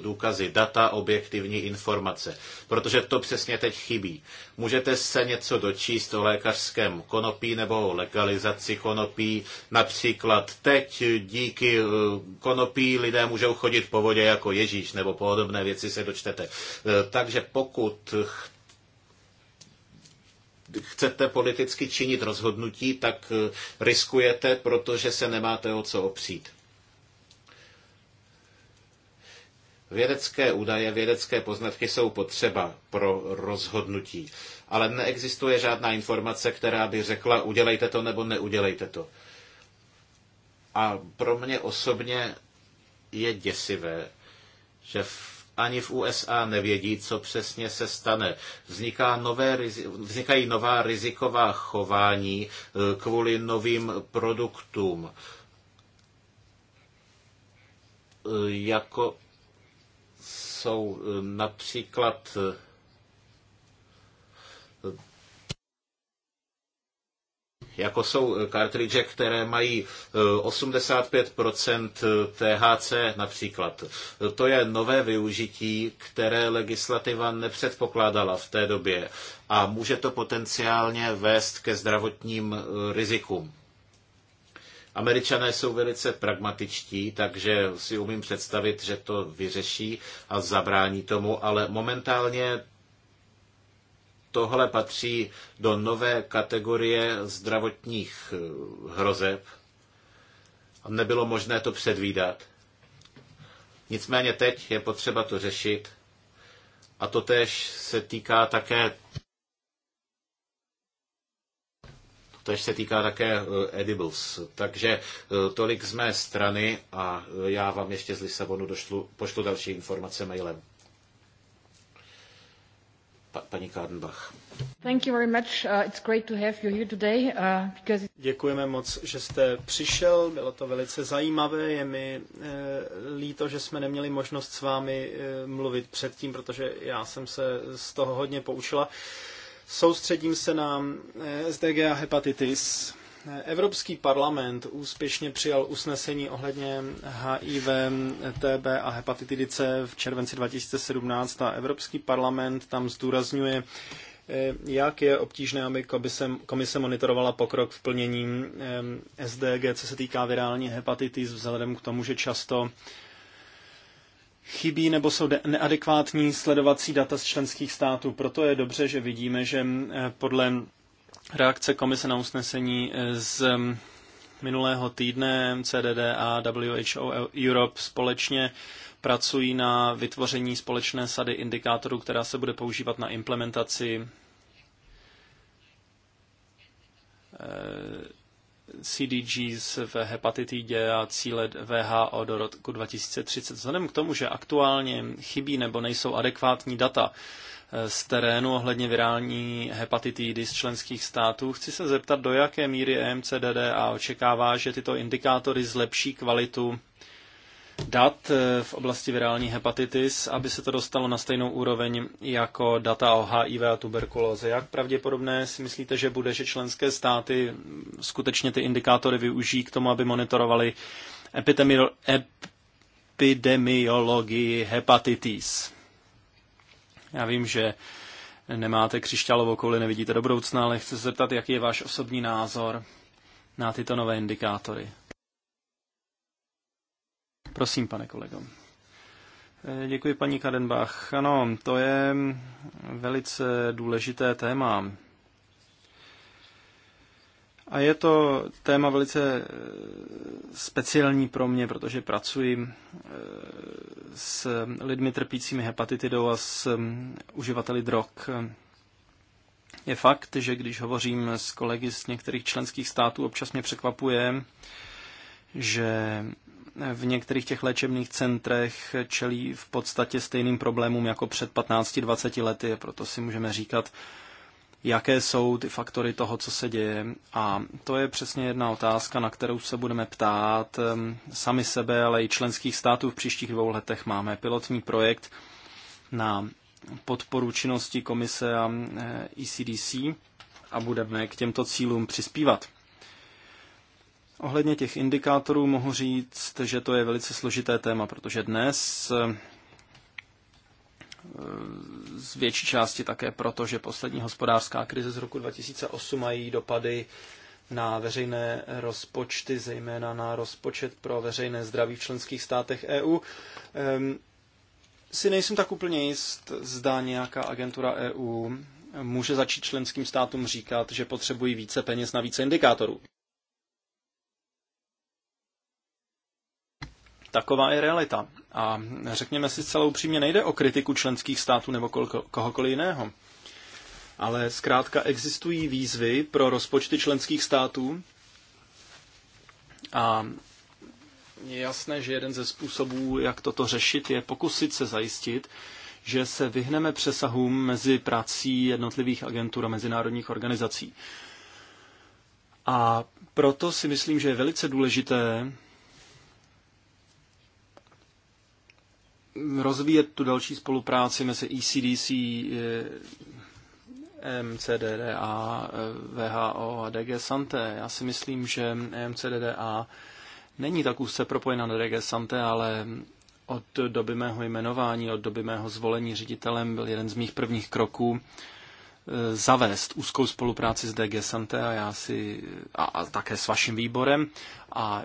důkazy, data, objektivní informace. Protože to přesně teď chybí. Můžete se něco dočíst o lékařském konopí nebo o legalizaci konopí. Například teď díky eh, konopí lidé můžou chodit po vodě jako Ježíš nebo podobné věci se dočtete. Takže pokud chcete politicky činit rozhodnutí, tak eh, riskujete, protože se nemáte o co opřít. Vědecké údaje, vědecké poznatky jsou potřeba pro rozhodnutí, ale neexistuje žádná informace, která by řekla, udělejte to nebo neudělejte to. A pro mě osobně je děsivé, že ani v USA nevědí, co přesně se stane. Vzniká nové, vznikají nová riziková chování e, kvůli novým produktům. E, jako jsou e, například jako jsou kartridže, eh, které mají 85% eh, eh, THC například. To je nové využití, které legislativa nepředpokládala v té době a může to potenciálně vést ke zdravotním rizikům. Američané jsou velice pragmatičtí, takže si umím představit, že to vyřeší a zabrání tomu, ale momentálně tohle patří do nové kategorie zdravotních eh, hrozeb. A nebylo možné to předvídat. Nicméně teď je potřeba to řešit. A to tež se týká také Tož se týká také eh, edibles. Takže eh, tolik z mé strany a já vám ještě z Lisabonu došlu, pošlu další informace mailem paní Kádenbach. Děkujeme moc, že jste přišel, bylo to velice zajímavé. Je mi eh, líto, že jsme neměli možnost s vámi eh, mluvit předtím, protože já jsem se z toho hodně poučila. Soustředím se na eh, SDG a hepatitis Evropský parlament úspěšně přijal usnesení ohledně HIV, TB a hepatitidy C v červenci 2017 a Evropský parlament tam zdůrazňuje, eh, jak je obtížné, aby komise, komise monitorovala pokrok v plnění eh, SDG, co se týká virální hepatitis, vzhledem k tomu, že často chybí nebo jsou neadekvátní sledovací data z členských států. Proto je dobře, že vidíme, že eh, podle reakce komise na usnesení eh, z mm, minulého týdne CDD a WHO Europe společně pracují na vytvoření společné sady indikátorů, která se bude používat na implementaci eh, CDGs v hepatitidě a cíle VHO do roku 2030. Vzhledem k tomu, že aktuálně chybí nebo nejsou adekvátní data Eh, z terénu ohledně virální hepatitidy z členských států. Chci se zeptat, do jaké míry e a očekává, že tyto indikátory zlepší kvalitu dat eh, v oblasti virální hepatitis, aby se to dostalo na stejnou úroveň jako data o HIV a tuberkulóze. Jak pravděpodobné si myslíte, že bude, že členské státy skutečně ty indikátory využijí k tomu, aby monitorovali epidemiologii hepatitis? Já vím, že nemáte křišťálovou kouli, nevidíte do budoucna, ale chci se zeptat, jaký je váš osobní názor na tyto nové indikátory. Prosím, pane kolego. Eh, děkuji, paní Kadenbach. Ano, to je mm, velice důležité téma. A je to téma velice eh, speciální pro mě, protože pracuji eh, s lidmi trpícími hepatitidou a s mm, uživateli drog. Je fakt, že když hovořím s kolegy z některých členských států, občas mě překvapuje, že v některých těch léčebných centrech čelí v podstatě stejným problémům jako před 15-20 lety, proto si můžeme říkat, jaké jsou ty faktory toho, co se děje. A to je přesně jedna otázka, na kterou se budeme ptát ehm, sami sebe, ale i členských států. V příštích dvou letech máme pilotní projekt na podporu činnosti komise a ECDC eh, e a budeme k těmto cílům přispívat. Ohledně těch indikátorů mohu říct, že to je velice složité téma, protože dnes ehm, z větší části také proto, že poslední hospodářská krize z roku 2008 mají dopady na veřejné rozpočty, zejména na rozpočet pro veřejné zdraví v členských státech EU. Si nejsem tak úplně jist, zda nějaká agentura EU může začít členským státům říkat, že potřebují více peněz na více indikátorů. Taková je realita. A řekněme si celou upřímně, nejde o kritiku členských států nebo kohokoliv jiného. Ale zkrátka existují výzvy pro rozpočty členských států a je jasné, že jeden ze způsobů, jak toto řešit, je pokusit se zajistit, že se vyhneme přesahům mezi prací jednotlivých agentur a mezinárodních organizací. A proto si myslím, že je velice důležité rozvíjet tu další spolupráci mezi ECDC, eh, MCDDA, VHO a eh, DG Santé. Já si myslím, že MCDDA není tak úzce propojena na DG Santé, ale od doby mého jmenování, od doby mého zvolení ředitelem byl jeden z mých prvních kroků Eh, zavést úzkou spolupráci s DG Sante a, já si, a, a také s vaším výborem a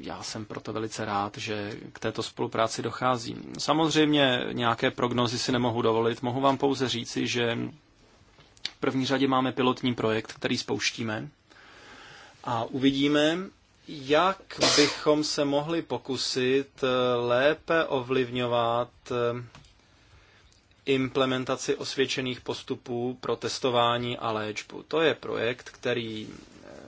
já jsem proto velice rád, že k této spolupráci dochází. Samozřejmě nějaké prognozy si nemohu dovolit, mohu vám pouze říci, že v první řadě máme pilotní projekt, který spouštíme a uvidíme, jak bychom se mohli pokusit eh, lépe ovlivňovat eh, implementaci osvědčených postupů pro testování a léčbu. To je projekt, který eh,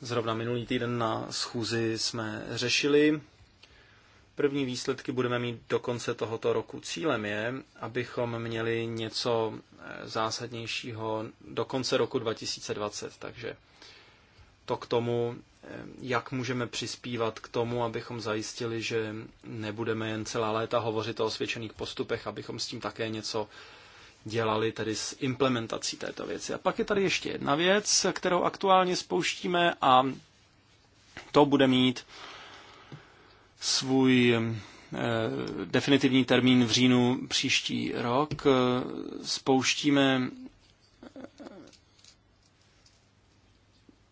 zrovna minulý týden na schůzi jsme řešili. První výsledky budeme mít do konce tohoto roku. Cílem je, abychom měli něco eh, zásadnějšího do konce roku 2020, takže to k tomu, eh, jak můžeme přispívat k tomu, abychom zajistili, že nebudeme jen celá léta hovořit o osvědčených postupech, abychom s tím také něco dělali tedy s implementací této věci. A pak je tady ještě jedna věc, kterou aktuálně spouštíme a to bude mít svůj eh, definitivní termín v říjnu příští rok. Spouštíme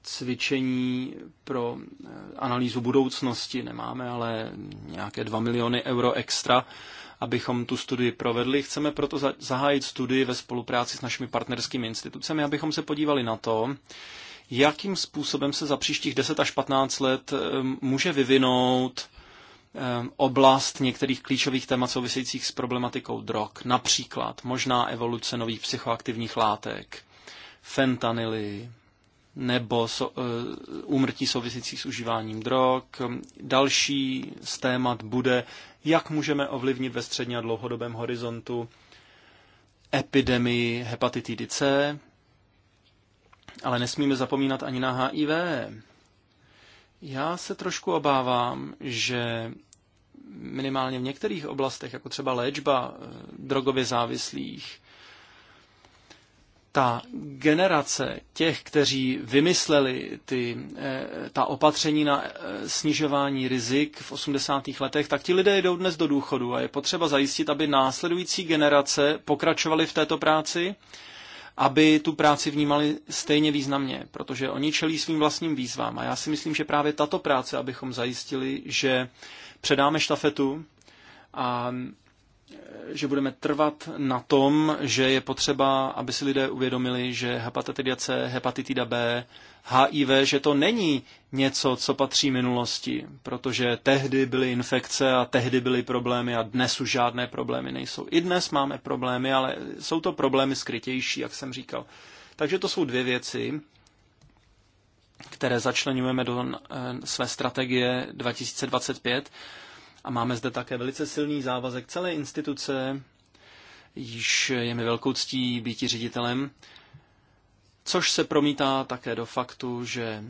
cvičení pro eh, analýzu budoucnosti. Nemáme ale nějaké 2 miliony euro extra, abychom tu studii provedli. Chceme proto zahájit studii ve spolupráci s našimi partnerskými institucemi, abychom se podívali na to, jakým způsobem se za příštích 10 až 15 let eh, může vyvinout eh, oblast některých klíčových témat souvisejících s problematikou drog. Například možná evoluce nových psychoaktivních látek, fentanily, nebo so, eh, úmrtí souvisejících s užíváním drog. Další z témat bude, jak můžeme ovlivnit ve střední a dlouhodobém horizontu epidemii hepatitidy C, ale nesmíme zapomínat ani na HIV. Já se trošku obávám, že minimálně v některých oblastech, jako třeba léčba eh, drogově závislých, ta generace těch, kteří vymysleli ty, eh, ta opatření na eh, snižování rizik v 80. letech, tak ti lidé jdou dnes do důchodu a je potřeba zajistit, aby následující generace pokračovaly v této práci, aby tu práci vnímali stejně významně, protože oni čelí svým vlastním výzvám. A já si myslím, že právě tato práce, abychom zajistili, že předáme štafetu a že budeme trvat na tom, že je potřeba, aby si lidé uvědomili, že hepatitida C, hepatitida B, HIV, že to není něco, co patří minulosti, protože tehdy byly infekce a tehdy byly problémy a dnes už žádné problémy nejsou. I dnes máme problémy, ale jsou to problémy skrytější, jak jsem říkal. Takže to jsou dvě věci, které začlenujeme do e, své strategie 2025 a máme zde také velice silný závazek celé instituce, již je mi velkou ctí býti ředitelem, což se promítá také do faktu, že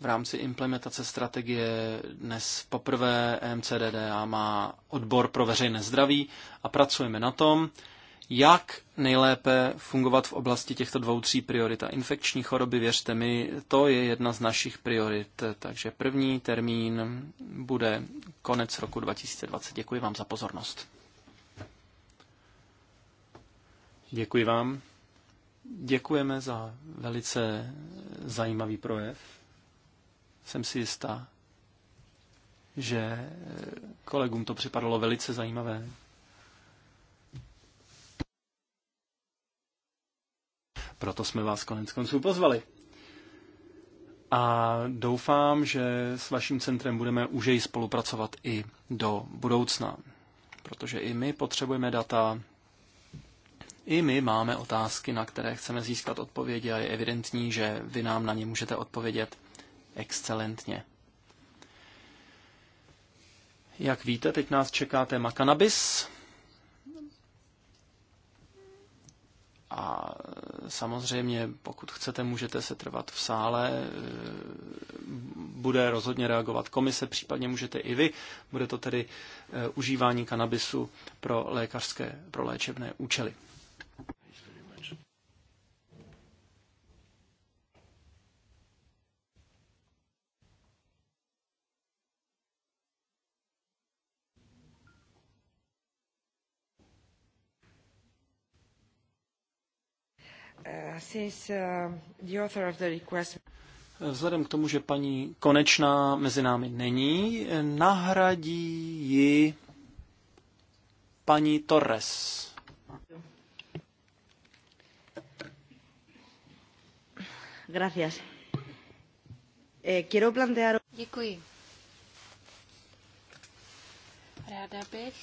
v rámci implementace strategie dnes poprvé MCDDA má odbor pro veřejné zdraví a pracujeme na tom, jak nejlépe fungovat v oblasti těchto dvou, tří priorit. A infekční choroby, věřte mi, to je jedna z našich priorit. Takže první termín bude konec roku 2020. Děkuji vám za pozornost. Děkuji vám. Děkujeme za velice zajímavý projev. Jsem si jistá, že kolegům to připadalo velice zajímavé. Proto jsme vás konec konců pozvali. A doufám, že s vaším centrem budeme užej spolupracovat i do budoucna. Protože i my potřebujeme data, i my máme otázky, na které chceme získat odpovědi a je evidentní, že vy nám na ně můžete odpovědět excelentně. Jak víte, teď nás čeká téma kanabis. A samozřejmě, pokud chcete, můžete se trvat v sále, bude rozhodně reagovat komise, případně můžete i vy. Bude to tedy eh, užívání kanabisu pro lékařské, pro léčebné účely. Eh, eh, Vzhledem k tomu, že paní Konečná mezi námi není, eh, nahradí ji paní Torres. Gracias. Quiero plantear... Děkuji. Ráda bych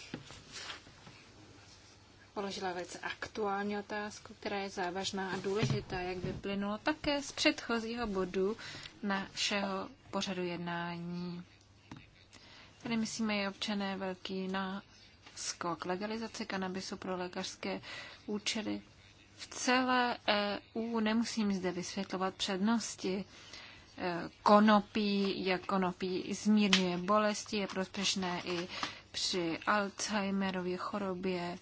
položila velice aktuální otázku, která je závažná a důležitá, jak vyplynulo také z předchozího bodu našeho pořadu jednání. Tady myslíme je občané velký na skok legalizace kanabisu pro lékařské účely. V celé EU nemusím zde vysvětlovat přednosti e, konopí, jak konopí zmírňuje bolesti, je prospěšné i při Alzheimerově chorobě,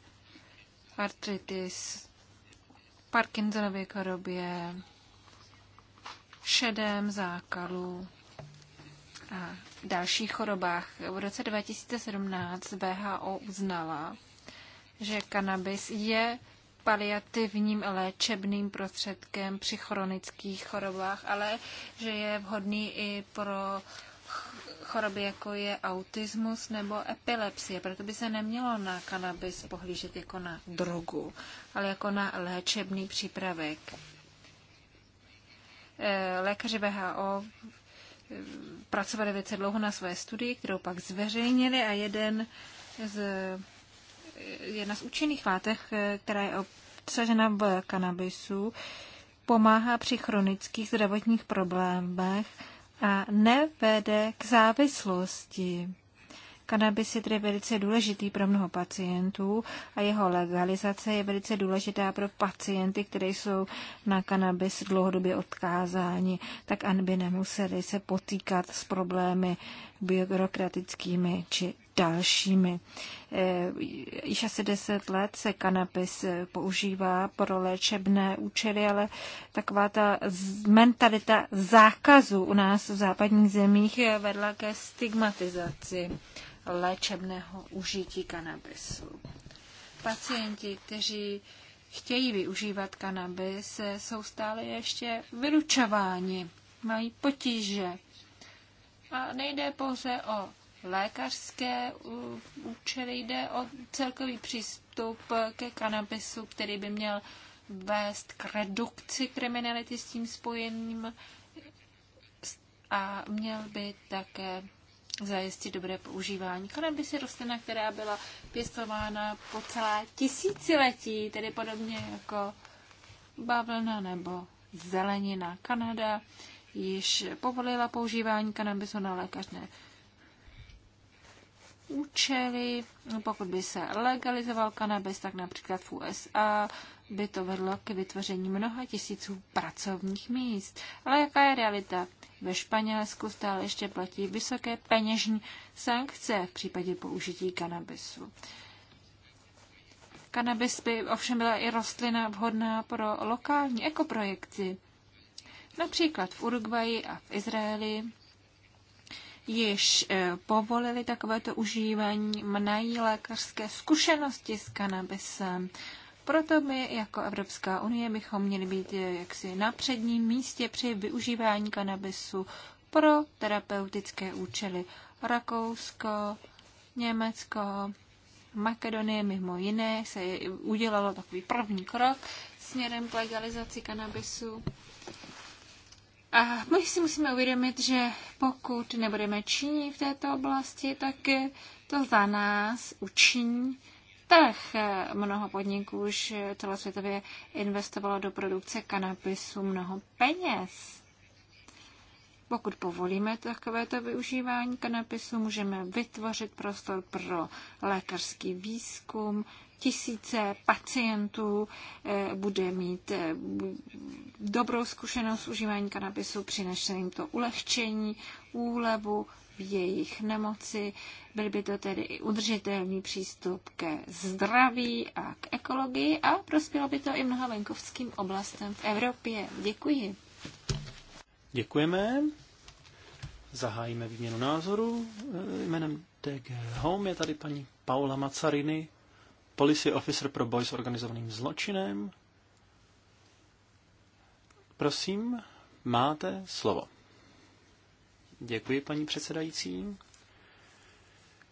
artritis, Parkinsonově chorobě, šedém zákalu a dalších chorobách. V roce 2017 VHO uznala, že kanabis je paliativním léčebným prostředkem při chronických chorobách, ale že je vhodný i pro choroby, jako je autismus nebo epilepsie. Proto by se nemělo na kanabis pohlížet jako na drogu, ale jako na léčebný přípravek. Eh, lékaři VHO eh, pracovali velice dlouho na své studii, kterou pak zveřejnili a jeden z, eh, jedna z účinných látek, která je obsažena v kanabisu, pomáhá při chronických zdravotních problémech, a nevede k závislosti. Kanabis je tedy velice důležitý pro mnoho pacientů a jeho legalizace je velice důležitá pro pacienty, které jsou na kanabis dlouhodobě odkázáni, tak aby nemuseli se potýkat s problémy byrokratickými či dalšími. Eh, již asi deset let se kanabis eh, používá pro léčebné účely, ale taková ta mentalita zákazu u nás v západních zemích eh, vedla ke stigmatizaci léčebného užití kanabisu. Pacienti, kteří chtějí využívat kanabis, jsou stále ještě vylučováni, mají potíže. A nejde pouze o lékařské účely, jde o celkový přístup ke kanabisu, který by měl vést k redukci kriminality s tím spojeným a měl by také zajistit dobré používání. Kanabis je rostlina, která byla pěstována po celé tisíciletí, tedy podobně jako bavlna nebo zelenina. Kanada již povolila používání kanabisu na lékařné účely. Pokud by se legalizoval kanabis, tak například v USA by to vedlo k vytvoření mnoha tisíců pracovních míst. Ale jaká je realita? Ve Španělsku stále ještě platí vysoké peněžní sankce v případě použití kanabisu. Kanabis by ovšem byla i rostlina vhodná pro lokální ekoprojekty. Například v Uruguayi a v Izraeli již eh, povolili takovéto užívání, mají lékařské zkušenosti s kanabisem. Proto my jako Evropská unie bychom měli být eh, jaksi na předním místě při využívání kanabisu pro terapeutické účely. Rakousko, Německo, Makedonie mimo jiné se udělalo takový první krok směrem k legalizaci kanabisu. A my si musíme uvědomit, že pokud nebudeme činní v této oblasti, tak to za nás učiní Tak eh, Mnoho podniků už celosvětově investovalo do produkce kanapisu mnoho peněz. Pokud povolíme takovéto využívání kanapisu, můžeme vytvořit prostor pro lékařský výzkum, tisíce pacientů eh, bude mít eh, dobrou zkušenost s užíváním kanabisu, přinese jim to ulehčení, úlevu v jejich nemoci. Byl by to tedy i udržitelný přístup ke zdraví a k ekologii a prospělo by to i mnoha venkovským oblastem v Evropě. Děkuji. Děkujeme. Zahájíme výměnu názoru. Eh, jménem DG Home je tady paní Paula Macarini, Policy Officer pro boj s organizovaným zločinem. Prosím, máte slovo. Děkuji, paní předsedající.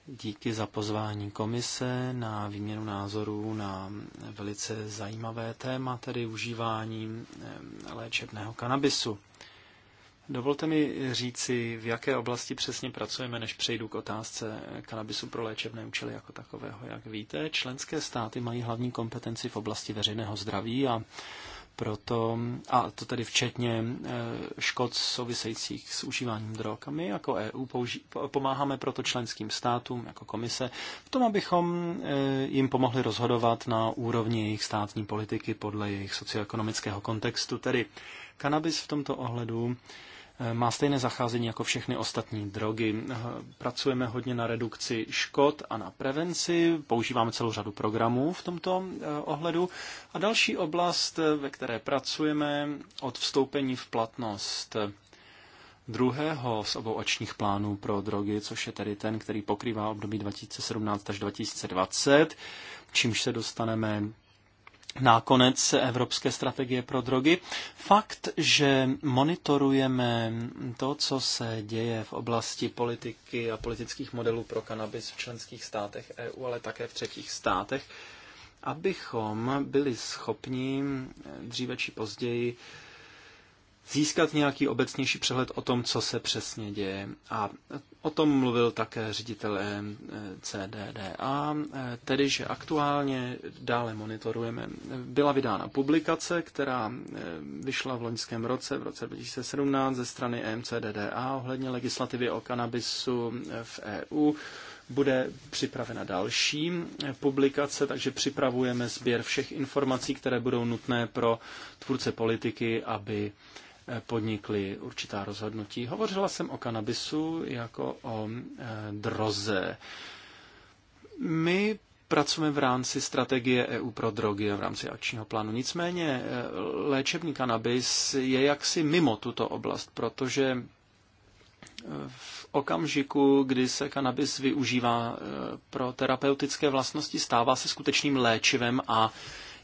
Díky za pozvání komise na výměnu názorů na velice zajímavé téma, tedy užívání eh, léčebného kanabisu. Dovolte mi říci, v jaké oblasti přesně pracujeme, než přejdu k otázce kanabisu pro léčebné účely jako takového. Jak víte, členské státy mají hlavní kompetenci v oblasti veřejného zdraví a proto, a to tedy včetně eh, škod souvisejících s užíváním drog. A my jako EU použi- pomáháme proto členským státům jako komise v tom, abychom eh, jim pomohli rozhodovat na úrovni jejich státní politiky podle jejich socioekonomického kontextu. Tedy kanabis v tomto ohledu Eh, má stejné zacházení jako všechny ostatní drogy. Eh, pracujeme hodně na redukci škod a na prevenci, používáme celou řadu programů v tomto eh, ohledu. A další oblast, ve které pracujeme od vstoupení v platnost druhého z obou očních plánů pro drogy, což je tedy ten, který pokrývá období 2017 až 2020, čímž se dostaneme Nakonec Evropské strategie pro drogy. Fakt, že monitorujeme to, co se děje v oblasti politiky a politických modelů pro kanabis v členských státech EU, ale také v třetích státech, abychom byli schopni dříve či později získat nějaký obecnější přehled o tom, co se přesně děje. A o tom mluvil také ředitel eh, CDDA, eh, tedy že aktuálně dále monitorujeme. Byla vydána publikace, která eh, vyšla v loňském roce, v roce 2017, ze strany MCDDA ohledně legislativy o kanabisu v EU bude připravena další publikace, takže připravujeme sběr všech informací, které budou nutné pro tvůrce politiky, aby podnikli určitá rozhodnutí. Hovořila jsem o kanabisu jako o e, droze. My pracujeme v rámci strategie EU pro drogy a v rámci akčního plánu. Nicméně e, léčebný kanabis je jaksi mimo tuto oblast, protože e, v okamžiku, kdy se kanabis využívá pro terapeutické vlastnosti, stává se skutečným léčivem a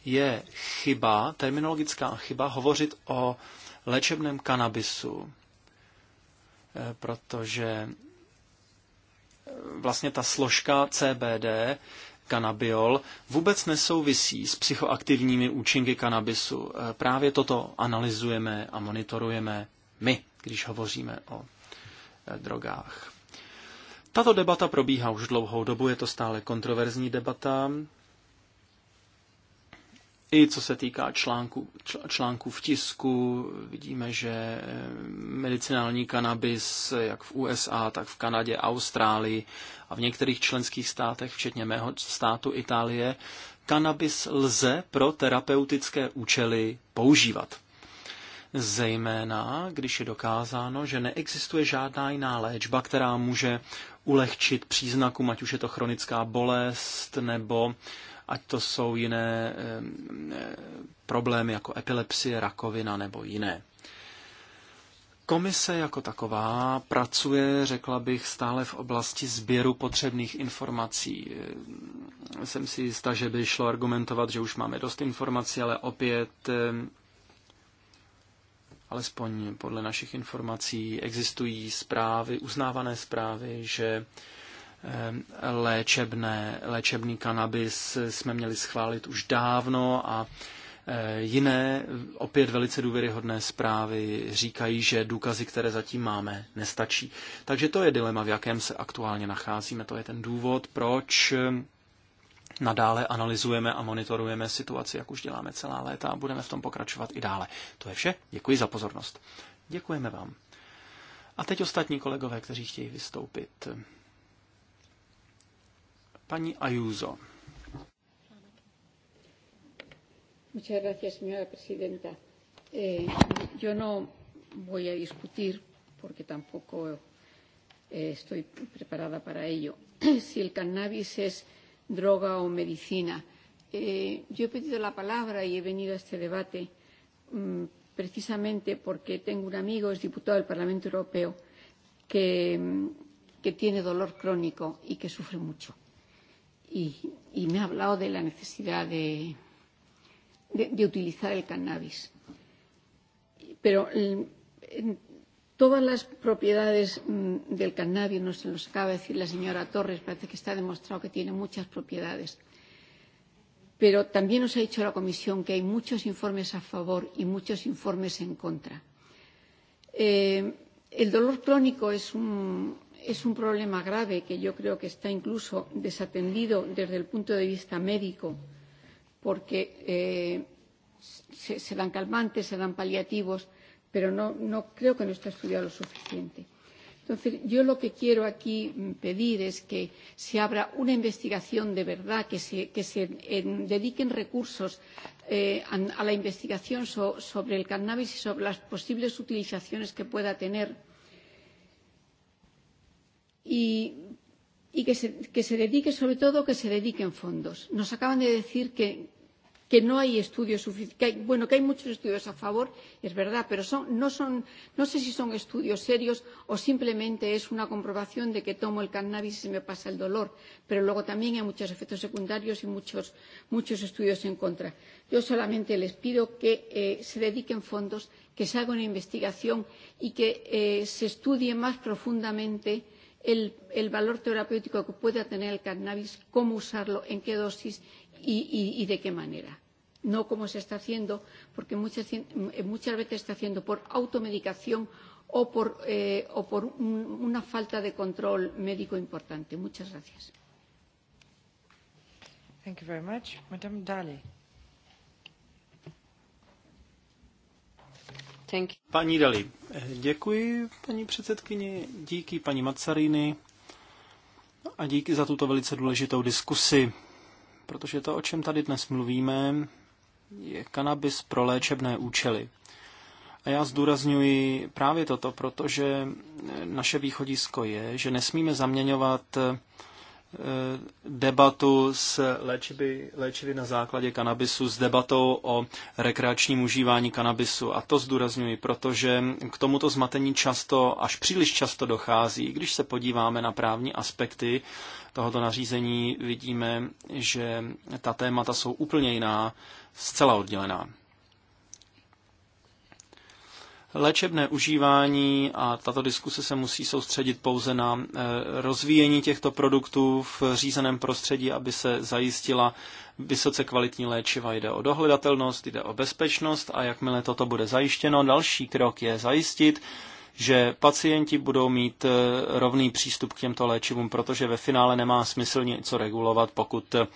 je chyba, terminologická chyba, hovořit o léčebném kanabisu, eh, protože vlastně ta složka CBD, kanabiol, vůbec nesouvisí s psychoaktivními účinky kanabisu. Eh, právě toto analyzujeme a monitorujeme my, když hovoříme o eh, drogách. Tato debata probíhá už dlouhou dobu, je to stále kontroverzní debata, i co se týká článku, článku v tisku, vidíme, že eh, medicinální kanabis eh, jak v USA, tak v Kanadě, Austrálii a v některých členských státech, včetně mého státu Itálie, kanabis lze pro terapeutické účely používat. Zejména, když je dokázáno, že neexistuje žádná jiná léčba, která může ulehčit příznakům, ať už je to chronická bolest nebo ať to jsou jiné eh, problémy jako epilepsie, rakovina nebo jiné. Komise jako taková pracuje, řekla bych, stále v oblasti sběru potřebných informací. Jsem si jistá, že by šlo argumentovat, že už máme dost informací, ale opět, alespoň podle našich informací, existují zprávy, uznávané zprávy, že Ehm, léčebné, léčebný kanabis jsme měli schválit už dávno a eh, jiné, opět velice důvěryhodné zprávy říkají, že důkazy, které zatím máme, nestačí. Takže to je dilema, v jakém se aktuálně nacházíme. To je ten důvod, proč ehm, nadále analyzujeme a monitorujeme situaci, jak už děláme celá léta a budeme v tom pokračovat i dále. To je vše. Děkuji za pozornost. Děkujeme vám. A teď ostatní kolegové, kteří chtějí vystoupit. Paní Ayuso. estoy preparada para ello. <clears throat> si el cannabis es droga o medicina. Eh, yo he pedido la palabra y he venido a este debate mmm, precisamente porque tengo un amigo, es diputado del Parlamento Europeo, que, mm, que tiene dolor crónico y que sufre mucho y, y me ha hablado de la necesidad de, de, de utilizar el cannabis. Pero el, mm, en todas las propiedades mmm, del cannabis, no se los acaba de decir la señora Torres, parece que está demostrado que tiene muchas propiedades. Pero también nos ha dicho la Comisión que hay muchos informes a favor y muchos informes en contra. Eh, el dolor crónico es un, es un problema grave que yo creo que está incluso desatendido desde el punto de vista médico, porque eh, se, se dan calmantes, se dan paliativos, pero no, no creo que no está estudiado lo suficiente. Entonces, yo lo que quiero aquí mm, pedir es que se abra una investigación de verdad, que se, que se en, dediquen recursos eh, a, a la investigación so, sobre el cannabis y sobre las posibles utilizaciones que pueda tener y, y que, se, que se dedique, sobre todo, que se dediquen fondos. Nos acaban de decir que, que no hay estudios suficientes. Bueno, que hay muchos estudios a favor, es verdad, pero son, no, son, no sé si son estudios serios o simplemente es una comprobación de que tomo el cannabis y se me pasa el dolor. Pero luego también hay muchos efectos secundarios y muchos, muchos estudios en contra. Yo solamente les pido que eh, se dediquen fondos, que se haga una investigación y que eh, se estudie más profundamente eh, el, el valor terapéutico que pueda tener el cannabis, cómo usarlo, en qué dosis y, y, y de qué manera. No como se está haciendo, porque muchas, eh, muchas veces se está haciendo por automedicación o por, eh, o por un, una falta de control médico importante. Muchas gracias. Thank you very much. Madame Daly. Thank you. Paní Dali, děkuji paní předsedkyni, díky paní Macarini a díky za tuto velice důležitou diskusi, protože to, o čem tady dnes mluvíme, je kanabis pro léčebné účely. A já zdůrazňuji právě toto, protože naše východisko je, že nesmíme zaměňovat Eh, debatu s léčivy, léčivy na základě kanabisu s debatou o rekreačním užívání kanabisu. A to zdůrazňuji, protože k tomuto zmatení často, až příliš často dochází. Když se podíváme na právní aspekty tohoto nařízení, vidíme, že ta témata jsou úplně jiná, zcela oddělená léčebné užívání a tato diskuse se musí soustředit pouze na eh, rozvíjení těchto produktů v řízeném prostředí, aby se zajistila vysoce kvalitní léčiva. Jde o dohledatelnost, jde o bezpečnost a jakmile toto bude zajištěno, další krok je zajistit, že pacienti budou mít eh, rovný přístup k těmto léčivům, protože ve finále nemá smysl něco regulovat, pokud eh,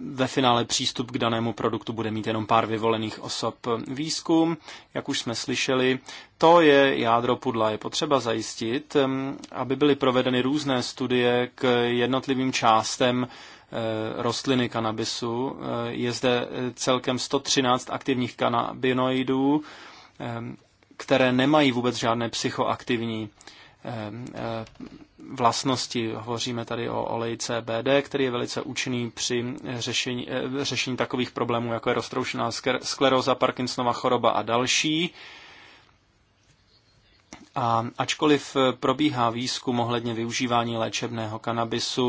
ve finále přístup k danému produktu bude mít jenom pár vyvolených osob. Výzkum, jak už jsme slyšeli, to je jádro pudla. Je potřeba zajistit, aby byly provedeny různé studie k jednotlivým částem eh, rostliny kanabisu. Eh, je zde eh, celkem 113 aktivních kanabinoidů, které nemají vůbec žádné psychoaktivní Eh, vlastnosti. Hovoříme tady o oleji CBD, který je velice účinný při řešení, eh, řešení takových problémů, jako je roztroušená skleroza, Parkinsonova choroba a další. A ačkoliv probíhá výzkum ohledně využívání léčebného kanabisu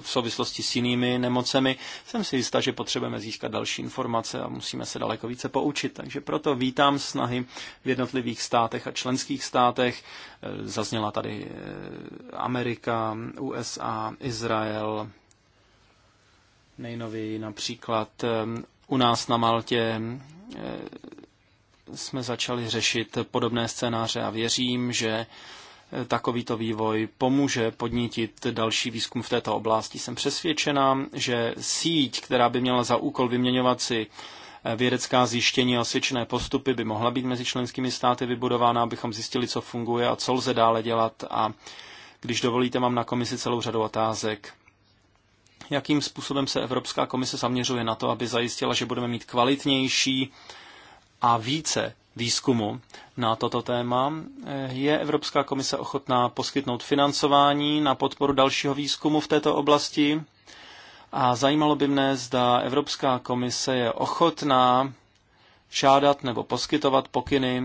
v souvislosti s jinými nemocemi, jsem si jistá, že potřebujeme získat další informace a musíme se daleko více poučit. Takže proto vítám snahy v jednotlivých státech a členských státech. Zazněla tady eh, Amerika, USA, Izrael, nejnověji například eh, u nás na Maltě eh, jsme začali řešit podobné scénáře a věřím, že takovýto vývoj pomůže podnítit další výzkum v této oblasti. Jsem přesvědčená, že síť, která by měla za úkol vyměňovat si eh, vědecká zjištění a osvědčené postupy, by mohla být mezi členskými státy vybudována, abychom zjistili, co funguje a co lze dále dělat. A když dovolíte, mám na komisi celou řadu otázek. Jakým způsobem se Evropská komise zaměřuje na to, aby zajistila, že budeme mít kvalitnější a více výzkumu na toto téma. Eh, je Evropská komise ochotná poskytnout financování na podporu dalšího výzkumu v této oblasti? A zajímalo by mne, zda Evropská komise je ochotná žádat nebo poskytovat pokyny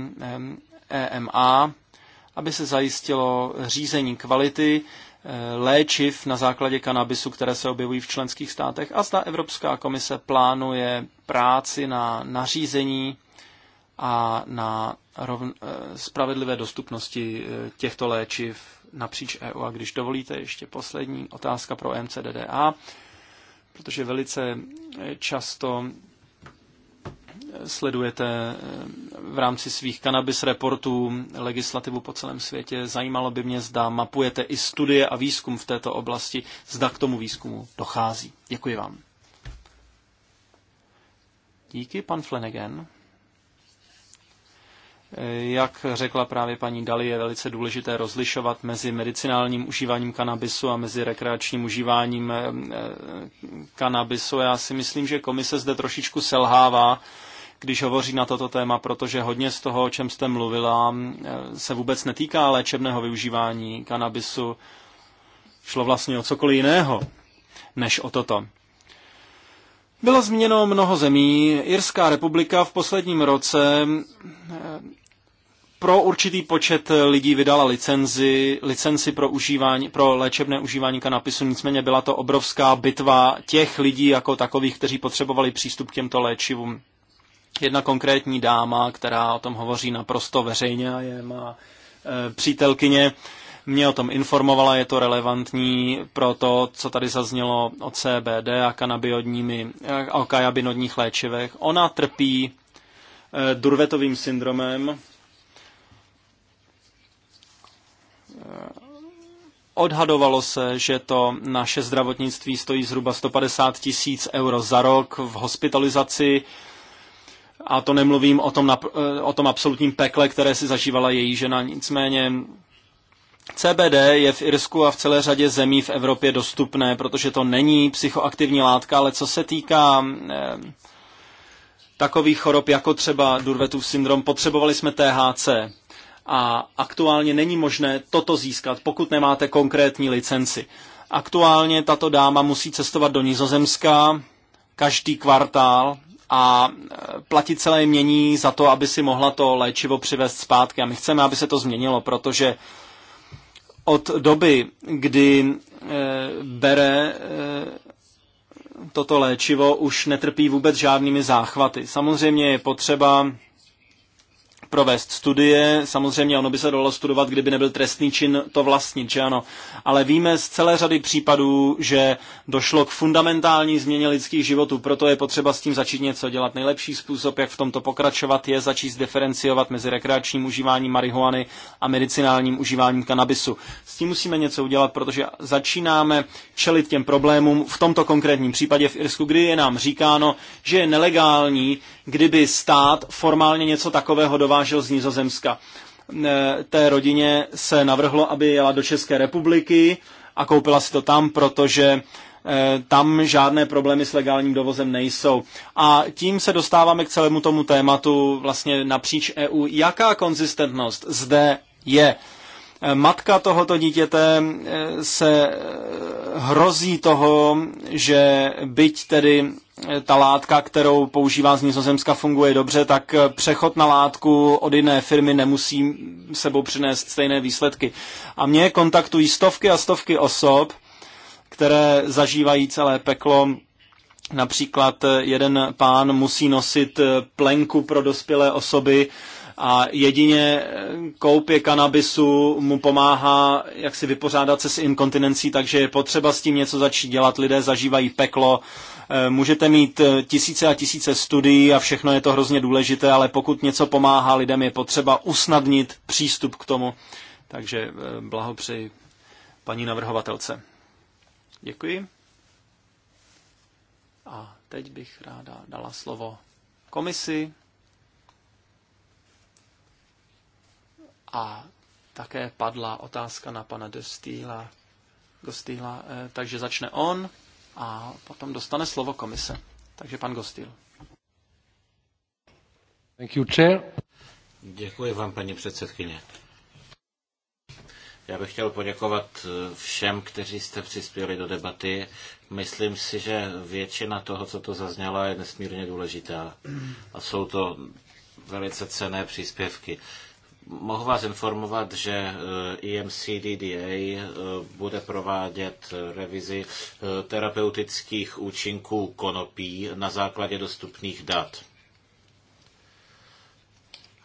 EMA, eh, e aby se zajistilo řízení kvality eh, léčiv na základě kanabisu, které se objevují v členských státech a zda Evropská komise plánuje práci na nařízení a na rovn, eh, spravedlivé dostupnosti eh, těchto léčiv napříč EU. A když dovolíte, ještě poslední otázka pro MCDDA, protože velice eh, často sledujete v rámci svých cannabis reportů legislativu po celém světě. Zajímalo by mě, zda mapujete i studie a výzkum v této oblasti, zda k tomu výzkumu dochází. Děkuji vám. Díky, pan Flanagan. Jak řekla právě paní Dali, je velice důležité rozlišovat mezi medicinálním užíváním kanabisu a mezi rekreačním užíváním eh, eh, kanabisu. Já si myslím, že komise zde trošičku selhává, když hovoří na toto téma, protože hodně z toho, o čem jste mluvila, eh, se vůbec netýká léčebného využívání kanabisu. Šlo vlastně o cokoliv jiného než o toto. Bylo změněno mnoho zemí. Irská republika v posledním roce pro určitý počet lidí vydala licenzi, licenci pro, užívání, pro léčebné užívání kanapisu, nicméně byla to obrovská bitva těch lidí jako takových, kteří potřebovali přístup k těmto léčivům. Jedna konkrétní dáma, která o tom hovoří naprosto veřejně a je má e, přítelkyně, mě o tom informovala, je to relevantní pro to, co tady zaznělo o CBD a kanabiodními, e, o kajabinodních léčivech. Ona trpí e, durvetovým syndromem, Odhadovalo se, že to naše zdravotnictví stojí zhruba 150 tisíc euro za rok v hospitalizaci. A to nemluvím o tom, eh, o tom absolutním pekle, které si zažívala její žena. Nicméně CBD je v Irsku a v celé řadě zemí v Evropě dostupné, protože to není psychoaktivní látka, ale co se týká eh, takových chorob jako třeba Durvetův syndrom, potřebovali jsme THC a aktuálně není možné toto získat, pokud nemáte konkrétní licenci. Aktuálně tato dáma musí cestovat do Nizozemska každý kvartál a e, platit celé mění za to, aby si mohla to léčivo přivést zpátky. A my chceme, aby se to změnilo, protože od doby, kdy e, bere e, toto léčivo, už netrpí vůbec žádnými záchvaty. Samozřejmě je potřeba provést studie. Samozřejmě ono by se dalo studovat, kdyby nebyl trestný čin to vlastnit, že ano. Ale víme z celé řady případů, že došlo k fundamentální změně lidských životů, proto je potřeba s tím začít něco dělat. Nejlepší způsob, jak v tomto pokračovat, je začít diferenciovat mezi rekreačním užíváním marihuany a medicinálním užíváním kanabisu. S tím musíme něco udělat, protože začínáme čelit těm problémům v tomto konkrétním případě v Irsku, kdy je nám říkáno, že je nelegální kdyby stát formálně něco takového dovážel z Nizozemska. E, té rodině se navrhlo, aby jela do České republiky a koupila si to tam, protože e, tam žádné problémy s legálním dovozem nejsou. A tím se dostáváme k celému tomu tématu vlastně napříč EU. Jaká konzistentnost zde je? Eh, matka tohoto dítěte eh, se eh, hrozí toho, že byť tedy ta látka, kterou používá z Nizozemska, funguje dobře, tak přechod na látku od jiné firmy nemusí sebou přinést stejné výsledky. A mě kontaktují stovky a stovky osob, které zažívají celé peklo. Například jeden pán musí nosit plenku pro dospělé osoby, a jedině eh, koupě kanabisu mu pomáhá jak si vypořádat se s inkontinencí, takže je potřeba s tím něco začít dělat. Lidé zažívají peklo, eh, můžete mít eh, tisíce a tisíce studií a všechno je to hrozně důležité, ale pokud něco pomáhá lidem, je potřeba usnadnit přístup k tomu. Takže blahopřeji paní navrhovatelce. Děkuji. A teď bych ráda dala slovo komisi A také padla otázka na pana Dostýla, Gostýla, eh, takže začne on a potom dostane slovo komise. Takže pan Gostýl. Thank you, chair. Děkuji vám, paní předsedkyně. Já bych chtěl poděkovat eh, všem, kteří jste přispěli do debaty. Myslím si, že většina toho, co to zaznělo, je nesmírně důležitá. A jsou to velice cené příspěvky. Mohu vás informovat, že IMCDDA eh, e eh, bude provádět eh, revizi terapeutických účinků konopí na základě dostupných dat.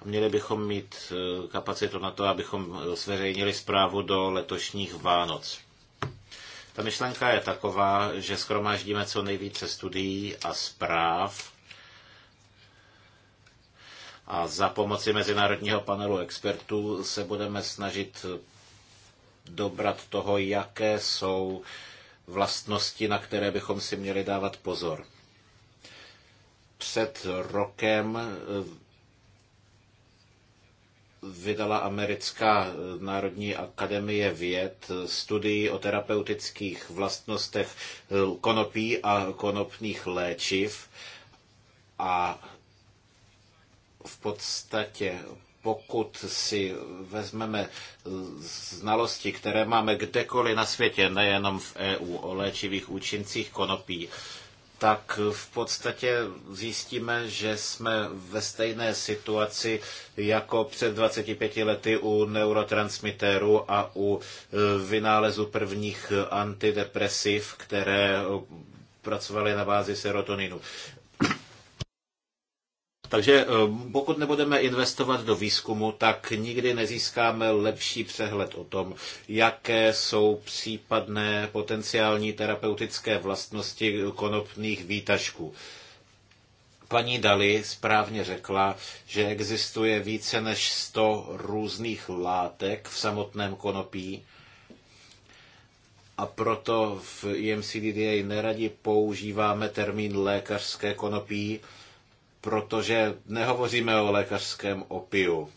Měli bychom mít kapacitu na to, abychom zveřejnili zprávu do letošních Vánoc. Ta myšlenka je taková, že schromáždíme co nejvíce studií a zpráv, a za pomoci mezinárodního panelu expertů se budeme snažit dobrat toho, jaké jsou vlastnosti, na které bychom si měli dávat pozor. Před rokem eh, vydala americká eh, Národní akademie věd studii o terapeutických vlastnostech eh, konopí a konopných léčiv a v podstatě pokud si vezmeme znalosti, které máme kdekoliv na světě, nejenom v EU, o léčivých účincích konopí, tak v podstatě zjistíme, že jsme ve stejné situaci jako před 25 lety u neurotransmitérů a u e, vynálezu prvních antidepresiv, které e, pracovaly na bázi serotoninu. Takže eh, pokud nebudeme investovat do výzkumu, tak nikdy nezískáme lepší přehled o tom, jaké jsou případné potenciální terapeutické vlastnosti konopných výtažků. Paní Dali správně řekla, že existuje více než 100 různých látek v samotném konopí a proto v EMCDDA neradi používáme termín lékařské konopí, protože nehovoříme o lékařském opiu.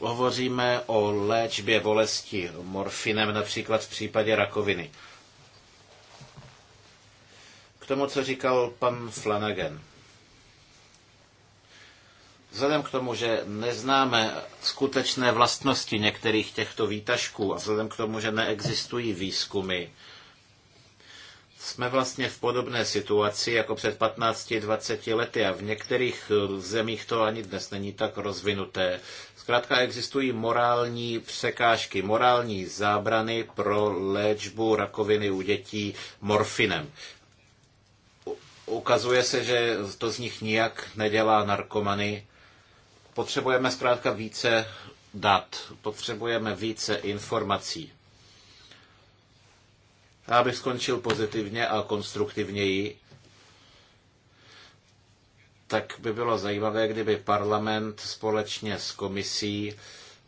Hovoříme o léčbě bolesti morfinem, například v případě rakoviny. K tomu, co říkal pan Flanagan. Vzhledem k tomu, že neznáme skutečné vlastnosti některých těchto výtažků a vzhledem k tomu, že neexistují výzkumy, jsme vlastně v podobné situaci jako před 15-20 lety a v některých eh, zemích to ani dnes není tak rozvinuté. Zkrátka existují morální překážky, morální zábrany pro léčbu rakoviny u dětí morfinem. Ukazuje se, že to z nich nijak nedělá narkomany. Potřebujeme zkrátka více dat, potřebujeme více informací bych skončil pozitivně a konstruktivněji, tak by bylo zajímavé, kdyby parlament společně s komisí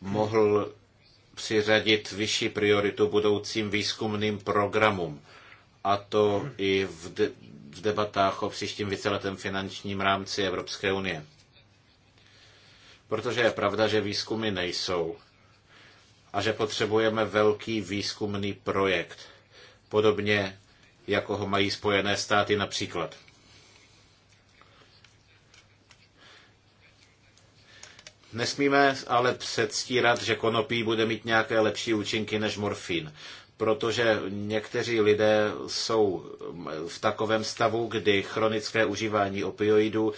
mohl přiřadit vyšší prioritu budoucím výzkumným programům. A to i v, de- v debatách o příštím víceletém finančním rámci Evropské unie. Protože je pravda, že výzkumy nejsou a že potřebujeme velký výzkumný projekt – podobně jako ho mají Spojené státy například. Nesmíme ale předstírat, že konopí bude mít nějaké lepší účinky než morfín, protože někteří lidé jsou v takovém stavu, kdy chronické užívání opioidů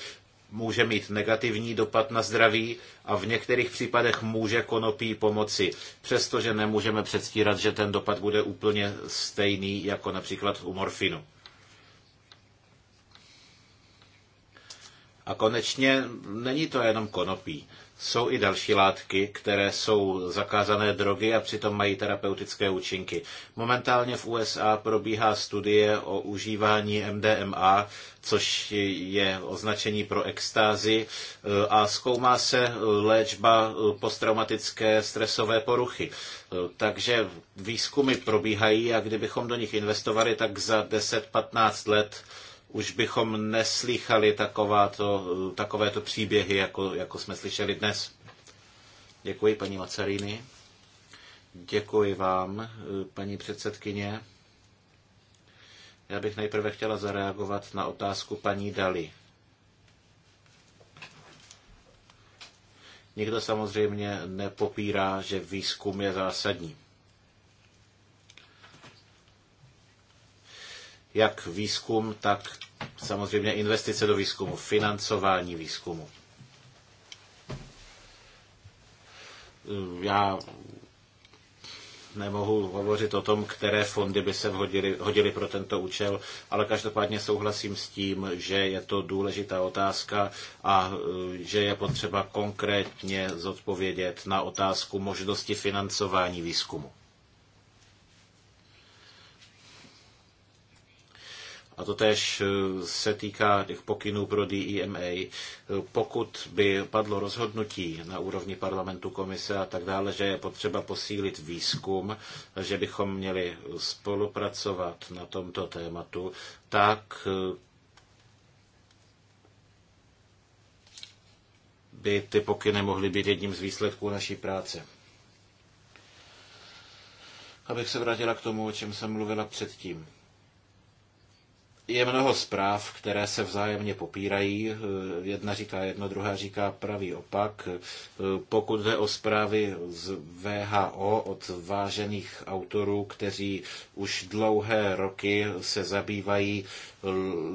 může mít negativní dopad na zdraví a v některých případech může konopí pomoci, přestože nemůžeme předstírat, že ten dopad bude úplně stejný jako například u morfinu. A konečně není to jenom konopí. Jsou i další látky, které jsou zakázané drogy a přitom mají terapeutické účinky. Momentálně v USA probíhá studie o užívání MDMA což je označení pro extázi e, a zkoumá se léčba e, posttraumatické stresové poruchy. E, takže výzkumy probíhají a kdybychom do nich investovali, tak za 10-15 let už bychom neslýchali takováto, takovéto příběhy, jako, jako jsme slyšeli dnes. Děkuji, paní Macarini. Děkuji vám, paní předsedkyně. Já bych nejprve chtěla zareagovat na otázku paní Dali. Nikdo samozřejmě nepopírá, že výzkum je zásadní. Jak výzkum, tak samozřejmě investice do výzkumu, financování výzkumu. Já nemohu hovořit o tom, které fondy by se vhodily, hodily pro tento účel, ale každopádně souhlasím s tím, že je to důležitá otázka a e, že je potřeba konkrétně zodpovědět na otázku možnosti financování výzkumu. A to tež eh, se týká těch pokynů pro DEMA. Eh, pokud by padlo rozhodnutí na úrovni parlamentu, komise a tak dále, že je potřeba posílit výzkum, že bychom měli spolupracovat na tomto tématu, tak eh, by ty pokyny mohly být jedním z výsledků naší práce. Abych se vrátila k tomu, o čem jsem mluvila předtím je mnoho zpráv, které se vzájemně popírají. Jedna říká jedno, druhá říká pravý opak. Pokud jde o zprávy z VHO od vážených autorů, kteří už dlouhé roky se zabývají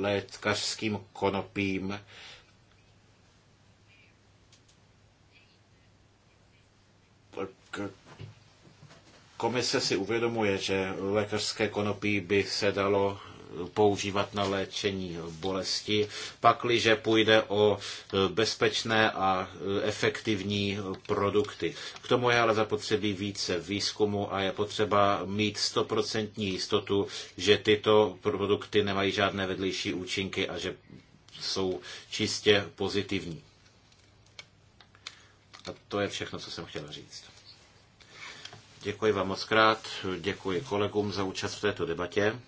lékařským konopím, Komise si uvědomuje, že lékařské konopí by se dalo používat na léčení bolesti, pakliže půjde o e, bezpečné a e, efektivní produkty. K tomu je ale zapotřebí více výzkumu a je potřeba mít stoprocentní jistotu, že tyto produkty nemají žádné vedlejší účinky a že jsou čistě pozitivní. A to je všechno, co jsem chtěla říct. Děkuji vám moc krát, děkuji kolegům za účast v této debatě.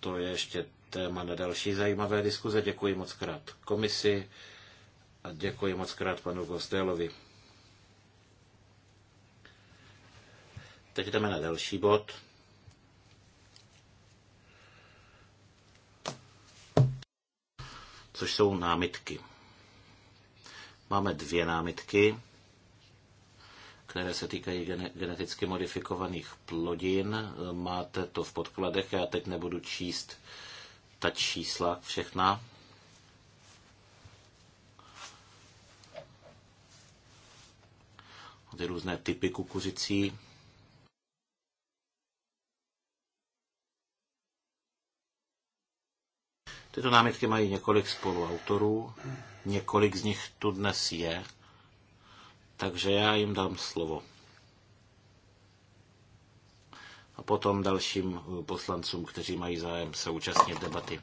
To je ještě téma na další zajímavé diskuze. Děkuji moc krát komisi a děkuji moc krát panu Gostelovi. Teď jdeme na další bod. Což jsou námitky. Máme dvě námitky které se týkají geneticky modifikovaných plodin. Máte to v podkladech, já teď nebudu číst ta čísla všechna. Ty různé typy kukuřicí. Tyto námitky mají několik spoluautorů, několik z nich tu dnes je, takže já jim dám slovo. A potom dalším eh, poslancům, kteří mají zájem se účastnit debaty.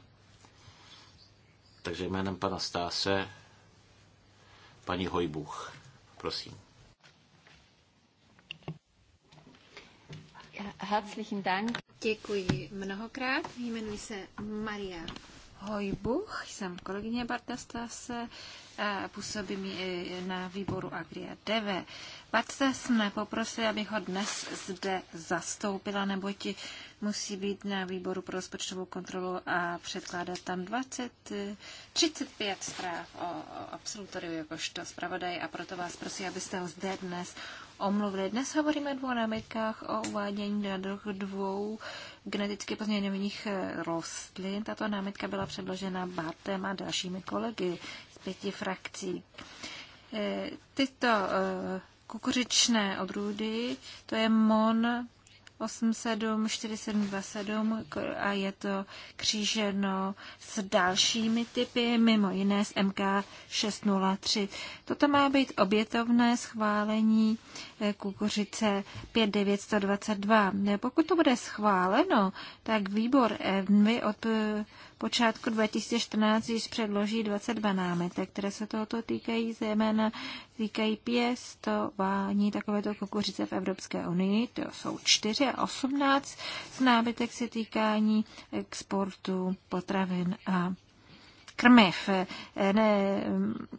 Takže jménem pana Stáse, paní Hojbuch, prosím. Herzlichen Dank. Děkuji mnohokrát. Jmenuji se Maria Hojbuch, jsem kolegyně Bartastase, eh, působím na výboru Agria 9. Bartse jsme poprosili, abych ho dnes zde zastoupila, neboť musí být na výboru pro rozpočtovou kontrolu a předkládat tam 20, 35 eh, zpráv o, o absolutoriu jakožto zpravodaj a proto vás prosím, abyste ho zde dnes omluvili. Dnes hovoríme o dvou námitkách o uvádění do dvou geneticky pozměněných eh, rostlin. Tato námitka byla předložena Bartem a dalšími kolegy z pěti frakcí. Eh, tyto eh, kukuřičné odrůdy, to je MON 874727 a je to kříženo s dalšími typy, mimo jiné s MK603. Toto má být obětovné schválení kukuřice 5922. Pokud to bude schváleno, tak výbor ENVY od počátku 2014 již předloží 22 námetek, které se tohoto týkají, zejména týkají pěstování takovéto kukuřice v Evropské unii. To jsou 4 a 18 námetek se týkání exportu potravin a krmiv. Ne,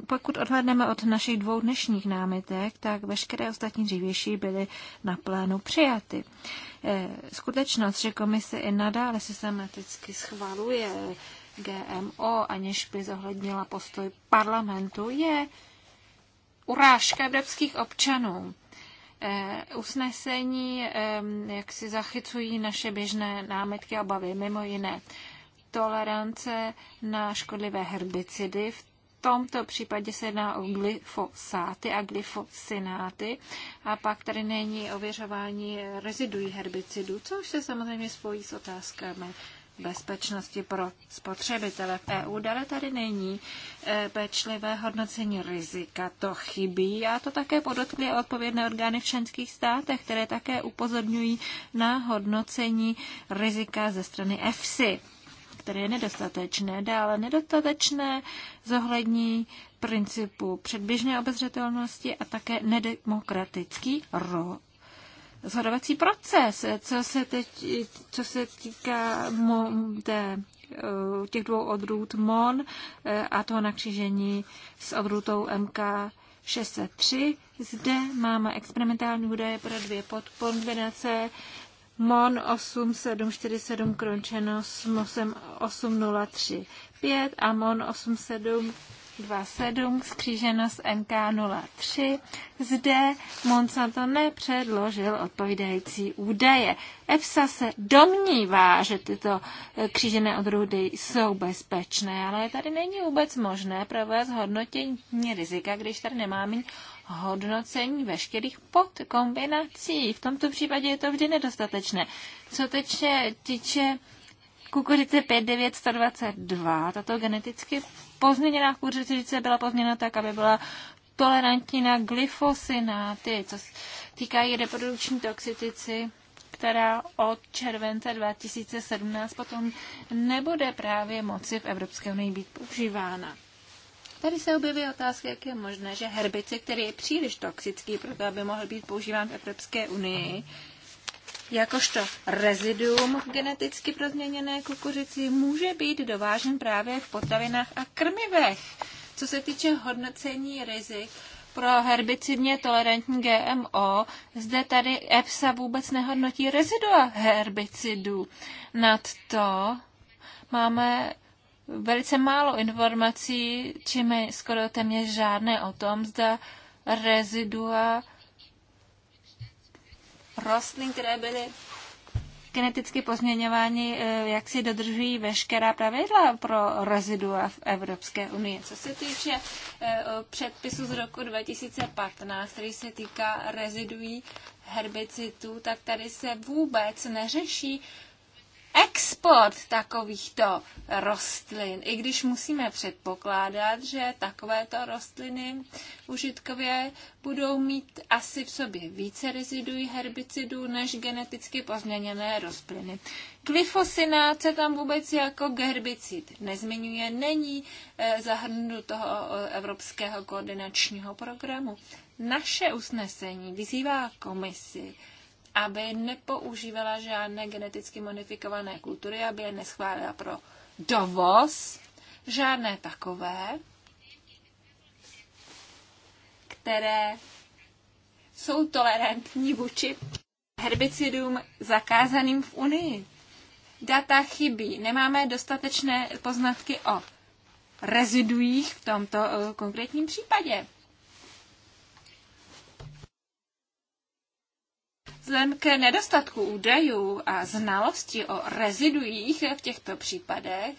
pokud odhledneme od našich dvou dnešních námitek, tak veškeré ostatní dřívější byly na plénu přijaty. Eh, skutečnost, že komise i nadále systematicky schvaluje GMO, aniž by zohlednila postoj parlamentu, je urážka evropských občanů eh, usnesení, eh, jak si zachycují naše běžné námitky a obavy, mimo jiné tolerance na škodlivé herbicidy. V tomto případě se jedná o glyfosáty a glyfosináty a pak tady není ověřování rezidují herbicidů, což se samozřejmě spojí s otázkami bezpečnosti pro spotřebitele v EU. Dále tady není e, pečlivé hodnocení rizika. To chybí a to také podotkly odpovědné orgány v členských státech, které také upozorňují na hodnocení rizika ze strany EFSI které je nedostatečné. Dále nedostatečné zohlední principu předběžné obezřetelnosti a také nedemokratický ro zhodovací proces, co se, teď, co se týká mo, té, eh, těch dvou odrůd MON eh, a toho nakřížení s odrůtou MK 603. Zde máme experimentální údaje pro dvě podkombinace MON 8747 krončeno s MOSem 8035 a MON 8727 skříženo s NK03. Zde Monsanto nepředložil odpovídající údaje. EFSA se domnívá, že tyto eh, křížené odrůdy jsou bezpečné, ale tady není vůbec možné provést hodnotění rizika, když tady nemáme hodnocení veškerých podkombinací. V tomto případě je to vždy nedostatečné. Co teď týče kukuřice 59122, tato geneticky pozměněná kukuřice byla pozměněna tak, aby byla tolerantní na glyfosináty, co týkají reprodukční toxicity, která od července 2017 potom nebude právě moci v Evropské unii být používána. Tady se objeví otázka, jak je možné, že herbice, který je příliš toxický, proto aby mohl být používán v Evropské unii, jakožto reziduum geneticky prozměněné kukuřici může být dovážen právě v potravinách a krmivech. Co se týče hodnocení rizik pro herbicidně tolerantní GMO, zde tady EPSA vůbec nehodnotí rezidua herbicidů. Nad to máme velice málo informací, či skoro téměř žádné o tom, zda rezidua rostlin, které byly geneticky pozměňováni, eh, jak si dodržují veškerá pravidla pro rezidua v Evropské unii. Co se týče eh, předpisu z roku 2015, který se týká reziduí herbicidů, tak tady se vůbec neřeší export takovýchto rostlin, i když musíme předpokládat, že takovéto rostliny užitkově budou mít asi v sobě více reziduí herbicidů než geneticky pozměněné rostliny. Glyfosinát se tam vůbec jako herbicid nezmiňuje, není eh, zahrnut toho eh, Evropského koordinačního programu. Naše usnesení vyzývá komisi, aby nepoužívala žádné geneticky modifikované kultury, aby je neschválila pro dovoz, žádné takové, které jsou tolerantní vůči herbicidům zakázaným v Unii. Data chybí, nemáme dostatečné poznatky o reziduích v tomto eh, konkrétním případě. Vzhledem k nedostatku údajů a znalosti o reziduích v těchto případech,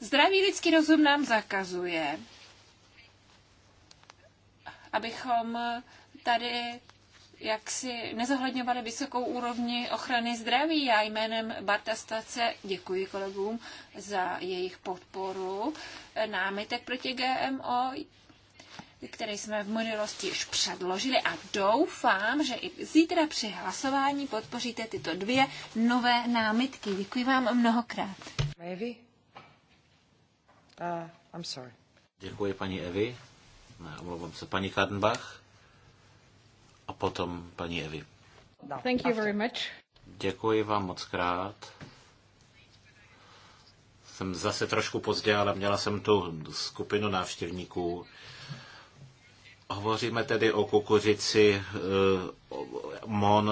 zdravý lidský rozum nám zakazuje, abychom tady jak si nezohledňovali vysokou úrovni ochrany zdraví. Já jménem Barta Stace děkuji kolegům za jejich podporu námitek proti GMO které jsme v minulosti již předložili a doufám, že i zítra při hlasování podpoříte tyto dvě nové námitky. Děkuji vám mnohokrát. Evy? Uh, I'm sorry. Děkuji paní Evy. omlouvám se, paní Kadenbach. A potom paní Evy. No, Thank you very much. Děkuji vám moc krát jsem zase trošku pozdě, ale měla jsem tu skupinu návštěvníků, Hovoříme tedy o kukuřici eh, MON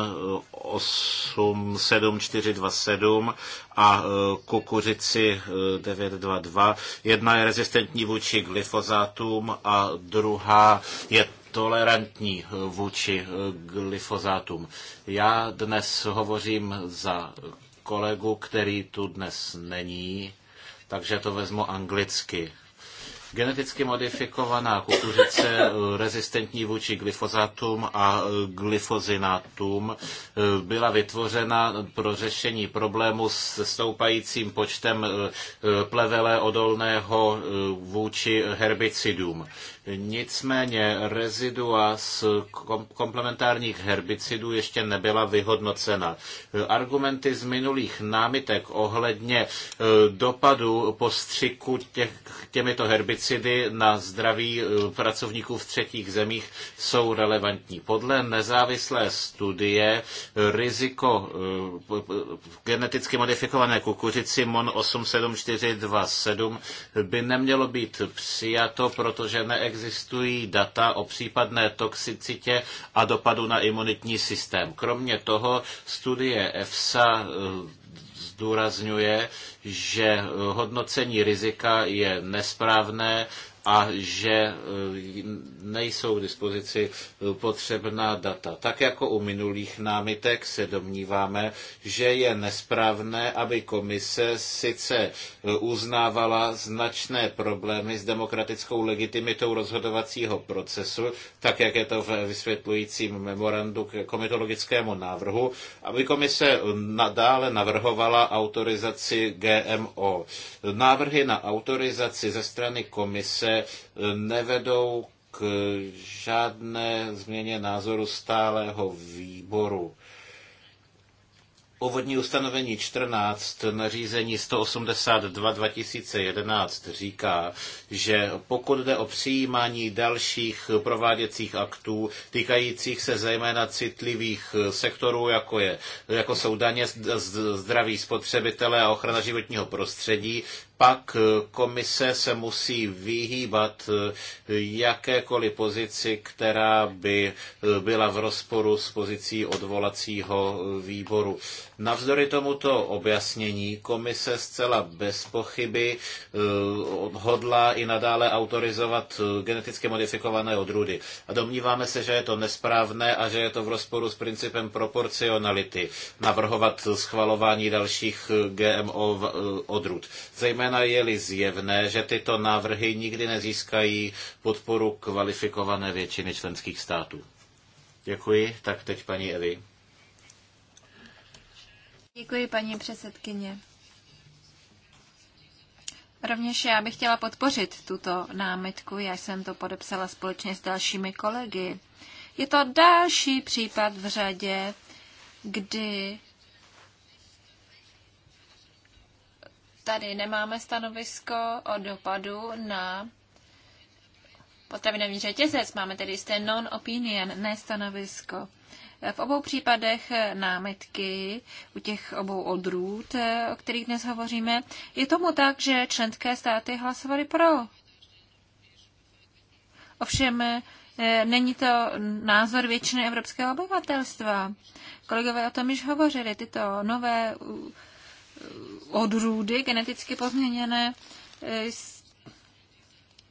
87427 eh, a eh, kukuřici 922. Jedna je rezistentní vůči glyfozátům a druhá je tolerantní vůči glyfozátům. Já dnes hovořím za kolegu, který tu dnes není, takže to vezmu anglicky. Geneticky modifikovaná kukuřice eh, rezistentní vůči glyfozátům a eh, glyfozinátům eh, byla vytvořena pro řešení problému s stoupajícím počtem plevele odolného vůči herbicidům. Nicméně rezidua z komplementárních herbicidů ještě nebyla vyhodnocena. Argumenty z minulých námitek ohledně dopadu postřiku těch, těmito herbicidů pesticidy na zdraví eh, pracovníků v třetích zemích jsou relevantní. Podle nezávislé studie eh, riziko eh, geneticky modifikované kukuřici MON 87427 by nemělo být přijato, protože neexistují data o případné toxicitě a dopadu na imunitní systém. Kromě toho studie EFSA zdůrazňuje, že hodnocení rizika je nesprávné, a že eh, nejsou k dispozici eh, potřebná data. Tak jako u minulých námitek se domníváme, že je nesprávné, aby komise sice eh, uznávala značné problémy s demokratickou legitimitou rozhodovacího procesu, tak jak je to v vysvětlujícím memorandu k komitologickému návrhu, aby komise nadále navrhovala autorizaci GMO. Návrhy na autorizaci ze strany komise které eh, nevedou k eh, žádné změně názoru stálého výboru. Ovodní ustanovení 14 nařízení 182 2011 říká, že pokud jde o přijímání dalších prováděcích aktů týkajících se zejména citlivých eh, sektorů, jako, je, jako jsou daně, zdraví spotřebitele a ochrana životního prostředí, pak eh, komise se musí vyhýbat eh, jakékoliv pozici, která by eh, byla v rozporu s pozicí odvolacího výboru. Navzdory tomuto objasnění komise zcela bez pochyby hodlá i nadále autorizovat geneticky modifikované odrůdy. A domníváme se, že je to nesprávné a že je to v rozporu s principem proporcionality navrhovat schvalování dalších GMO odrůd. Zejména zejména je-li zjevné, že tyto návrhy nikdy nezískají podporu kvalifikované většiny členských států. Děkuji. Tak teď paní Evi. Děkuji, paní předsedkyně. Rovněž já bych chtěla podpořit tuto námitku, já jsem to podepsala společně s dalšími kolegy. Je to další případ v řadě, kdy Tady nemáme stanovisko o dopadu na potravinový řetězec. Máme tedy jisté non-opinion, ne stanovisko. V obou případech námitky u těch obou odrůd, o kterých dnes hovoříme, je tomu tak, že členské státy hlasovaly pro. Ovšem, eh, není to názor většiny evropského obyvatelstva. Kolegové o tom již hovořili. Tyto nové odrůdy geneticky pozměněné eh,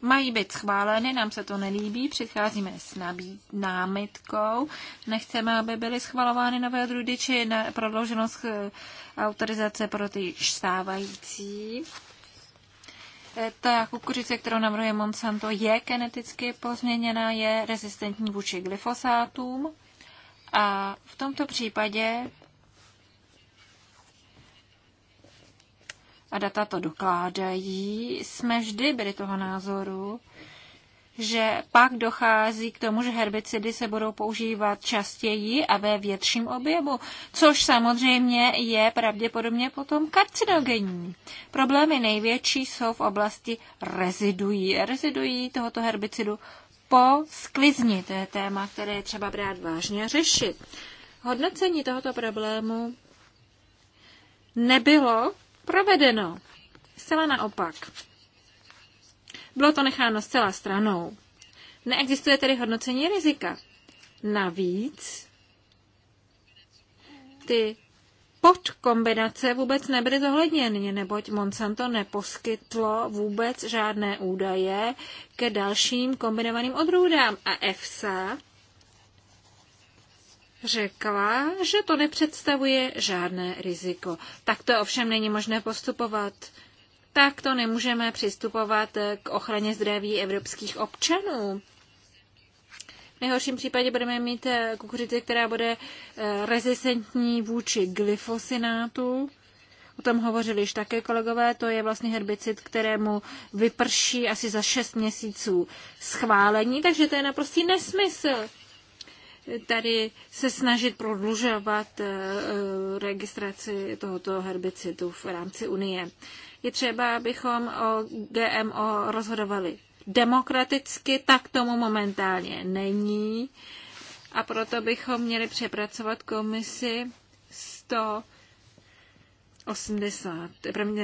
mají být schváleny, nám se to nelíbí, přicházíme s námitkou, nechceme, aby byly schvalovány nové odrůdy, či na prodlouženost eh, autorizace pro ty stávající. Eh, ta kukuřice, kterou navrhuje Monsanto, je geneticky pozměněná, je rezistentní vůči glyfosátům a v tomto případě a data to dokládají, jsme vždy byli toho názoru, že pak dochází k tomu, že herbicidy se budou používat častěji a ve větším objemu, což samozřejmě je pravděpodobně potom karcinogenní. Problémy největší jsou v oblasti rezidují. Rezidují tohoto herbicidu po sklizni. To je téma, které je třeba brát vážně a řešit. Hodnocení tohoto problému nebylo provedeno. Zcela naopak. Bylo to necháno zcela stranou. Neexistuje tedy hodnocení rizika. Navíc ty podkombinace vůbec nebyly zohledněny, neboť Monsanto neposkytlo vůbec žádné údaje ke dalším kombinovaným odrůdám a EFSA řekla, že to nepředstavuje žádné riziko. Tak to ovšem není možné postupovat. Tak to nemůžeme přistupovat k ochraně zdraví evropských občanů. V nejhorším případě budeme mít eh, kukuřici, která bude eh, rezistentní vůči glyfosinátu. O tom hovořili již také kolegové, to je vlastně herbicid, kterému vyprší asi za 6 měsíců schválení, takže to je naprostý nesmysl tady se snažit prodlužovat eh, eh, registraci tohoto herbicidu v rámci Unie. Je třeba, abychom o GMO rozhodovali demokraticky, tak tomu momentálně není. A proto bychom měli přepracovat komisi 180,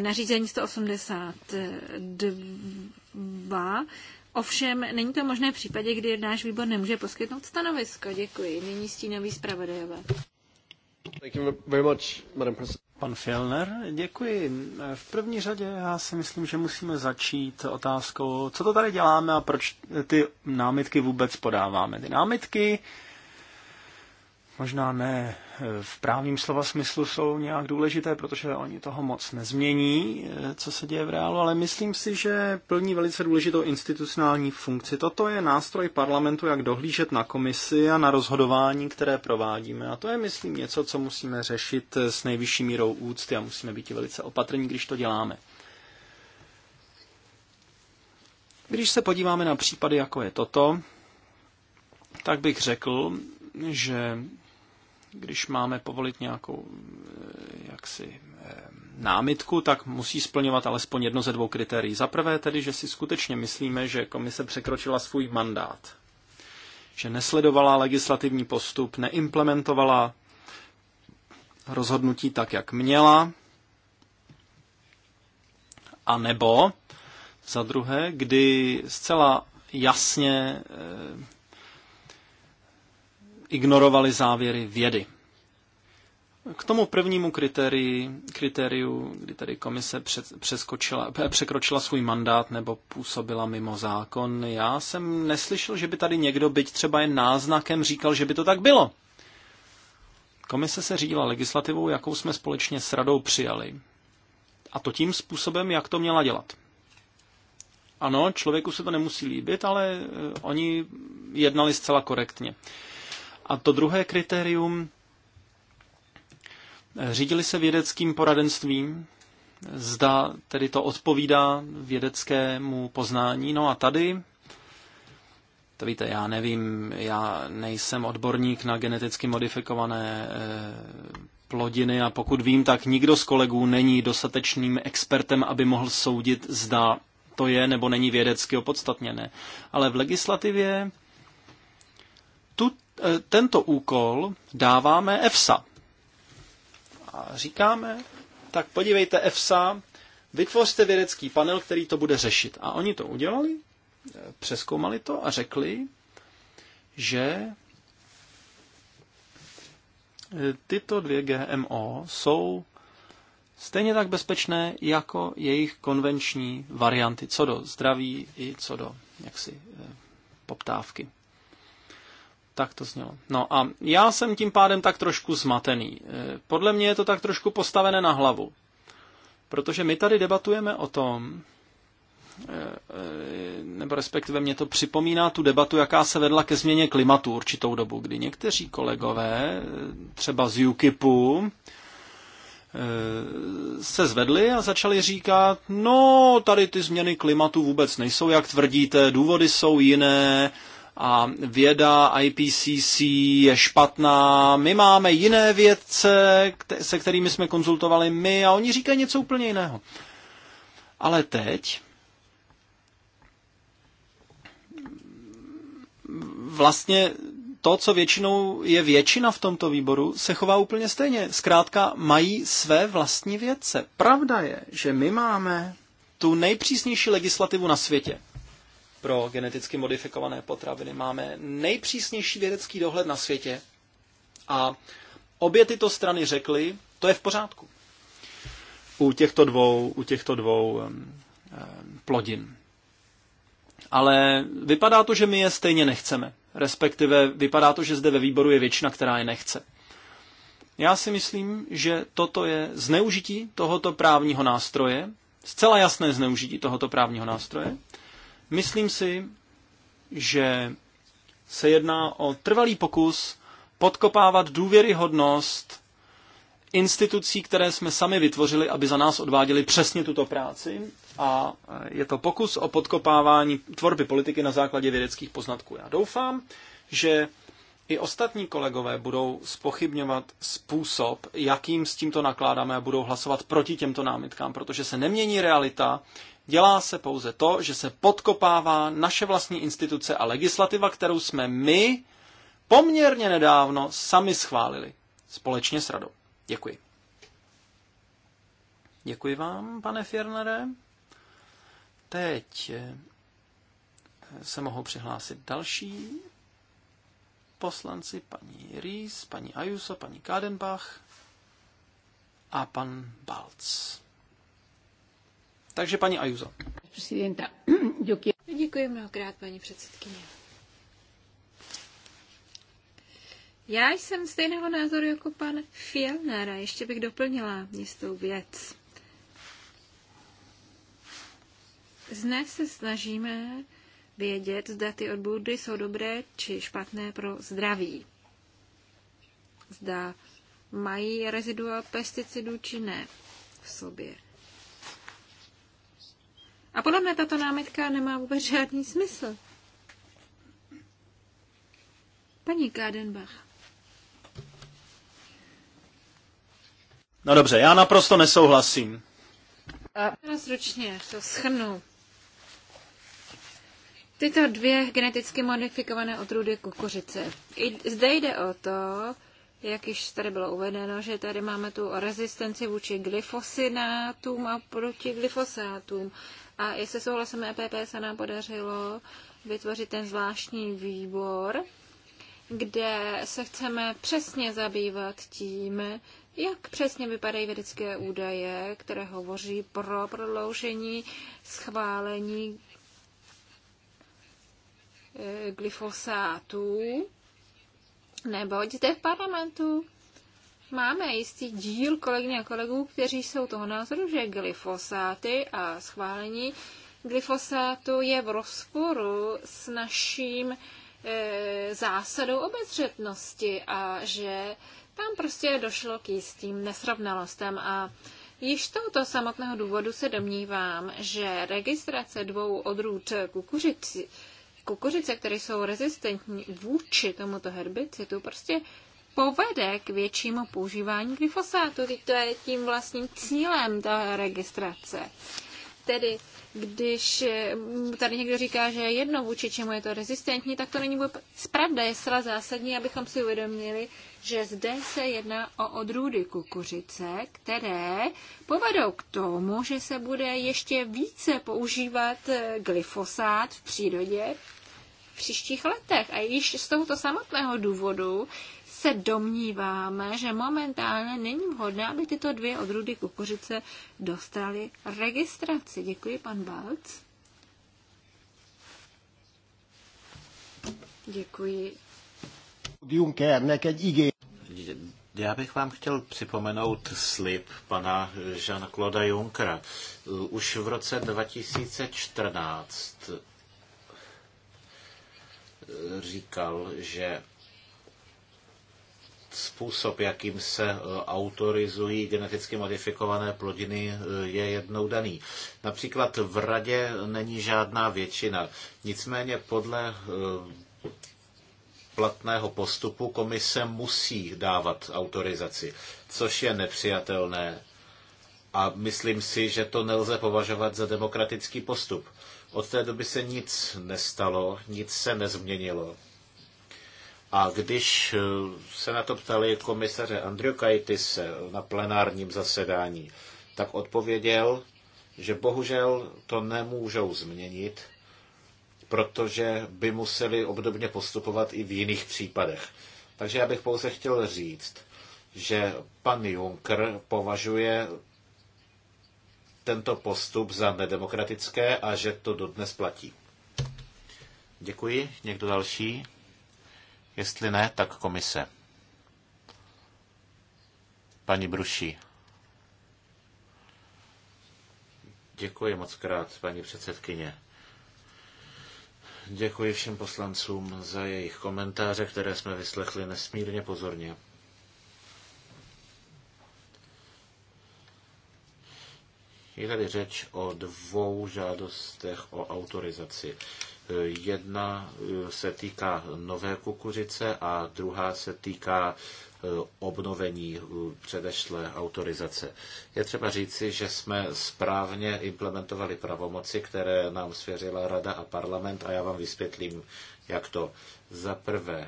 nařízení 182 Ovšem, není to možné v případě, kdy náš výbor nemůže poskytnout stanovisko. Děkuji. Nyní stínový zpravodajové. Pan Fjellner, děkuji. V první řadě já si myslím, že musíme začít otázkou, co to tady děláme a proč ty námitky vůbec podáváme. Ty námitky možná ne eh, v právním slova smyslu jsou nějak důležité, protože oni toho moc nezmění, eh, co se děje v reálu, ale myslím si, že plní velice důležitou institucionální funkci. Toto je nástroj parlamentu, jak dohlížet na komisi a na rozhodování, které provádíme. A to je, myslím, něco, co musíme řešit eh, s nejvyšší mírou úcty a musíme být velice opatrní, když to děláme. Když se podíváme na případy, jako je toto, tak bych řekl, že když máme povolit nějakou eh, jaksi eh, námitku, tak musí splňovat alespoň jedno ze dvou kritérií. Za prvé tedy, že si skutečně myslíme, že komise překročila svůj mandát, že nesledovala legislativní postup, neimplementovala rozhodnutí tak, jak měla, a nebo za druhé, kdy zcela jasně eh, ignorovali závěry vědy. K tomu prvnímu kritérii, kritériu, kdy tedy komise přeskočila, <laughs> překročila svůj mandát nebo působila mimo zákon, já jsem neslyšel, že by tady někdo, byť třeba jen náznakem, říkal, že by to tak bylo. Komise se řídila legislativou, jakou jsme společně s radou přijali. A to tím způsobem, jak to měla dělat. Ano, člověku se to nemusí líbit, ale eh, oni jednali zcela korektně. A to druhé kritérium, eh, řídili se vědeckým poradenstvím, zda tedy to odpovídá vědeckému poznání. No a tady, to víte, já nevím, já nejsem odborník na geneticky modifikované eh, plodiny a pokud vím, tak nikdo z kolegů není dostatečným expertem, aby mohl soudit, zda to je nebo není vědecky opodstatněné. Ale v legislativě tu E, tento úkol dáváme EFSA. A říkáme, tak podívejte EFSA, vytvořte vědecký panel, který to bude řešit. A oni to udělali, e, přeskoumali to a řekli, že e, tyto dvě GMO jsou stejně tak bezpečné jako jejich konvenční varianty, co do zdraví i co do jaksi poptávky. Tak to znělo. No a já jsem tím pádem tak trošku zmatený. Eh, podle mě je to tak trošku postavené na hlavu. Protože my tady debatujeme o tom, eh, eh, nebo respektive mě to připomíná tu debatu, jaká se vedla ke změně klimatu určitou dobu, kdy někteří kolegové, třeba z UKIPu, se zvedli a začali říkat, no, tady ty změny klimatu vůbec nejsou, jak tvrdíte, důvody jsou jiné, a věda IPCC je špatná. My máme jiné vědce, se kterými jsme konzultovali my a oni říkají něco úplně jiného. Ale teď vlastně to, co většinou je většina v tomto výboru, se chová úplně stejně. Zkrátka mají své vlastní vědce. Pravda je, že my máme tu nejpřísnější legislativu na světě pro geneticky modifikované potraviny. Máme nejpřísnější vědecký dohled na světě a obě tyto strany řekly, to je v pořádku. U těchto dvou, u těchto dvou plodin. Ale vypadá to, že my je stejně nechceme. Respektive vypadá to, že zde ve výboru je většina, která je nechce. Já si myslím, že toto je zneužití tohoto právního nástroje, zcela jasné zneužití tohoto právního nástroje, Myslím si, že se jedná o trvalý pokus podkopávat důvěryhodnost institucí, které jsme sami vytvořili, aby za nás odváděli přesně tuto práci. A je to pokus o podkopávání tvorby politiky na základě vědeckých poznatků. Já doufám, že i ostatní kolegové budou spochybňovat způsob, jakým s tímto nakládáme a budou hlasovat proti těmto námitkám, protože se nemění realita, Dělá se pouze to, že se podkopává naše vlastní instituce a legislativa, kterou jsme my poměrně nedávno sami schválili společně s radou. Děkuji. Děkuji vám, pane Fjernere. Teď eh, se mohou přihlásit další poslanci, paní Rýs, paní Ajuso, paní Kadenbach a pan Balc. Takže paní Ajuzo. Děkuji mnohokrát, paní předsedkyně. Já jsem stejného názoru jako pan Fielner a ještě bych doplnila jistou věc. Zne se snažíme vědět, zda ty odbudy jsou dobré či špatné pro zdraví. Zda mají rezidua pesticidů či ne v sobě. A podle mě tato námitka nemá vůbec žádný smysl. Paní Kádenbach. No dobře, já naprosto nesouhlasím. Rozručně to schrnu. Tyto dvě geneticky modifikované odrůdy kukuřice. I zde jde o to, jak již tady bylo uvedeno, že tady máme tu rezistenci vůči glyfosinátům a proti glyfosátům. A i se souhlasem EPP se nám podařilo vytvořit ten zvláštní výbor, kde se chceme přesně zabývat tím, jak přesně vypadají vědecké údaje, které hovoří pro prodloužení schválení eh, glyfosátů, neboť zde v parlamentu máme jistý díl kolegyně a kolegů, kteří jsou toho názoru, že glyfosáty a schválení glyfosátu je v rozporu s naším e, zásadou obezřetnosti a že tam prostě došlo k jistým nesrovnalostem a Již tohoto samotného důvodu se domnívám, že registrace dvou odrůd kukuřici, kukuřice, které jsou rezistentní vůči tomuto herbicitu, prostě povede k většímu používání glyfosátu. když to je tím vlastním cílem ta registrace. Tedy když mm, tady někdo říká, že jedno vůči čemu je to rezistentní, tak to není vůbec pravda. Je zcela zásadní, abychom si uvědomili, že zde se jedná o odrůdy kukuřice, které povedou k tomu, že se bude ještě více používat eh, glyfosát v přírodě v příštích letech. A již z tohoto samotného důvodu se domníváme, že momentálně není vhodné, aby tyto dvě odrůdy kukuřice dostaly registraci. Děkuji, pan Balc. Děkuji. Já bych vám chtěl připomenout slib pana Jean-Claude Junckera. Už v roce 2014 říkal, že Způsob, jakým se e, autorizují geneticky modifikované plodiny, e, je jednou daný. Například v radě není žádná většina. Nicméně podle e, platného postupu komise musí dávat autorizaci, což je nepřijatelné. A myslím si, že to nelze považovat za demokratický postup. Od té doby se nic nestalo, nic se nezměnilo. A když eh, se na to ptali komisaře Andriukaitise na plenárním zasedání, tak odpověděl, že bohužel to nemůžou změnit, protože by museli obdobně postupovat i v jiných případech. Takže já bych pouze chtěl říct, že pan Juncker považuje tento postup za nedemokratické a že to dodnes platí. Děkuji. Někdo další? Jestli ne, tak komise. Paní Bruší. Děkuji moc krát, paní předsedkyně. Děkuji všem poslancům za jejich komentáře, které jsme vyslechli nesmírně pozorně. Je tady řeč o dvou žádostech o autorizaci. Jedna eh, se týká nové kukuřice a druhá se týká eh, obnovení eh, předešlé autorizace. Je třeba říci, že jsme správně implementovali pravomoci, které nám svěřila Rada a parlament a já vám vysvětlím, jak to. Za prvé,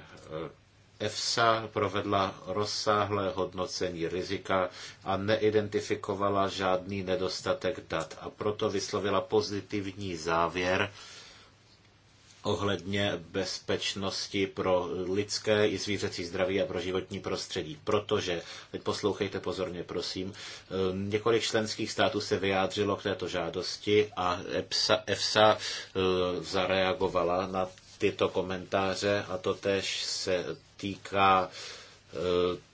EFSA provedla rozsáhlé hodnocení rizika a neidentifikovala žádný nedostatek dat a proto vyslovila pozitivní závěr, ohledně bezpečnosti pro lidské i zvířecí zdraví a pro životní prostředí. Protože, teď poslouchejte pozorně, prosím, eh, několik členských států se vyjádřilo k této žádosti a EFSA, EFSA eh, zareagovala na tyto komentáře a to tež se týká eh,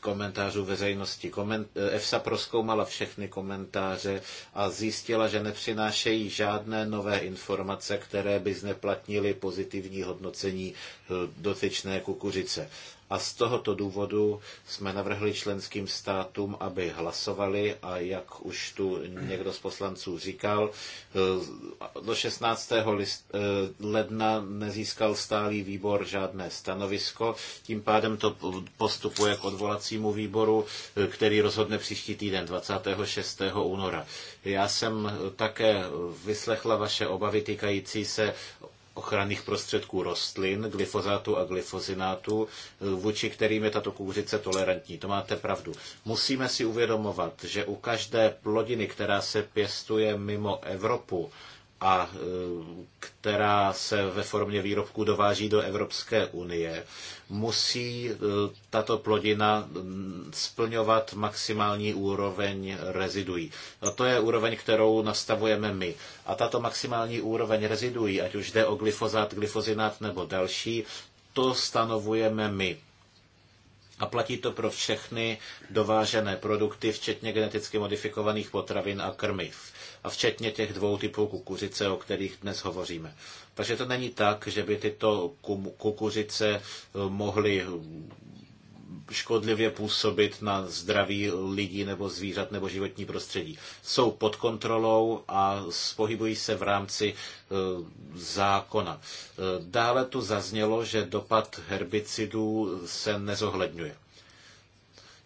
komentářů veřejnosti. Koment, eh, EFSA proskoumala všechny komentáře a zjistila, že nepřinášejí žádné nové informace, které by zneplatnily pozitivní hodnocení eh, dotyčné kukuřice. A z tohoto důvodu jsme navrhli členským státům, aby hlasovali a jak už tu někdo z poslanců říkal, eh, do 16. Eh, ledna nezískal stálý výbor žádné stanovisko, tím pádem to postupuje k odvolacímu výboru, eh, který rozhodne příští týden 26. února. Já jsem také vyslechla vaše obavy týkající se ochranných prostředků rostlin, glyfozátu a glyfozinátu, eh, vůči kterým je tato kukuřice tolerantní. To máte pravdu. Musíme si uvědomovat, že u každé plodiny, která se pěstuje mimo Evropu, a e, která se ve formě výrobků dováží do Evropské unie, musí e, tato plodina splňovat maximální úroveň reziduí. to je úroveň, kterou nastavujeme my. A tato maximální úroveň reziduí, ať už jde o glyfozát, glyfozinát nebo další, to stanovujeme my. A platí to pro všechny dovážené produkty, včetně geneticky modifikovaných potravin a krmiv a včetně těch dvou typů kukuřice, o kterých dnes hovoříme. Takže to není tak, že by tyto kukuřice eh, mohly eh, škodlivě působit na zdraví lidí nebo zvířat nebo životní prostředí. Jsou pod kontrolou a pohybují se v rámci eh, zákona. Dále tu zaznělo, že dopad herbicidů se nezohledňuje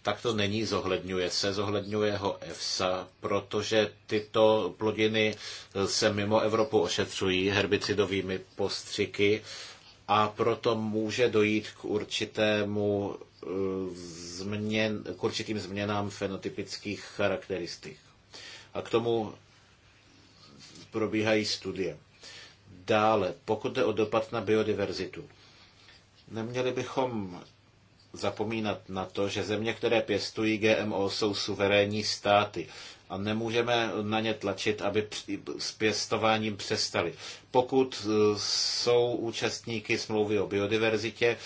tak to není, zohledňuje se, zohledňuje ho EFSA, protože tyto plodiny se mimo Evropu ošetřují herbicidovými postřiky a proto může dojít k určitému eh, změn, k určitým změnám fenotypických charakteristik. A k tomu probíhají studie. Dále, pokud jde o dopad na biodiverzitu, neměli bychom zapomínat na to, že země, které pěstují GMO, jsou suverénní státy a nemůžeme na ně tlačit, aby s pěstováním přestali. Pokud e, jsou účastníky smlouvy o biodiverzitě, e,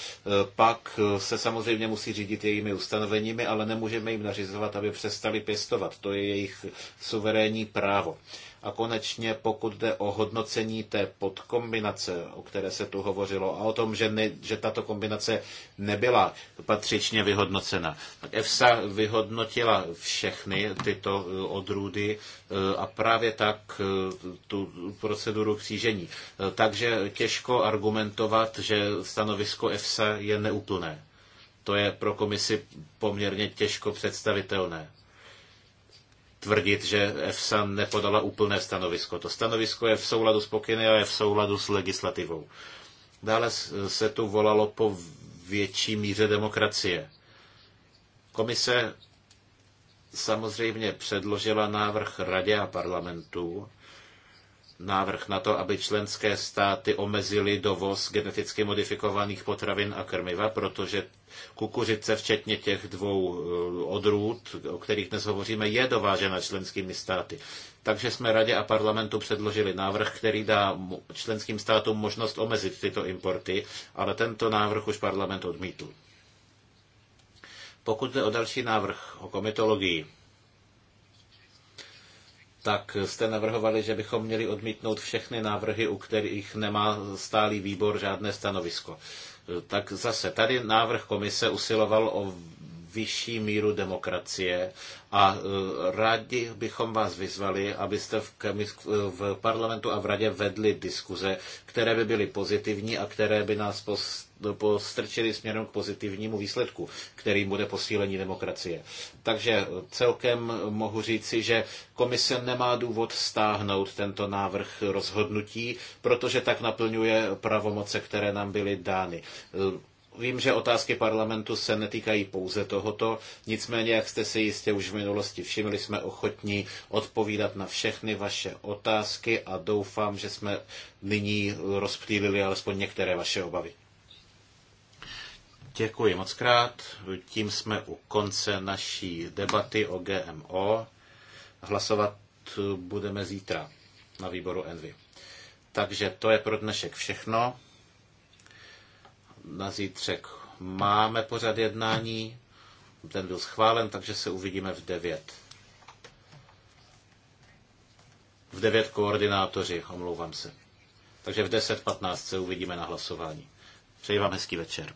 pak e, se samozřejmě musí řídit jejími ustanoveními, ale nemůžeme jim nařizovat, aby přestali pěstovat. To je jejich suverénní právo. A konečně, pokud jde o hodnocení té podkombinace, o které se tu hovořilo, a o tom, že, ne, že tato kombinace nebyla patřičně vyhodnocena, tak EFSA vyhodnotila všechny tyto eh, odrůdy eh, a právě tak eh, tu proceduru křížení. Takže těžko argumentovat, že stanovisko EFSA je neúplné. To je pro komisi poměrně těžko představitelné tvrdit, že EFSA nepodala úplné stanovisko. To stanovisko je v souladu s pokyny a je v souladu s legislativou. Dále se tu volalo po větší míře demokracie. Komise samozřejmě předložila návrh radě a parlamentu, návrh na to, aby členské státy omezily dovoz geneticky modifikovaných potravin a krmiva, protože Kukuřice, včetně těch dvou eh, odrůd, o kterých dnes hovoříme, je dovážena členskými státy. Takže jsme Radě a parlamentu předložili návrh, který dá členským státům možnost omezit tyto importy, ale tento návrh už parlament odmítl. Pokud jde o další návrh o komitologii, tak jste navrhovali, že bychom měli odmítnout všechny návrhy, u kterých nemá stálý výbor žádné stanovisko tak zase tady návrh komise usiloval o vyšší míru demokracie a e, rádi bychom vás vyzvali, abyste v, v parlamentu a v radě vedli diskuze, které by byly pozitivní a které by nás post postrčili směrem k pozitivnímu výsledku, kterým bude posílení demokracie. Takže celkem mohu říci, že komise nemá důvod stáhnout tento návrh rozhodnutí, protože tak naplňuje pravomoce, které nám byly dány. Vím, že otázky parlamentu se netýkají pouze tohoto, nicméně, jak jste si jistě už v minulosti všimli, jsme ochotní odpovídat na všechny vaše otázky a doufám, že jsme nyní rozptýlili alespoň některé vaše obavy. Děkuji moc krát. Tím jsme u konce naší debaty o GMO. Hlasovat budeme zítra na výboru Envy. Takže to je pro dnešek všechno. Na zítřek máme pořad jednání. Ten byl schválen, takže se uvidíme v 9. V 9 koordinátoři, omlouvám se. Takže v 10.15 se uvidíme na hlasování. Přeji vám hezký večer.